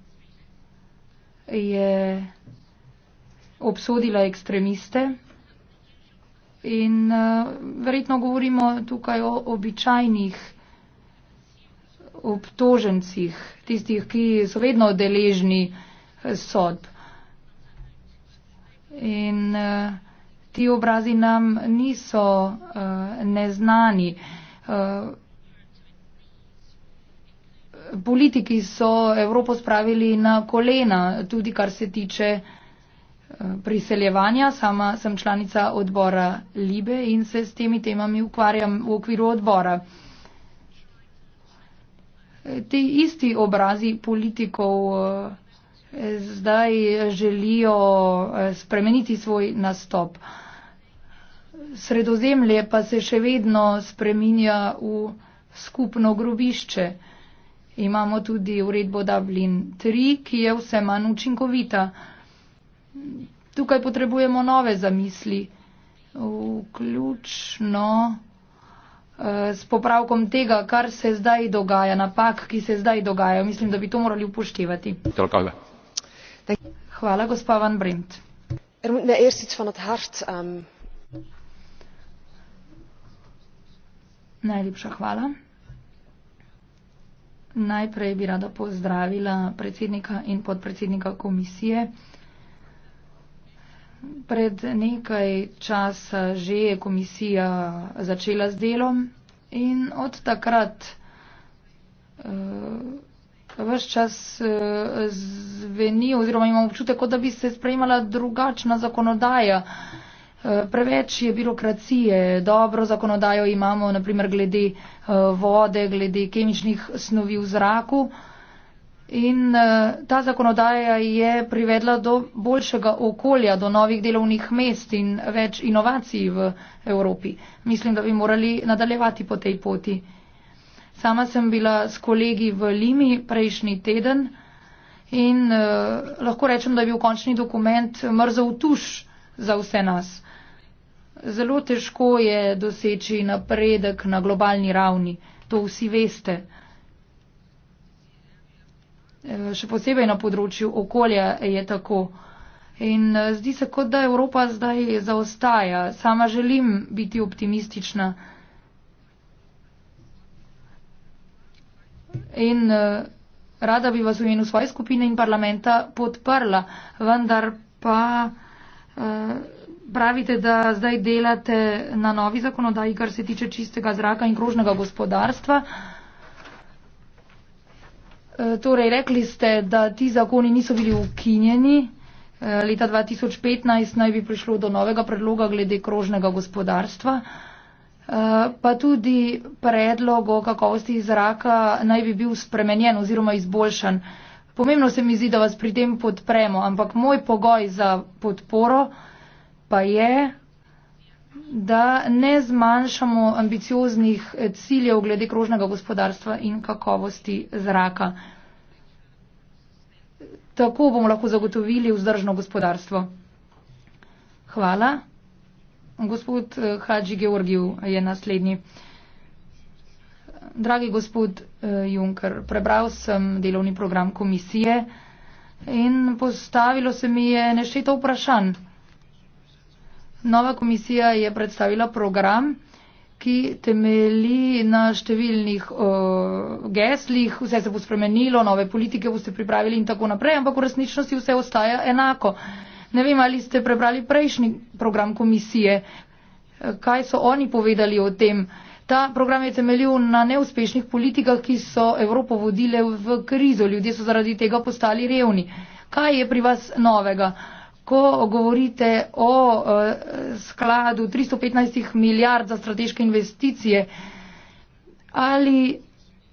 je obsodila ekstremiste. In uh, verjetno govorimo tukaj o običajnih obtožencih, tistih, ki so vedno deležni eh, sodb. In uh, ti obrazi nam niso uh, neznani. Uh, politiki so Evropo spravili na kolena, tudi kar se tiče priseljevanja. Sama sem članica odbora Libe in se s temi temami ukvarjam v okviru odbora. Ti isti obrazi politikov eh, zdaj želijo eh, spremeniti svoj nastop. Sredozemlje pa se še vedno spreminja v skupno grobišče. Imamo tudi uredbo Dublin 3, ki je vse manj učinkovita tukaj potrebujemo nove zamisli, vključno eh, s popravkom tega, kar se zdaj dogaja, napak, ki se zdaj dogaja. Mislim, da bi to morali upoštevati. Hvala, gospa Van Brent. Er ehm, Najlepša hvala. Najprej bi rada pozdravila predsednika in podpredsednika komisije. Pred nekaj časa že je komisija začela z delom in od takrat uh, eh, vse čas uh, zveni oziroma imamo občutek, kot da bi se sprejemala drugačna zakonodaja. Eh, preveč je birokracije, dobro zakonodajo imamo, naprimer glede vode, glede kemičnih snovi v zraku. Uh, In uh, ta zakonodaja je privedla do boljšega okolja, do novih delovnih mest in več inovacij v Evropi. Mislim, da bi morali nadaljevati po tej poti. Sama sem bila s kolegi v Limi prejšnji teden in uh, lahko rečem, da je bil končni dokument mrzav tuš za vse nas. Zelo težko je doseči napredek na globalni ravni. To vsi veste. Eh, še posebej na področju okolja je tako. In eh, zdi se, kot da Evropa zdaj zaostaja. Sama želim biti optimistična. In eh, rada bi vas v imenu svoje skupine in parlamenta podprla, vendar pa pravite, da zdaj delate na novi zakonodaji, kar se tiče čistega zraka in krožnega gospodarstva. Eh, torej, rekli ste, da ti zakoni niso bili ukinjeni. Eh, leta 2015 naj bi prišlo do novega predloga glede krožnega gospodarstva, eh, pa tudi predlog o kakovosti zraka naj bi bil spremenjen oziroma izboljšan. Pomembno se mi zdi, da vas pri tem podpremo, ampak moj pogoj za podporo pa je, da ne zmanjšamo ambicioznih ciljev glede krožnega gospodarstva in kakovosti zraka. Tako bomo lahko zagotovili vzdržno gospodarstvo. Hvala. Gospod eh, Hadži Georgiju je naslednji. Dragi gospod eh, Juncker, prebral sem delovni program komisije in postavilo se mi je nešteto vprašanj. Nova komisija je predstavila program, ki temeli na številnih uh, geslih, vse se bo spremenilo, nove politike boste pripravili in tako naprej, ampak v resničnosti vse ostaja enako. Ne vem, ali ste prebrali prejšnji program komisije, kaj so oni povedali o tem. Ta program je temeljil na neuspešnih politikah, ki so Evropo vodile v krizo. Ljudje so zaradi tega postali revni. Kaj je pri vas novega? ko govorite o eh, skladu 315 milijard za strateške investicije, ali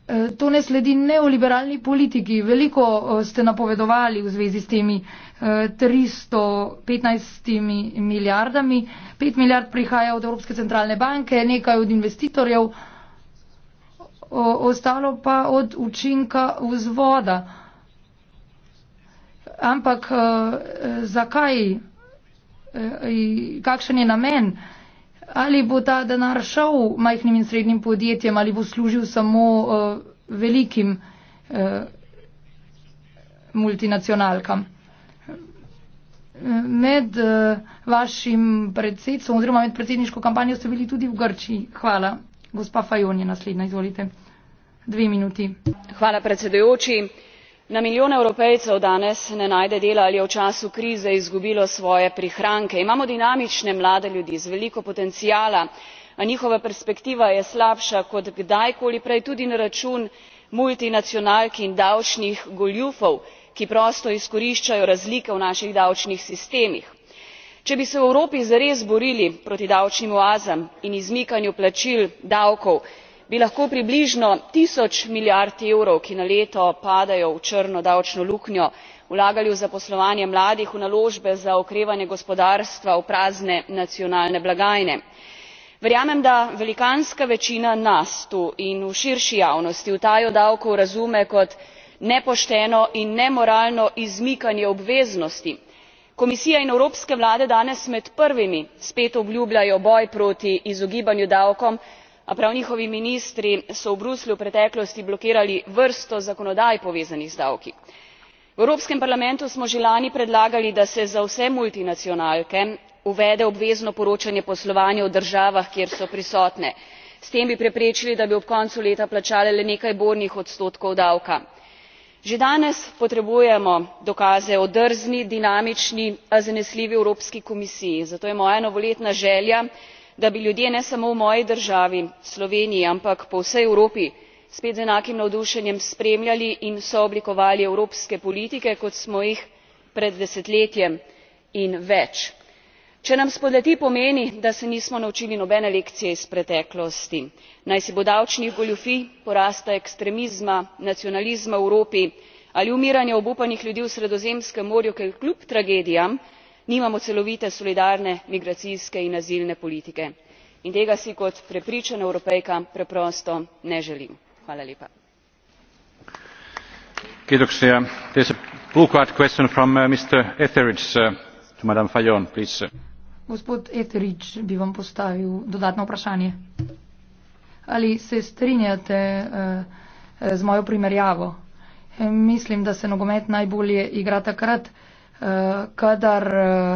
eh, to ne sledi neoliberalni politiki? Veliko eh, ste napovedovali v zvezi s temi 315 milijardami. 5 milijard prihaja od Evropske centralne banke, nekaj od investitorjev, ostalo pa od učinka vzvoda ampak uh, zakaj, uh, kakšen je namen, ali bo ta denar šel majhnim in srednjim podjetjem ali bo služil samo uh, velikim uh, multinacionalkam. Med uh, vašim predsedstvom oziroma med predsedniško kampanjo ste bili tudi v Grčiji. Hvala. Gospa Fajon je naslednja. Izvolite. Dve minuti. Hvala predsedujoči na milijone evropejcev danes ne najde dela ali je v času krize izgubilo svoje prihranke. imamo dinamične mlade ljudi z veliko potenciala a njihova perspektiva je slabša kot kdajkoli prej tudi na račun multinacionalk in davčnih goljufov ki prosto izkoriščajo razlike v naših davčnih sistemih. če bi se v evropi zares borili proti davčnim oazam in izmikanju plačil davkov bi lahko približno tisoč milijard evrov ki na leto padajo v črno davčno luknjo vlagali v zaposlovanje mladih v naložbe za okrevanje gospodarstva v prazne nacionalne blagajne. verjamem da velikanska večina nas tu in v širši javnosti utajo davkov razume kot nepošteno in nemoralno izmikanje obveznosti. komisija in evropske vlade danes med prvimi spet obljubljajo boj proti izogibanju davkom a prav njihovi ministri so v bruslju v preteklosti blokirali vrsto zakonodaj povezanih z davki. v evropskem parlamentu smo že lani predlagali da se za vse multinacionalke uvede obvezno poročanje poslovanja v državah kjer so prisotne s tem bi preprečili da bi ob koncu leta plačale le nekaj bornih odstotkov davka. že danes potrebujemo dokaze o drzni dinamični a zanesljivi evropski komisiji zato je moja novoletna želja da bi ljudje ne samo v moji državi sloveniji ampak po vsej evropi spet z enakim navdušenjem spremljali in sooblikovali evropske politike kot smo jih pred desetletjem in več. če nam spodleti pomeni da se nismo naučili nobene lekcije iz preteklosti najsibo davčnih goljufij porasta ekstremizma nacionalizma v evropi ali umiranja obupanih ljudi v sredozemskem morju ker kljub tragedijam nimamo celovite solidarne migracijske in azilne politike in tega si kot prepričana evropejka preprosto ne želim. Uh, uh, gospod etheridge bi vam postavil dodatno vprašanje. ali se strinjate uh, z mojo primerjavo? mislim da se nogomet najbolje igra takrat Eh, kadar eh,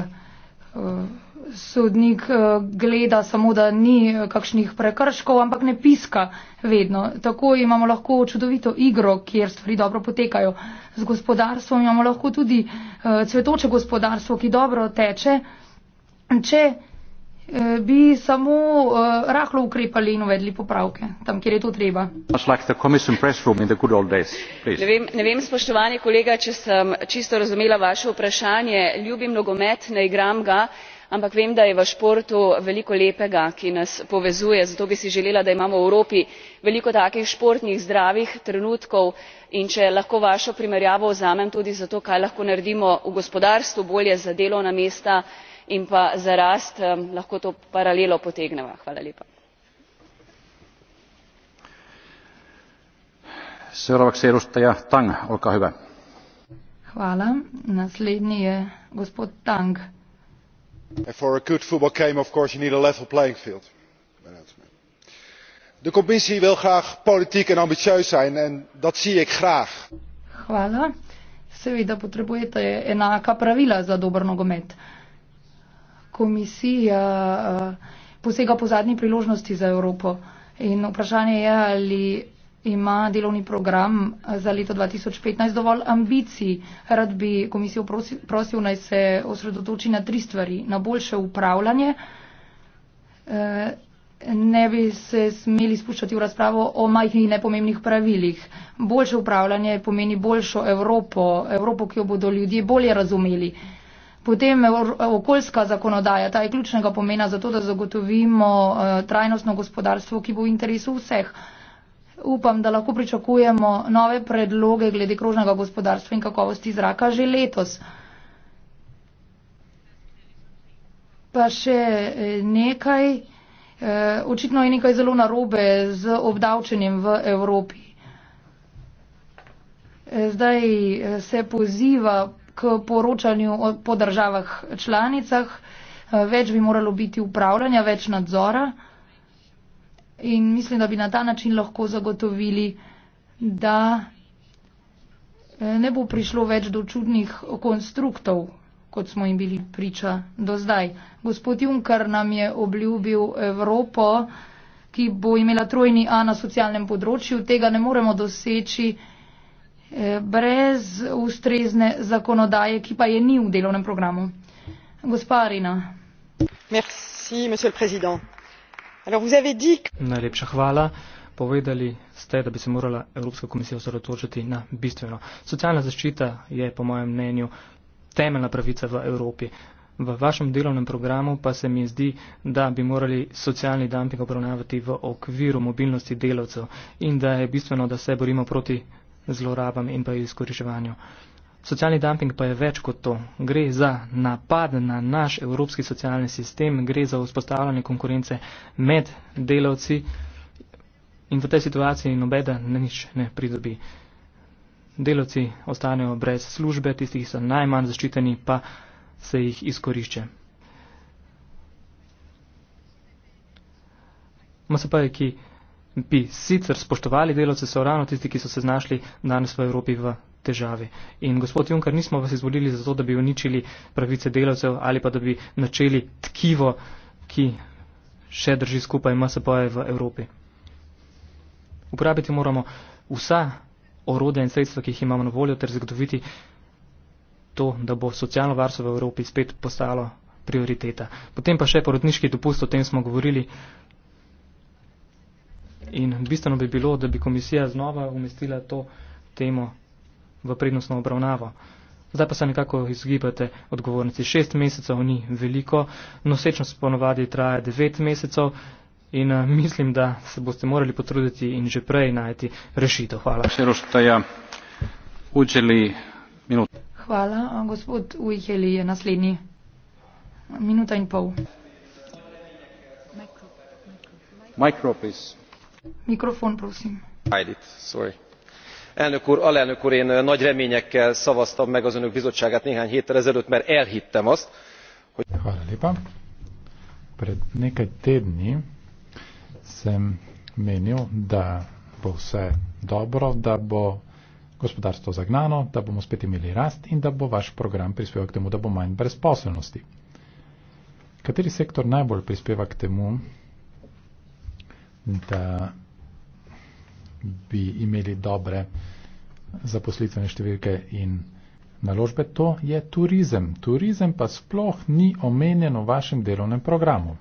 sodnik eh, gleda samo, da ni kakšnih prekrškov, ampak ne piska vedno. Tako imamo lahko čudovito igro, kjer stvari dobro potekajo. Z gospodarstvom imamo lahko tudi cvetoče gospodarstvo, ki dobro teče. Če Eh, bi samo uh, rahlo ukrepali in uvedli popravke tam, kjer je to treba. Like days, ne, vem, ne vem, spoštovani kolega, če sem čisto razumela vaše vprašanje. Ljubim nogomet, ne igram ga, ampak vem, da je v športu veliko lepega, ki nas povezuje. Zato bi si želela, da imamo v Evropi veliko takih športnih zdravih trenutkov. In če lahko vašo primerjavo vzamem tudi za to, kaj lahko naredimo v gospodarstvu bolje za delovna mesta, in pa za rast lahko to paralelo potegneva. for a good football game of course you need a level playing field. de commissie wil graag politiek en ambitieus zijn en dat zie ik graag. seveda potrebujete enaka pravila za dober nogomet komisija eh, posega po zadnji priložnosti za Evropo. In vprašanje je, ali ima delovni program eh, za leto 2015 dovolj ambicij. Rad bi komisijo prosil, prosil naj se osredotoči na tri stvari. Na boljše upravljanje. Eh, ne bi se smeli spuščati v razpravo o majhnih nepomembnih pravilih. Boljše upravljanje pomeni boljšo Evropo, Evropo, ki jo bodo ljudje bolje razumeli. Potem okoljska zakonodaja, ta je ključnega pomena za to, da zagotovimo eh, trajnostno gospodarstvo, ki bo v interesu vseh. Upam, da lahko pričakujemo nove predloge glede krožnega gospodarstva in kakovosti zraka že letos. Pa še eh, nekaj, eh, očitno je nekaj zelo narobe z obdavčenjem v Evropi. Zdaj se poziva k poročanju po državah članicah, eh, več bi moralo biti upravljanja, več nadzora in mislim, da bi na ta način lahko zagotovili, da eh, ne bo prišlo več do čudnih konstruktov, kot smo jim bili priča do zdaj. Gospod Juncker nam je obljubil Evropo, ki bo imela trojni A na socialnem področju, tega ne moremo doseči brez ustrezne zakonodaje, ki pa je ni v delovnem programu. Gospa Arina. Merci, monsieur le président. Alors, vous avez dit... Najlepša hvala. Povedali ste, da bi se morala Evropska komisija osredotočiti na bistveno. Socialna zaščita je, po mojem mnenju, temeljna pravica v Evropi. V vašem delovnem programu pa se mi zdi, da bi morali socialni dumping obravnavati v okviru mobilnosti delavcev in da je bistveno, da se borimo proti zlorabam in pa izkoriševanju. Socialni dumping pa je več kot to. Gre za napad na naš evropski socialni sistem, gre za vzpostavljanje konkurence med delavci in v tej situaciji nobeda nič ne pridobi. Delavci ostanejo brez službe, tisti, ki so najmanj zaščiteni, pa se jih izkorišče. MSP-je, ki bi sicer spoštovali delovce, so ravno tisti, ki so se znašli danes v Evropi v težavi. In gospod Junkar, nismo vas izvolili zato, da bi uničili pravice delovcev ali pa da bi načeli tkivo, ki še drži skupaj MSP-je v Evropi. Uporabiti moramo vsa orodja in sredstva, ki jih imamo na voljo, ter zagotoviti to, da bo socialno varstvo v Evropi spet postalo prioriteta. Potem pa še porodniški dopust, o tem smo govorili in bistveno bi bilo, da bi komisija znova umestila to temo v prednostno obravnavo. Zdaj pa se nekako izgibate odgovornici. Šest mesecev ni veliko, nosečnost ponovadi traja devet mesecev in eh, mislim, da se boste morali potruditi in že prej najti rešitev. Hvala. Hvala. Gospod Ujheli je naslednji. Minuta in pol. Micro, please elnök úr alelnök úr én nagy reményekkel szavaztam meg az önök bizottságát néhány héttel ezelőtt mert elhittem azt hogy. pred nekaj tedni sem menil da bo vse dobro da bo gospodarstvo zagnano da bomo spet imeli rast in da bo vaš program prispeval k temu da bo manj brezposelnosti kateri sektor najbolj prispeva k temu da bo manj brezposelnosti? da bi imeli dobre zaposlitvene številke in naložbe. To je turizem. Turizem pa sploh ni omenjen v vašem delovnem programu.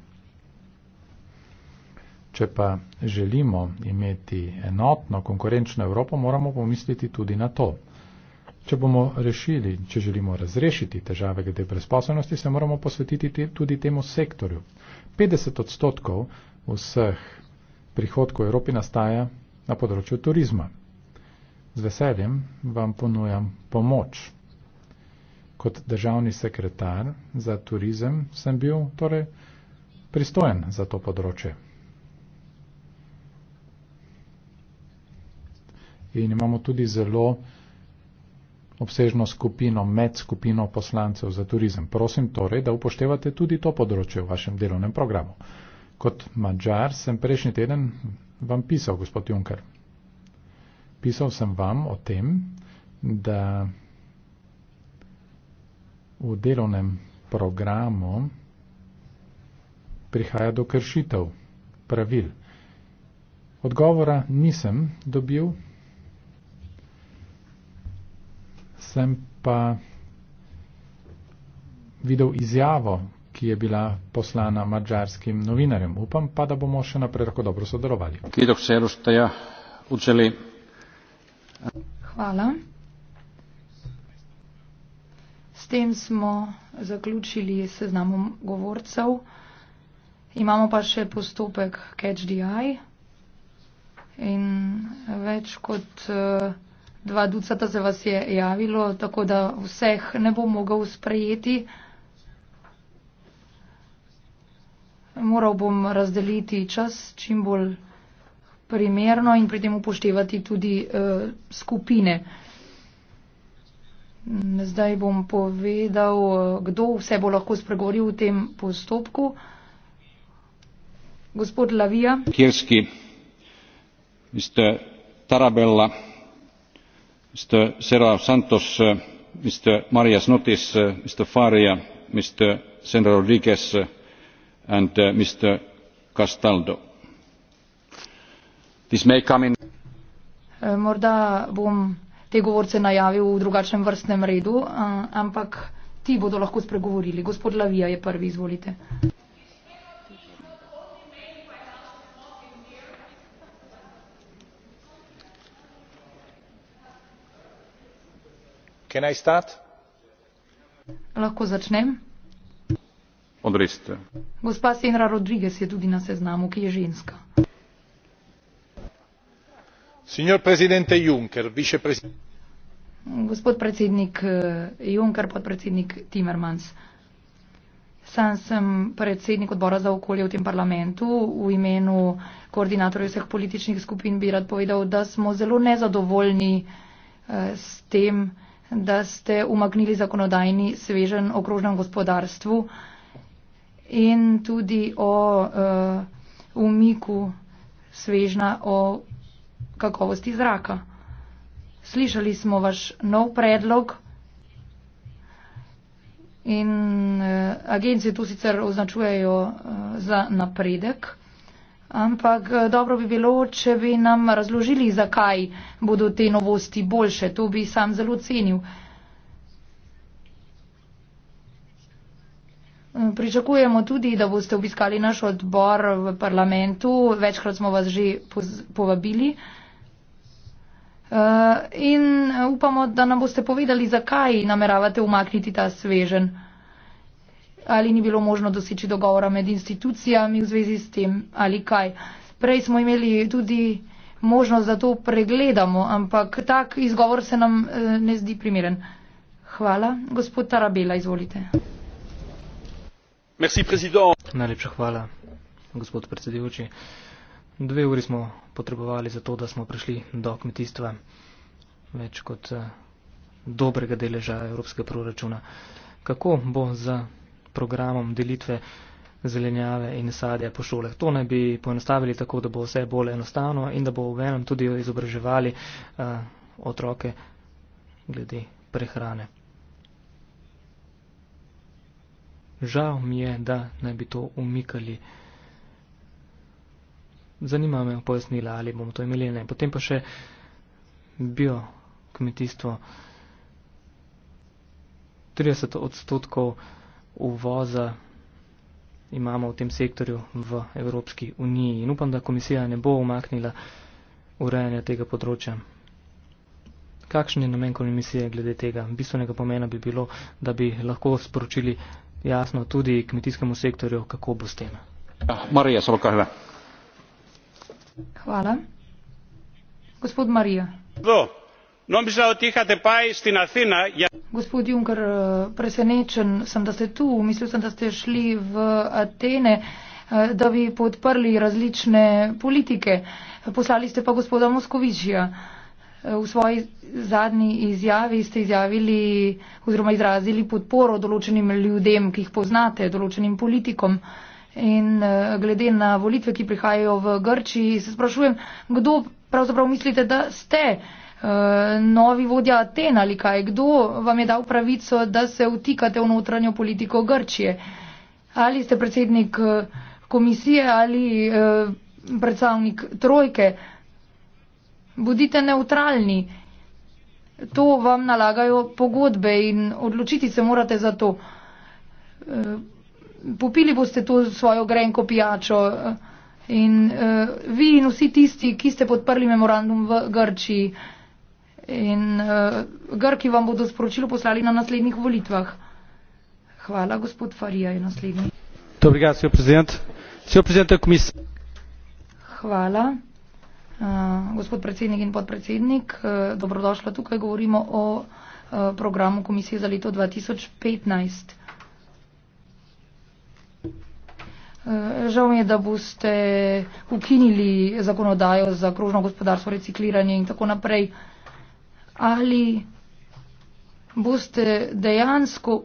Če pa želimo imeti enotno, konkurenčno Evropo, moramo pomisliti tudi na to. Če bomo rešili, če želimo razrešiti težave glede brezposobnosti, se moramo posvetiti tudi temu sektorju. 50 odstotkov vseh prihodkov v Evropi nastaja na področju turizma. Z veseljem vam ponujam pomoč. Kot državni sekretar za turizem sem bil torej pristojen za to področje. In imamo tudi zelo obsežno skupino, med skupino poslancev za turizem. Prosim torej, da upoštevate tudi to področje v vašem delovnem programu. Kot mačar sem prejšnji teden vam pisal, gospod Juncker. Pisal sem vam o tem, da v delovnem programu prihaja do kršitev pravil. Odgovora nisem dobil, sem pa videl izjavo ki je bila poslana mađarskim novinarjem. Upam pa, da bomo še naprej tako dobro sodelovali. Hvala. S tem smo zaključili seznam govorcev. Imamo pa še postopek Catch the Eye in več kot eh, dva ducata se vas je javilo, tako da vseh ne bo mogel sprejeti. Moral bom razdeliti čas čim bolj primerno in pri tem upoštevati tudi uh, skupine. Zdaj bom povedal, eh, kdo vse bo lahko spregovoril v tem postopku. Gospod Lavija. Kirski, ste Tarabella, ste Sera Santos, eh, ste Marija Snotis, ste Faria, ste Senra Rodriguez. Uh, eh, morda bom te govorce najavil v drugačnem vrstnem redu eh, ampak ti bodo lahko spregovorili gospod lavia je prvi izvolite lahko začnem odreste. Gospa Senra Rodriguez je tudi na seznamu, ki je ženska. Juncker, Gospod predsednik eh, Juncker, podpredsednik Timmermans. Sam sem predsednik odbora za okolje v tem parlamentu. V imenu koordinatorjev vseh političnih skupin bi rad povedal, da smo zelo nezadovoljni eh, s tem, da ste umaknili zakonodajni svežen okrožnem gospodarstvu in tudi o uh, umiku svežna, o kakovosti zraka. Slišali smo vaš nov predlog in uh, agencije to sicer označujejo uh, za napredek, ampak uh, dobro bi bilo, če bi nam razložili, zakaj bodo te novosti boljše. To bi sam zelo cenil. Uh, Mm, pričakujemo tudi, da boste obiskali naš odbor v parlamentu. Večkrat smo vas že povabili. Eh, in eh, upamo, da nam boste povedali, zakaj nameravate umakniti ta svežen. Ali ni bilo možno doseči dogovora med institucijami v zvezi s tem ali kaj. Prej smo imeli tudi možnost, da to pregledamo, ampak tak izgovor se nam eh, ne zdi primeren. Hvala. Gospod Tarabela, izvolite. Najlepša hvala, gospod predsedujoči. Dve uri smo potrebovali za to, da smo prišli do kmetijstva več kot eh, dobrega deleža evropskega proračuna. Kako bo za programom delitve zelenjave in sadja po šolah? To naj bi poenostavili tako, da bo vse bolj enostavno in da bo v enem tudi izobraževali uh, otroke glede prehrane. Žal mi je, da ne bi to umikali. Zanima me pojasnila, ali bomo to imeli ne. Potem pa še bio kmetijstvo. 30 odstotkov uvoza imamo v tem sektorju v Evropski uniji in upam, da komisija ne bo umaknila urejanja tega področja. Kakšen je namen komisije glede tega? Bistvenega pomena bi bilo, da bi lahko sporočili jasno tudi kmetijskemu sektorju, kako bo s tem. Ja, Marija, samo kaj ve. Hvala. Gospod Marija. Do. No, bi se otihate pa istina fina. Ja. Gospod Juncker, eh, presenečen sem, da ste tu. Mislil sem, da ste šli v Atene, eh, da bi podprli različne politike. Poslali ste pa gospoda Moskovičija. V svoji zadnji izjavi ste izjavili oziroma izrazili podporo določenim ljudem, ki jih poznate, določenim politikom. In eh, glede na volitve, ki prihajajo v Grčiji, se sprašujem, kdo pravzaprav mislite, da ste eh, novi vodja Aten ali kaj, kdo vam je dal pravico, da se vtikate v notranjo politiko Grčije. Ali ste predsednik eh, komisije ali predstavnik trojke. Bodite neutralni. To vam nalagajo pogodbe in odločiti se morate za to. Eh, popili boste to svojo grenko pijačo eh, in eh, vi in vsi tisti, ki ste podprli memorandum v Grči in Grki vam bodo sporočilo poslali na naslednjih volitvah. Hvala, gospod Farija je naslednji. Dobrega, sjo prezident. Sjo prezident, komisar. Hvala. Eh, gospod predsednik in podpredsednik, eh, dobrodošla tukaj, govorimo o eh, programu komisije za leto 2015. Žal mi je, da boste ukinili zakonodajo za krožno gospodarstvo, recikliranje in tako naprej. Ali boste dejansko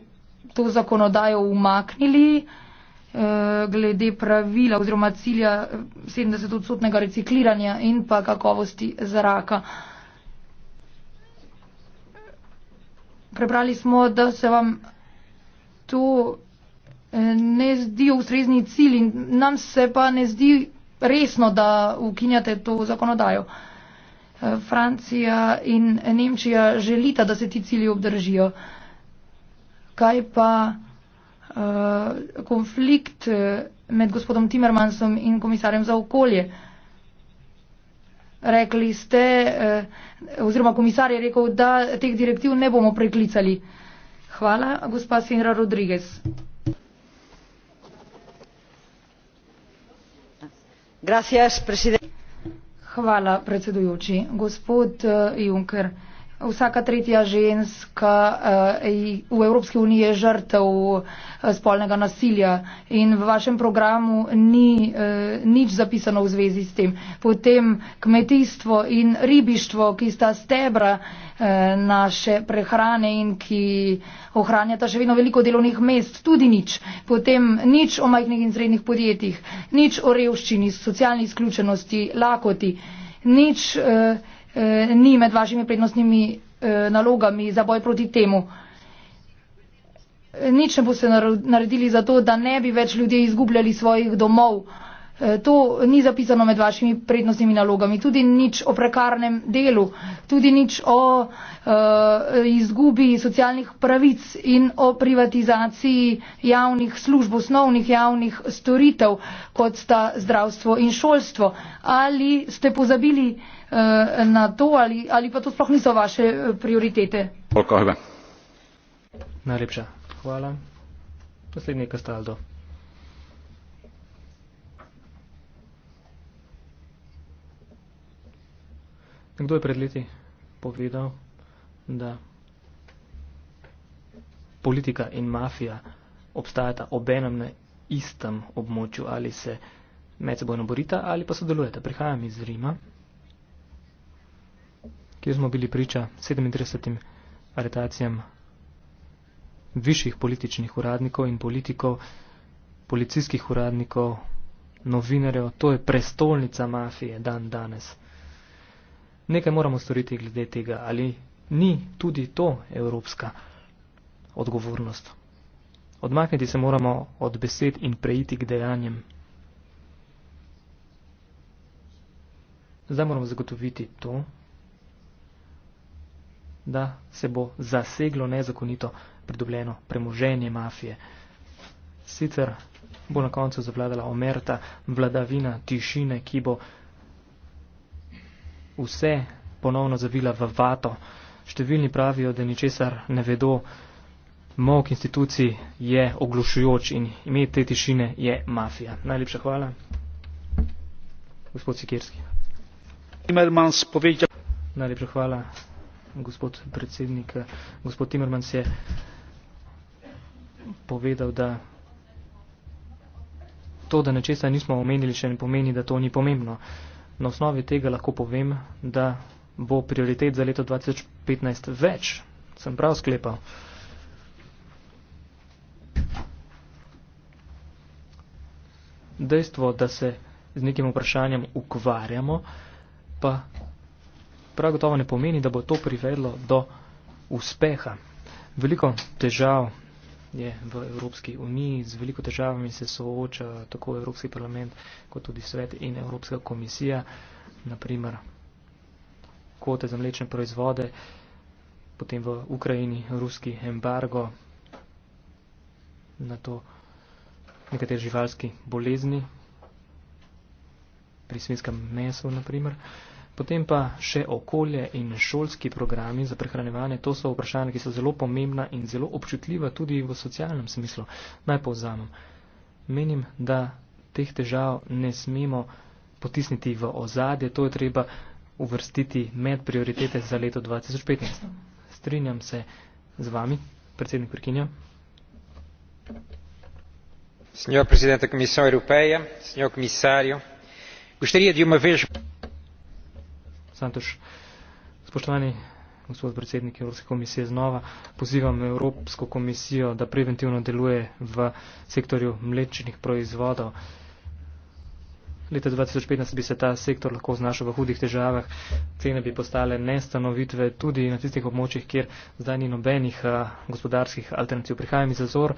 to zakonodajo umaknili? Eh, glede pravila oziroma cilja 70-odstotnega eh, recikliranja in pa kakovosti zraka. Prebrali smo, da se vam to eh, ne zdi ustrezni cilj in nam se pa ne zdi resno, da ukinjate to zakonodajo. Francija in Nemčija želita, da se ti cilji obdržijo. Kaj pa. Eh, konflikt eh, med gospodom Timmermansom in komisarjem za okolje. Rekli ste, eh, oziroma komisar je rekel, da teh direktiv ne bomo preklicali. Hvala, gospa Sinra Rodriguez. Hvala, predsedujoči. Gospod Juncker vsaka tretja ženska eh, v Evropski uniji je žrtev eh, spolnega nasilja in v vašem programu ni eh, nič zapisano v zvezi s tem. Potem kmetijstvo in ribištvo, ki sta stebra naše prehrane in ki ohranjata še vedno veliko delovnih mest, tudi nič. Potem nič o majhnih in srednjih podjetjih, nič o revščini, socialni izključenosti, lakoti, nič eh, ni med vašimi prednostnimi eh, nalogami za boj proti temu. Eh, nič ne boste naredili za to, da ne bi več ljudje izgubljali svojih domov. Eh, to ni zapisano med vašimi prednostnimi nalogami. Tudi nič o prekarnem delu, tudi nič o uh, izgubi socialnih pravic in o privatizaciji javnih služb, osnovnih javnih storitev, kot sta zdravstvo in šolstvo. Ali ste pozabili, uh, Eh, na to ali, ali pa to sploh niso vaše eh, prioritete? Polkojbe. Najlepša hvala. Poslednji je Kastaldo. Nekdo je pred leti povedal, da politika in mafija obstajata obenem na istem območju ali se medsebojno borita ali pa sodelujete. Prihajam iz Rima kjer smo bili priča 37 aretacijam višjih političnih uradnikov in politikov, policijskih uradnikov, novinarjev. To je prestolnica mafije dan danes. Nekaj moramo storiti glede tega, ali ni tudi to evropska odgovornost. Odmakniti se moramo od besed in preiti k dejanjem. Zdaj moramo zagotoviti to, da se bo zaseglo nezakonito pridobljeno premoženje mafije. Sicer bo na koncu zavladala omerta vladavina tišine, ki bo vse ponovno zavila v vato. Številni pravijo, da ničesar ne vedo, mok institucij je oglušujoč in ime te tišine je mafija. Najlepša hvala, gospod Sikirski. Najlepša hvala gospod predsednik, eh, gospod Timerman se je povedal, da to, da nečesa nismo omenili, še ne pomeni, da to ni pomembno. Na osnovi tega lahko povem, da bo prioritet za leto 2015 več. Sem prav sklepal. Dejstvo, da se z nekim vprašanjem ukvarjamo, pa prav gotovo ne pomeni, da bo to privedlo do uspeha. Veliko težav je v Evropski uniji, z veliko težavami se sooča tako Evropski parlament, kot tudi svet in Evropska komisija, naprimer kote za mlečne proizvode, potem v Ukrajini ruski embargo, na to nekateri živalski bolezni, pri svinskem mesu naprimer. Potem pa še okolje in šolski programi za prehranevanje. To so vprašanja, ki so zelo pomembna in zelo občutljiva tudi v socialnem smislu. Naj povzamem. Menim, da teh težav ne smemo potisniti v ozadje. To je treba uvrstiti med prioritete za leto 2015. Strinjam se z vami, predsednik Prekinja. Signor Presidente Komisije Evropeje, signor komisarju, gostaria di uma vez... Santoš, spoštovani gospod predsednik Evropske komisije znova, pozivam Evropsko komisijo, da preventivno deluje v sektorju mlečnih proizvodov. Leta 2015 bi se ta sektor lahko znašel v hudih težavah, cene bi postale nestanovitve tudi na tistih območjih, kjer zdaj ni nobenih gospodarskih alternativ. Prihajam iz, Azor,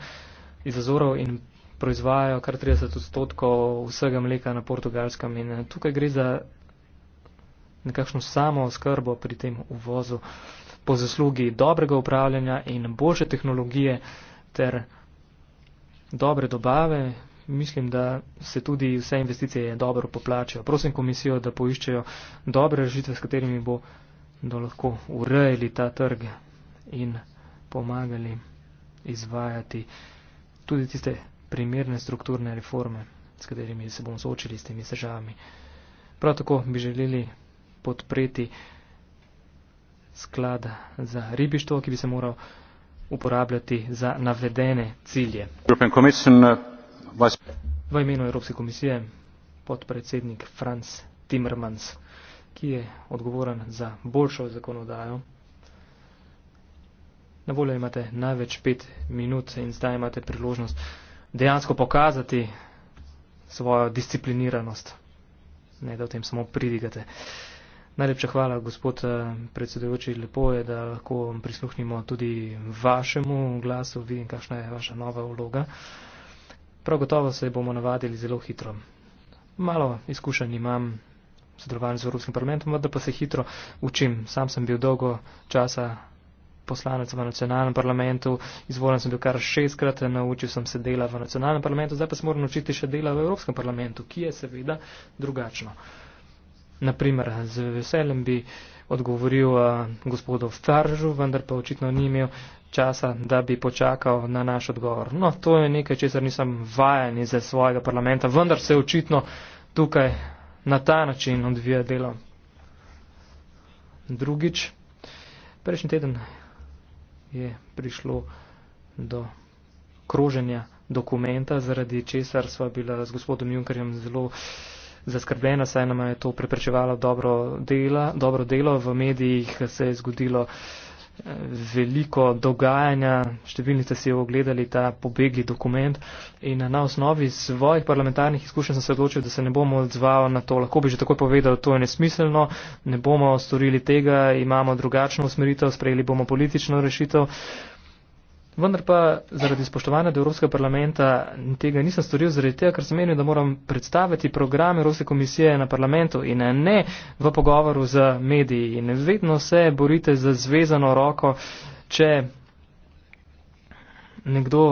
iz Azorov in proizvajajo kar 30 odstotkov vsega mleka na portugalskem. In tukaj gre za nekakšno samo oskrbo pri tem uvozu po zaslugi dobrega upravljanja in boljše tehnologije ter dobre dobave. Mislim, da se tudi vse investicije dobro poplačajo. Prosim komisijo, da poiščejo dobre rešitve, s katerimi bo lahko urejali ta trg in pomagali izvajati tudi tiste primerne strukturne reforme, s katerimi se bomo soočili s temi sežavami. Prav tako bi želeli podpreti sklad za ribištvo, ki bi se moral uporabljati za navedene cilje. Uh, v imenu Evropske komisije podpredsednik Franz Timmermans, ki je odgovoren za boljšo zakonodajo. Na voljo imate največ pet minut in zdaj imate priložnost dejansko pokazati svojo discipliniranost, ne da o tem samo pridigate. Najlepša hvala, gospod eh, predsedujoči. Lepo je, da lahko prisluhnimo tudi vašemu glasu, vidim, kakšna je vaša nova vloga. Prav gotovo se bomo navadili zelo hitro. Malo izkušenj imam sodelovanje z Evropskim parlamentom, da pa se hitro učim. Sam sem bil dolgo časa poslanec v nacionalnem parlamentu, izvoljen sem bil kar šestkrat, naučil sem se dela v nacionalnem parlamentu, zdaj pa se moram učiti še dela v Evropskem parlamentu, ki je seveda drugačno. Uh, Naprimer, z veseljem bi odgovoril uh, gospodu Faržu, vendar pa očitno ni imel časa, da bi počakal na naš odgovor. No, to je nekaj, česar nisem vajen iz svojega parlamenta, vendar se očitno tukaj na ta način odvija delo. Drugič, prejšnji teden je prišlo do kroženja dokumenta, zaradi česar sva bila z gospodom Junkerjem zelo. Uh, zaskrbljena, saj nam je to preprečevalo dobro, dela, dobro delo. V medijih se je zgodilo eh, veliko dogajanja, številni ste si ogledali ta pobegli dokument in na osnovi svojih parlamentarnih izkušenj sem se odločil, da se ne bomo odzval na to. Lahko bi že takoj povedal, to je nesmiselno, ne bomo storili tega, imamo drugačno usmeritev, sprejeli bomo politično rešitev. Uh, Vendar pa zaradi spoštovanja do Evropskega parlamenta tega nisem storil zaradi tega, ker sem menil, da moram predstaviti program Evropske komisije na parlamentu in ne v pogovoru z mediji. In vedno se borite za zvezano roko, če nekdo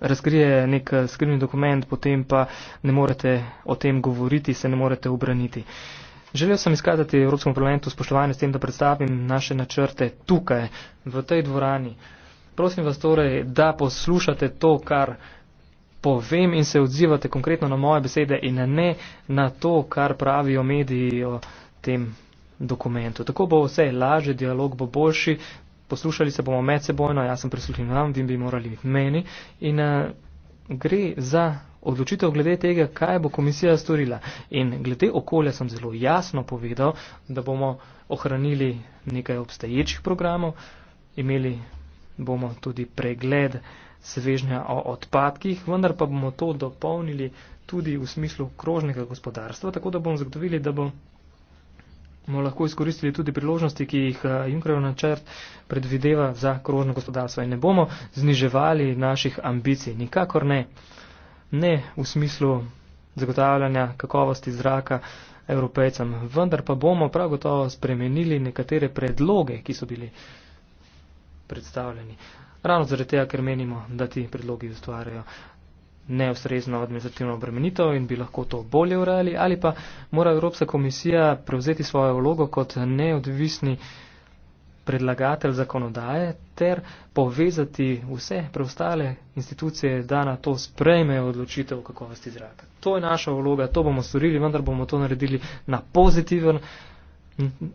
razkrije nek eh, skrivni dokument, potem pa ne morete o tem govoriti, se ne morete obraniti. Želel sem izkazati Evropskemu parlamentu spoštovanje s tem, da predstavim naše načrte tukaj, v tej dvorani. Prosim vas torej, da poslušate to, kar povem in se odzivate konkretno na moje besede in ne na to, kar pravijo mediji o tem dokumentu. Tako bo vse laže, dialog bo boljši, poslušali se bomo medsebojno, jaz sem prisluhnil vam, vi bi morali biti meni. In a, eh, gre za odločitev glede tega, kaj bo komisija storila. In glede okolja sem zelo jasno povedal, da bomo ohranili nekaj obstaječih programov, imeli bomo tudi pregled svežnja o odpadkih, vendar pa bomo to dopolnili tudi v smislu krožnega gospodarstva, tako da bomo zagotovili, da bomo lahko izkoristili tudi priložnosti, ki jih eh, Junkerov načrt predvideva za krožno gospodarstvo in ne bomo zniževali naših ambicij, nikakor ne. Ne v smislu zagotavljanja kakovosti zraka evropejcem, vendar pa bomo prav gotovo spremenili nekatere predloge, ki so bili predstavljeni. Ravno zaradi tega, ker menimo, da ti predlogi ustvarjajo neustrezno administrativno obremenitev in bi lahko to bolje urejali, ali pa mora Evropska komisija prevzeti svojo vlogo kot neodvisni predlagatelj zakonodaje ter povezati vse preostale institucije, da na to sprejmejo odločitev o kakovosti zraka. To je naša vloga, to bomo storili, vendar bomo to naredili na pozitiven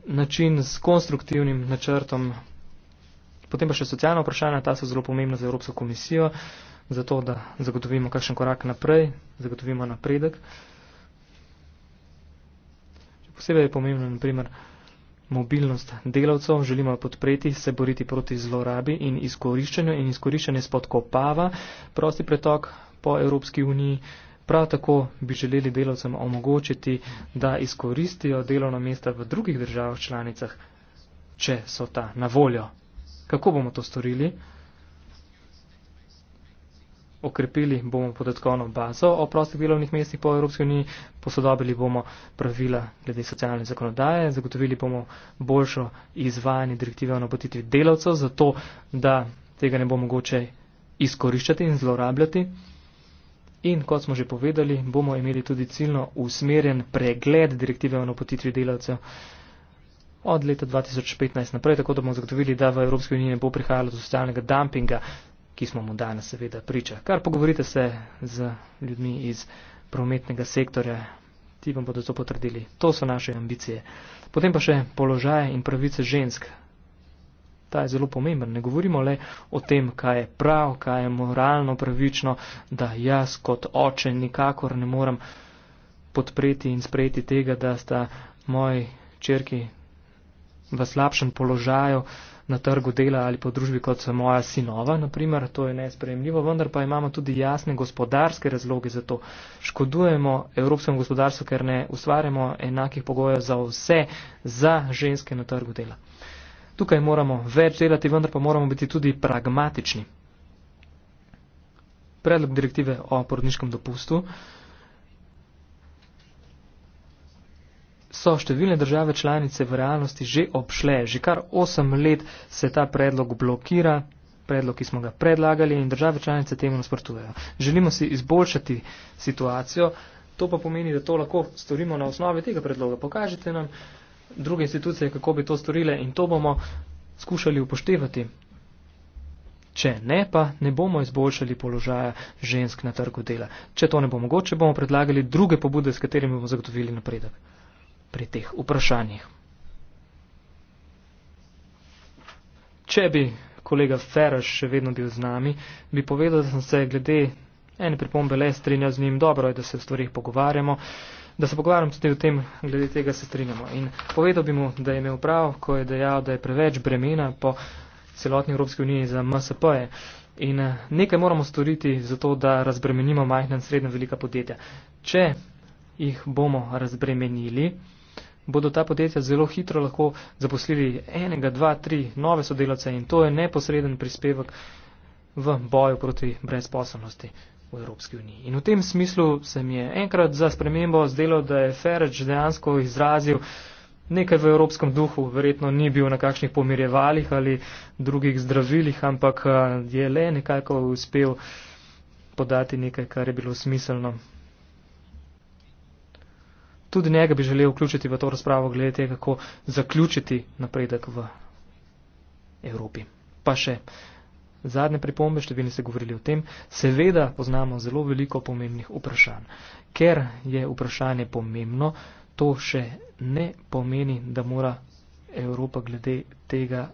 način, s konstruktivnim načrtom Potem pa še socialna vprašanja, ta so zelo pomembna za Evropsko komisijo, zato da zagotovimo kakšen korak naprej, zagotovimo napredek. Posebej je pomembna, naprimer, mobilnost delavcev, želimo podpreti, se boriti proti zlorabi in izkoriščanju in izkoriščanje spodkopava prosti pretok po Evropski uniji. Prav tako bi želeli delavcem omogočiti, da izkoristijo delovna mesta v drugih državah članicah, če so ta na voljo. Kako bomo to storili? Okrepili bomo podatkovno bazo o prostih delovnih mestih po Evropski uniji, posodobili bomo pravila glede socialne zakonodaje, zagotovili bomo boljšo izvajanje direktive o napotitvi delavcev, zato da tega ne bo mogoče izkoriščati in zlorabljati. In kot smo že povedali, bomo imeli tudi ciljno usmerjen pregled direktive o napotitvi delavcev od leta 2015 naprej, tako da bomo zagotovili, da v Evropski uniji ne bo prihajalo do socialnega dumpinga, ki smo mu danes seveda priča. Kar pogovorite se z ljudmi iz prometnega sektorja, ti vam bodo to potrdili. To so naše ambicije. Potem pa še položaje in pravice žensk. Ta je zelo pomemben. Ne govorimo le o tem, kaj je prav, kaj je moralno pravično, da jaz kot oče nikakor ne morem podpreti in sprejeti tega, da sta moji črki v slabšem položaju na trgu dela ali po družbi kot so moja sinova, naprimer, to je nespremljivo, vendar pa imamo tudi jasne gospodarske razloge za to. Škodujemo evropskemu gospodarstvu, ker ne ustvarjamo enakih pogojev za vse, za ženske na trgu dela. Tukaj moramo več delati, vendar pa moramo biti tudi pragmatični. Predlog direktive o porodniškem dopustu uh, so številne države članice v realnosti že obšle. Že kar 8 let se ta predlog blokira, predlog, ki smo ga predlagali in države članice temu nasprotujejo. Želimo si izboljšati situacijo, to pa pomeni, da to lahko storimo na osnovi tega predloga. Pokažite nam druge institucije, kako bi to storile in to bomo skušali upoštevati. Če ne, pa ne bomo izboljšali položaja žensk na trgu dela. Če to ne bo mogoče, bomo predlagali druge pobude, s katerimi bomo zagotovili napredek pri teh vprašanjih. Če bi kolega Feraš še vedno bil z nami, bi povedal, da sem se glede ene pripombe le strinjal z njim. Dobro je, da se v stvarih pogovarjamo, da se pogovarjam tudi o tem, glede tega se strinjamo. In povedal bi mu, da je imel prav, ko je dejal, da je preveč bremena po celotni Evropski uniji za MSP-je. In eh, nekaj moramo storiti za to, da razbremenimo majhna in srednja velika podjetja. Če jih bomo razbremenili, bodo ta podjetja zelo hitro lahko zaposlili enega, dva, tri nove sodelavce in to je neposreden prispevek v boju proti brezposobnosti v Evropski uniji. In v tem smislu se mi je enkrat za spremembo zdelo, da je Ferrač dejansko izrazil nekaj v evropskem duhu, verjetno ni bil na kakšnih pomirjevalih ali drugih zdravilih, ampak eh, je le nekako uspel podati nekaj, kar je bilo smiselno tudi njega bi želel vključiti v to razpravo glede tega, kako zaključiti napredek v Evropi. Pa še zadnje pripombe, številni ste govorili o tem, seveda poznamo zelo veliko pomembnih vprašanj. Ker je vprašanje pomembno, to še ne pomeni, da mora Evropa glede tega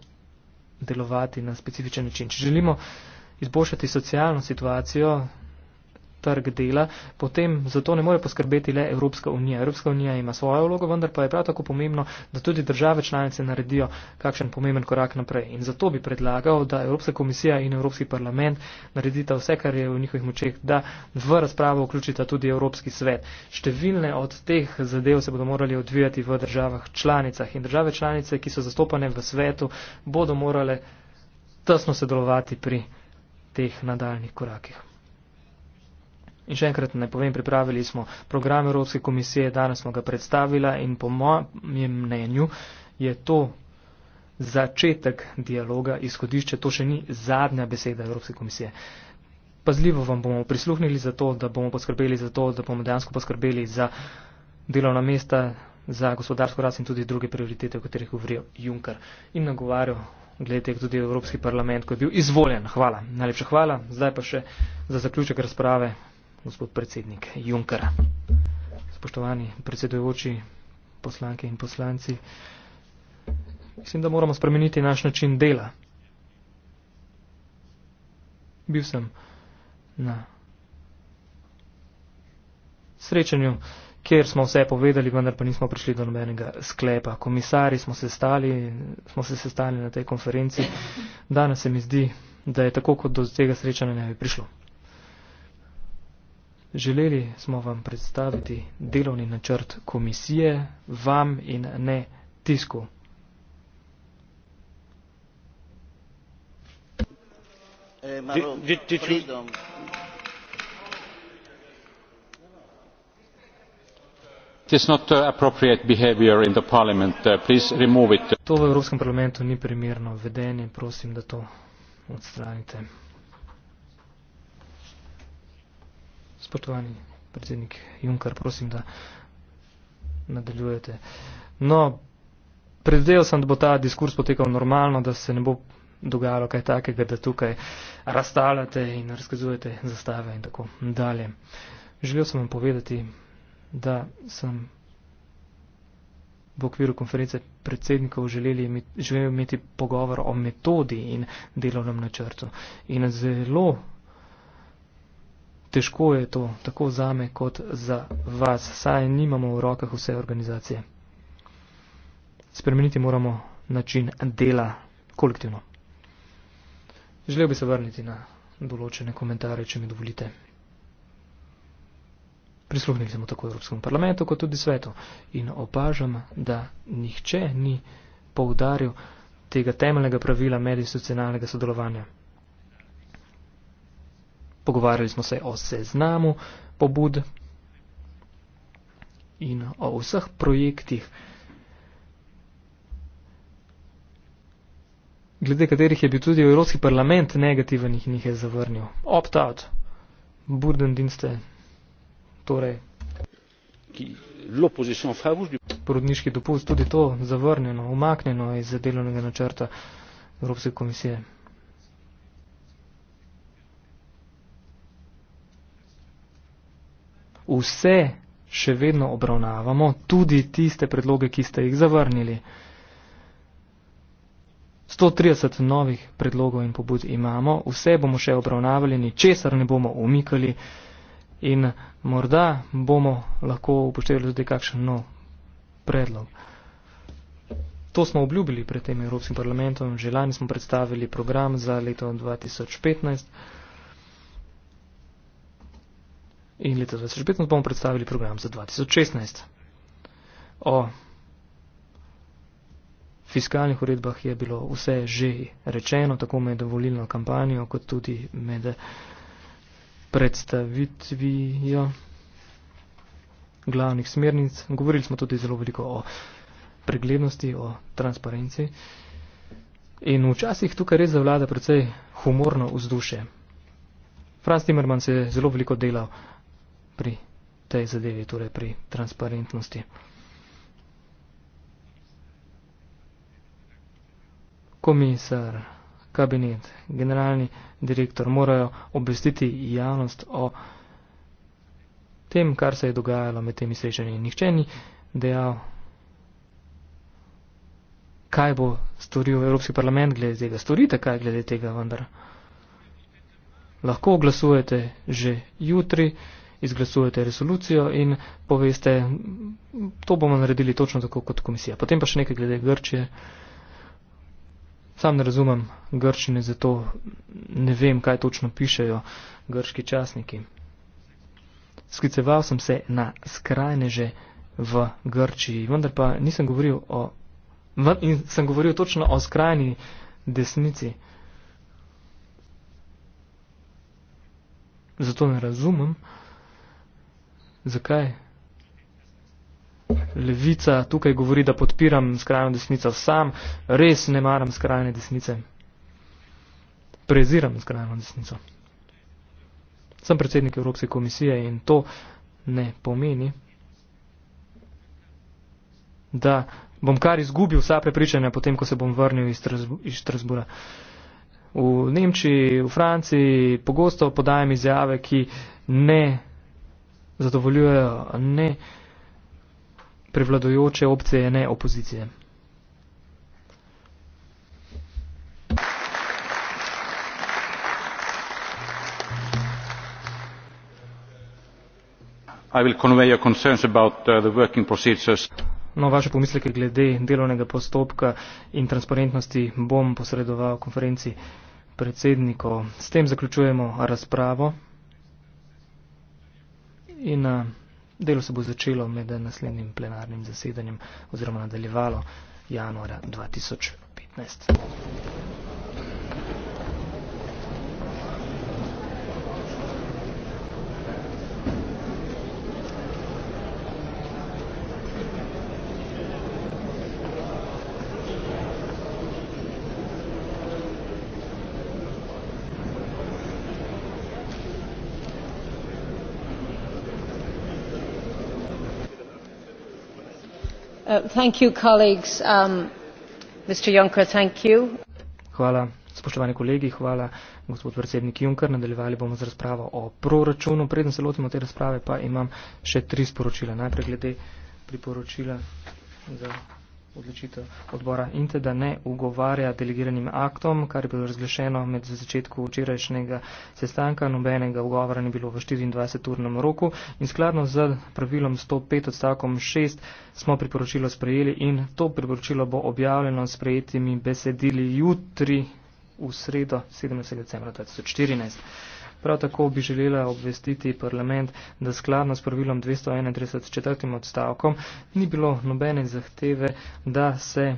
delovati na specifičen način. Če želimo izboljšati socialno situacijo trg dela, potem za to ne more poskrbeti le Evropska unija. Evropska unija ima svojo vlogo, vendar pa je prav tako pomembno, da tudi države članice naredijo kakšen pomemben korak naprej. In zato bi predlagal, da Evropska komisija in Evropski parlament naredita vse, kar je v njihovih močeh, da v razpravo vključita tudi Evropski svet. Številne od teh zadev se bodo morali odvijati v državah članicah in države članice, ki so zastopane v svetu, bodo morale tesno sodelovati pri teh nadaljnih korakih. In še enkrat naj povem, pripravili smo program Evropske komisije, danes smo ga predstavila in po mojem mnenju je to začetek dialoga, izhodišče, to še ni zadnja beseda Evropske komisije. Pazljivo vam bomo prisluhnili za to, da bomo poskrbeli za to, da bomo dejansko poskrbeli za delovna mesta, za gospodarsko rast in tudi druge prioritete, o katerih govorijo Juncker in nagovarjo glede tega tudi Evropski parlament, ko je bil izvoljen. Hvala. Najlepša hvala. Zdaj pa še za zaključek razprave gospod predsednik Juncker. Spoštovani predsedujoči, poslanke in poslanci, mislim, da moramo spremeniti naš način dela. Bil sem na srečanju, kjer smo vse povedali, vendar pa nismo prišli do nobenega sklepa. Komisari smo se stali, smo se sestali na tej konferenci. Danes se mi zdi, da je tako, kot do tega srečanja ne bi prišlo. Želeli smo vam predstaviti delovni načrt komisije, vam in ne tisku. To v Evropskem parlamentu ni primerno vedenje, prosim, da to odstranite. spoštovani predsednik Junkar, prosim, da nadaljujete. No, predvidel sem, da bo ta diskurs potekal normalno, da se ne bo dogajalo kaj takega, da tukaj razstavljate in razkazujete zastave in tako dalje. Želel sem vam povedati, da sem v okviru konference predsednikov želeli imeti, želel imeti pogovor o metodi in delovnem načrtu. In zelo težko je to, tako za me kot za vas, saj nimamo v rokah vse organizacije. Spremeniti moramo način dela kolektivno. Želel bi se vrniti na določene komentarje, če mi dovolite. Prisluhnili smo tako Evropskemu parlamentu, kot tudi svetu in opažam, da nihče ni poudaril tega temeljnega pravila medinstitucionalnega sodelovanja pogovarjali smo se o seznamu pobud in o vseh projektih, glede katerih je bil tudi Evropski parlament negativen in jih je zavrnil. Opt-out, burdendinste, torej. Porodniški dopust, tudi to zavrnjeno, umaknjeno iz delovnega načrta Evropske komisije. vse še vedno obravnavamo, tudi tiste predloge, ki ste jih zavrnili. 130 novih predlogov in pobud imamo, vse bomo še obravnavali, ničesar ne bomo umikali in morda bomo lahko upoštevali tudi kakšen nov predlog. To smo obljubili pred tem Evropskim parlamentom, že lani smo predstavili program za leto 2015 in leta 2015 bomo predstavili program za 2016. O fiskalnih uredbah je bilo vse že rečeno, tako med volilno kampanjo, kot tudi med predstavitvijo glavnih smernic. Govorili smo tudi zelo veliko o preglednosti, o transparenci. In včasih tukaj res zavlada precej humorno vzdušje. Franz Timmerman se je zelo veliko delal pri tej zadevi, torej pri transparentnosti. Komisar, kabinet, generalni direktor morajo obvestiti javnost o tem, kar se je dogajalo med temi srečanji. Nihče ni dejal, kaj bo storil Evropski parlament glede tega. Storite kaj glede tega, vendar. Lahko glasujete že jutri izglasujete resolucijo in poveste, to bomo naredili točno tako kot komisija. Potem pa še nekaj glede Grčije. Sam ne razumem grčine, zato ne vem, kaj točno pišejo grški časniki. Skliceval sem se na skrajneže v Grčiji, vendar pa nisem govoril o. In sem govoril točno o skrajni desnici. Zato ne razumem. Zakaj? Levica tukaj govori, da podpiram skrajno desnico sam, res ne maram skrajne desnice. Preziram skrajno desnico. Sem predsednik Evropske komisije in to ne pomeni, da bom kar izgubil vsa prepričanja potem, ko se bom vrnil iz Strasbura. V Nemčiji, v Franciji pogosto podajam izjave, ki ne zadovoljujejo ne prevladojoče opcije, ne opozicije. Uh, no, vaše pomisleke glede delovnega postopka in transparentnosti bom posredoval konferenci predsednikov. S tem zaključujemo razpravo in uh, delo se bo začelo med naslednjim plenarnim zasedanjem oziroma nadaljevalo januarja 2015. Uh, um, hvala, spoštovani kolegi, hvala, gospod predsednik Juncker. Nadaljevali bomo z razpravo o proračunu. Preden se lotimo te razprave, pa imam še tri sporočila. Najprej glede priporočila za odločitev odbora INTE, da ne ugovarja delegiranim aktom, kar je bilo razglašeno med začetku včerajšnjega sestanka. Nobenega ugovora ni bilo v 24-urnem roku in skladno z pravilom 105 odstavkom 6 smo priporočilo sprejeli in to priporočilo bo objavljeno s prejetimi besedili jutri v sredo 17. decembra 2014. Prav tako bi želela obvestiti parlament, da skladno s pravilom 231. četrtim odstavkom ni bilo nobene zahteve, da se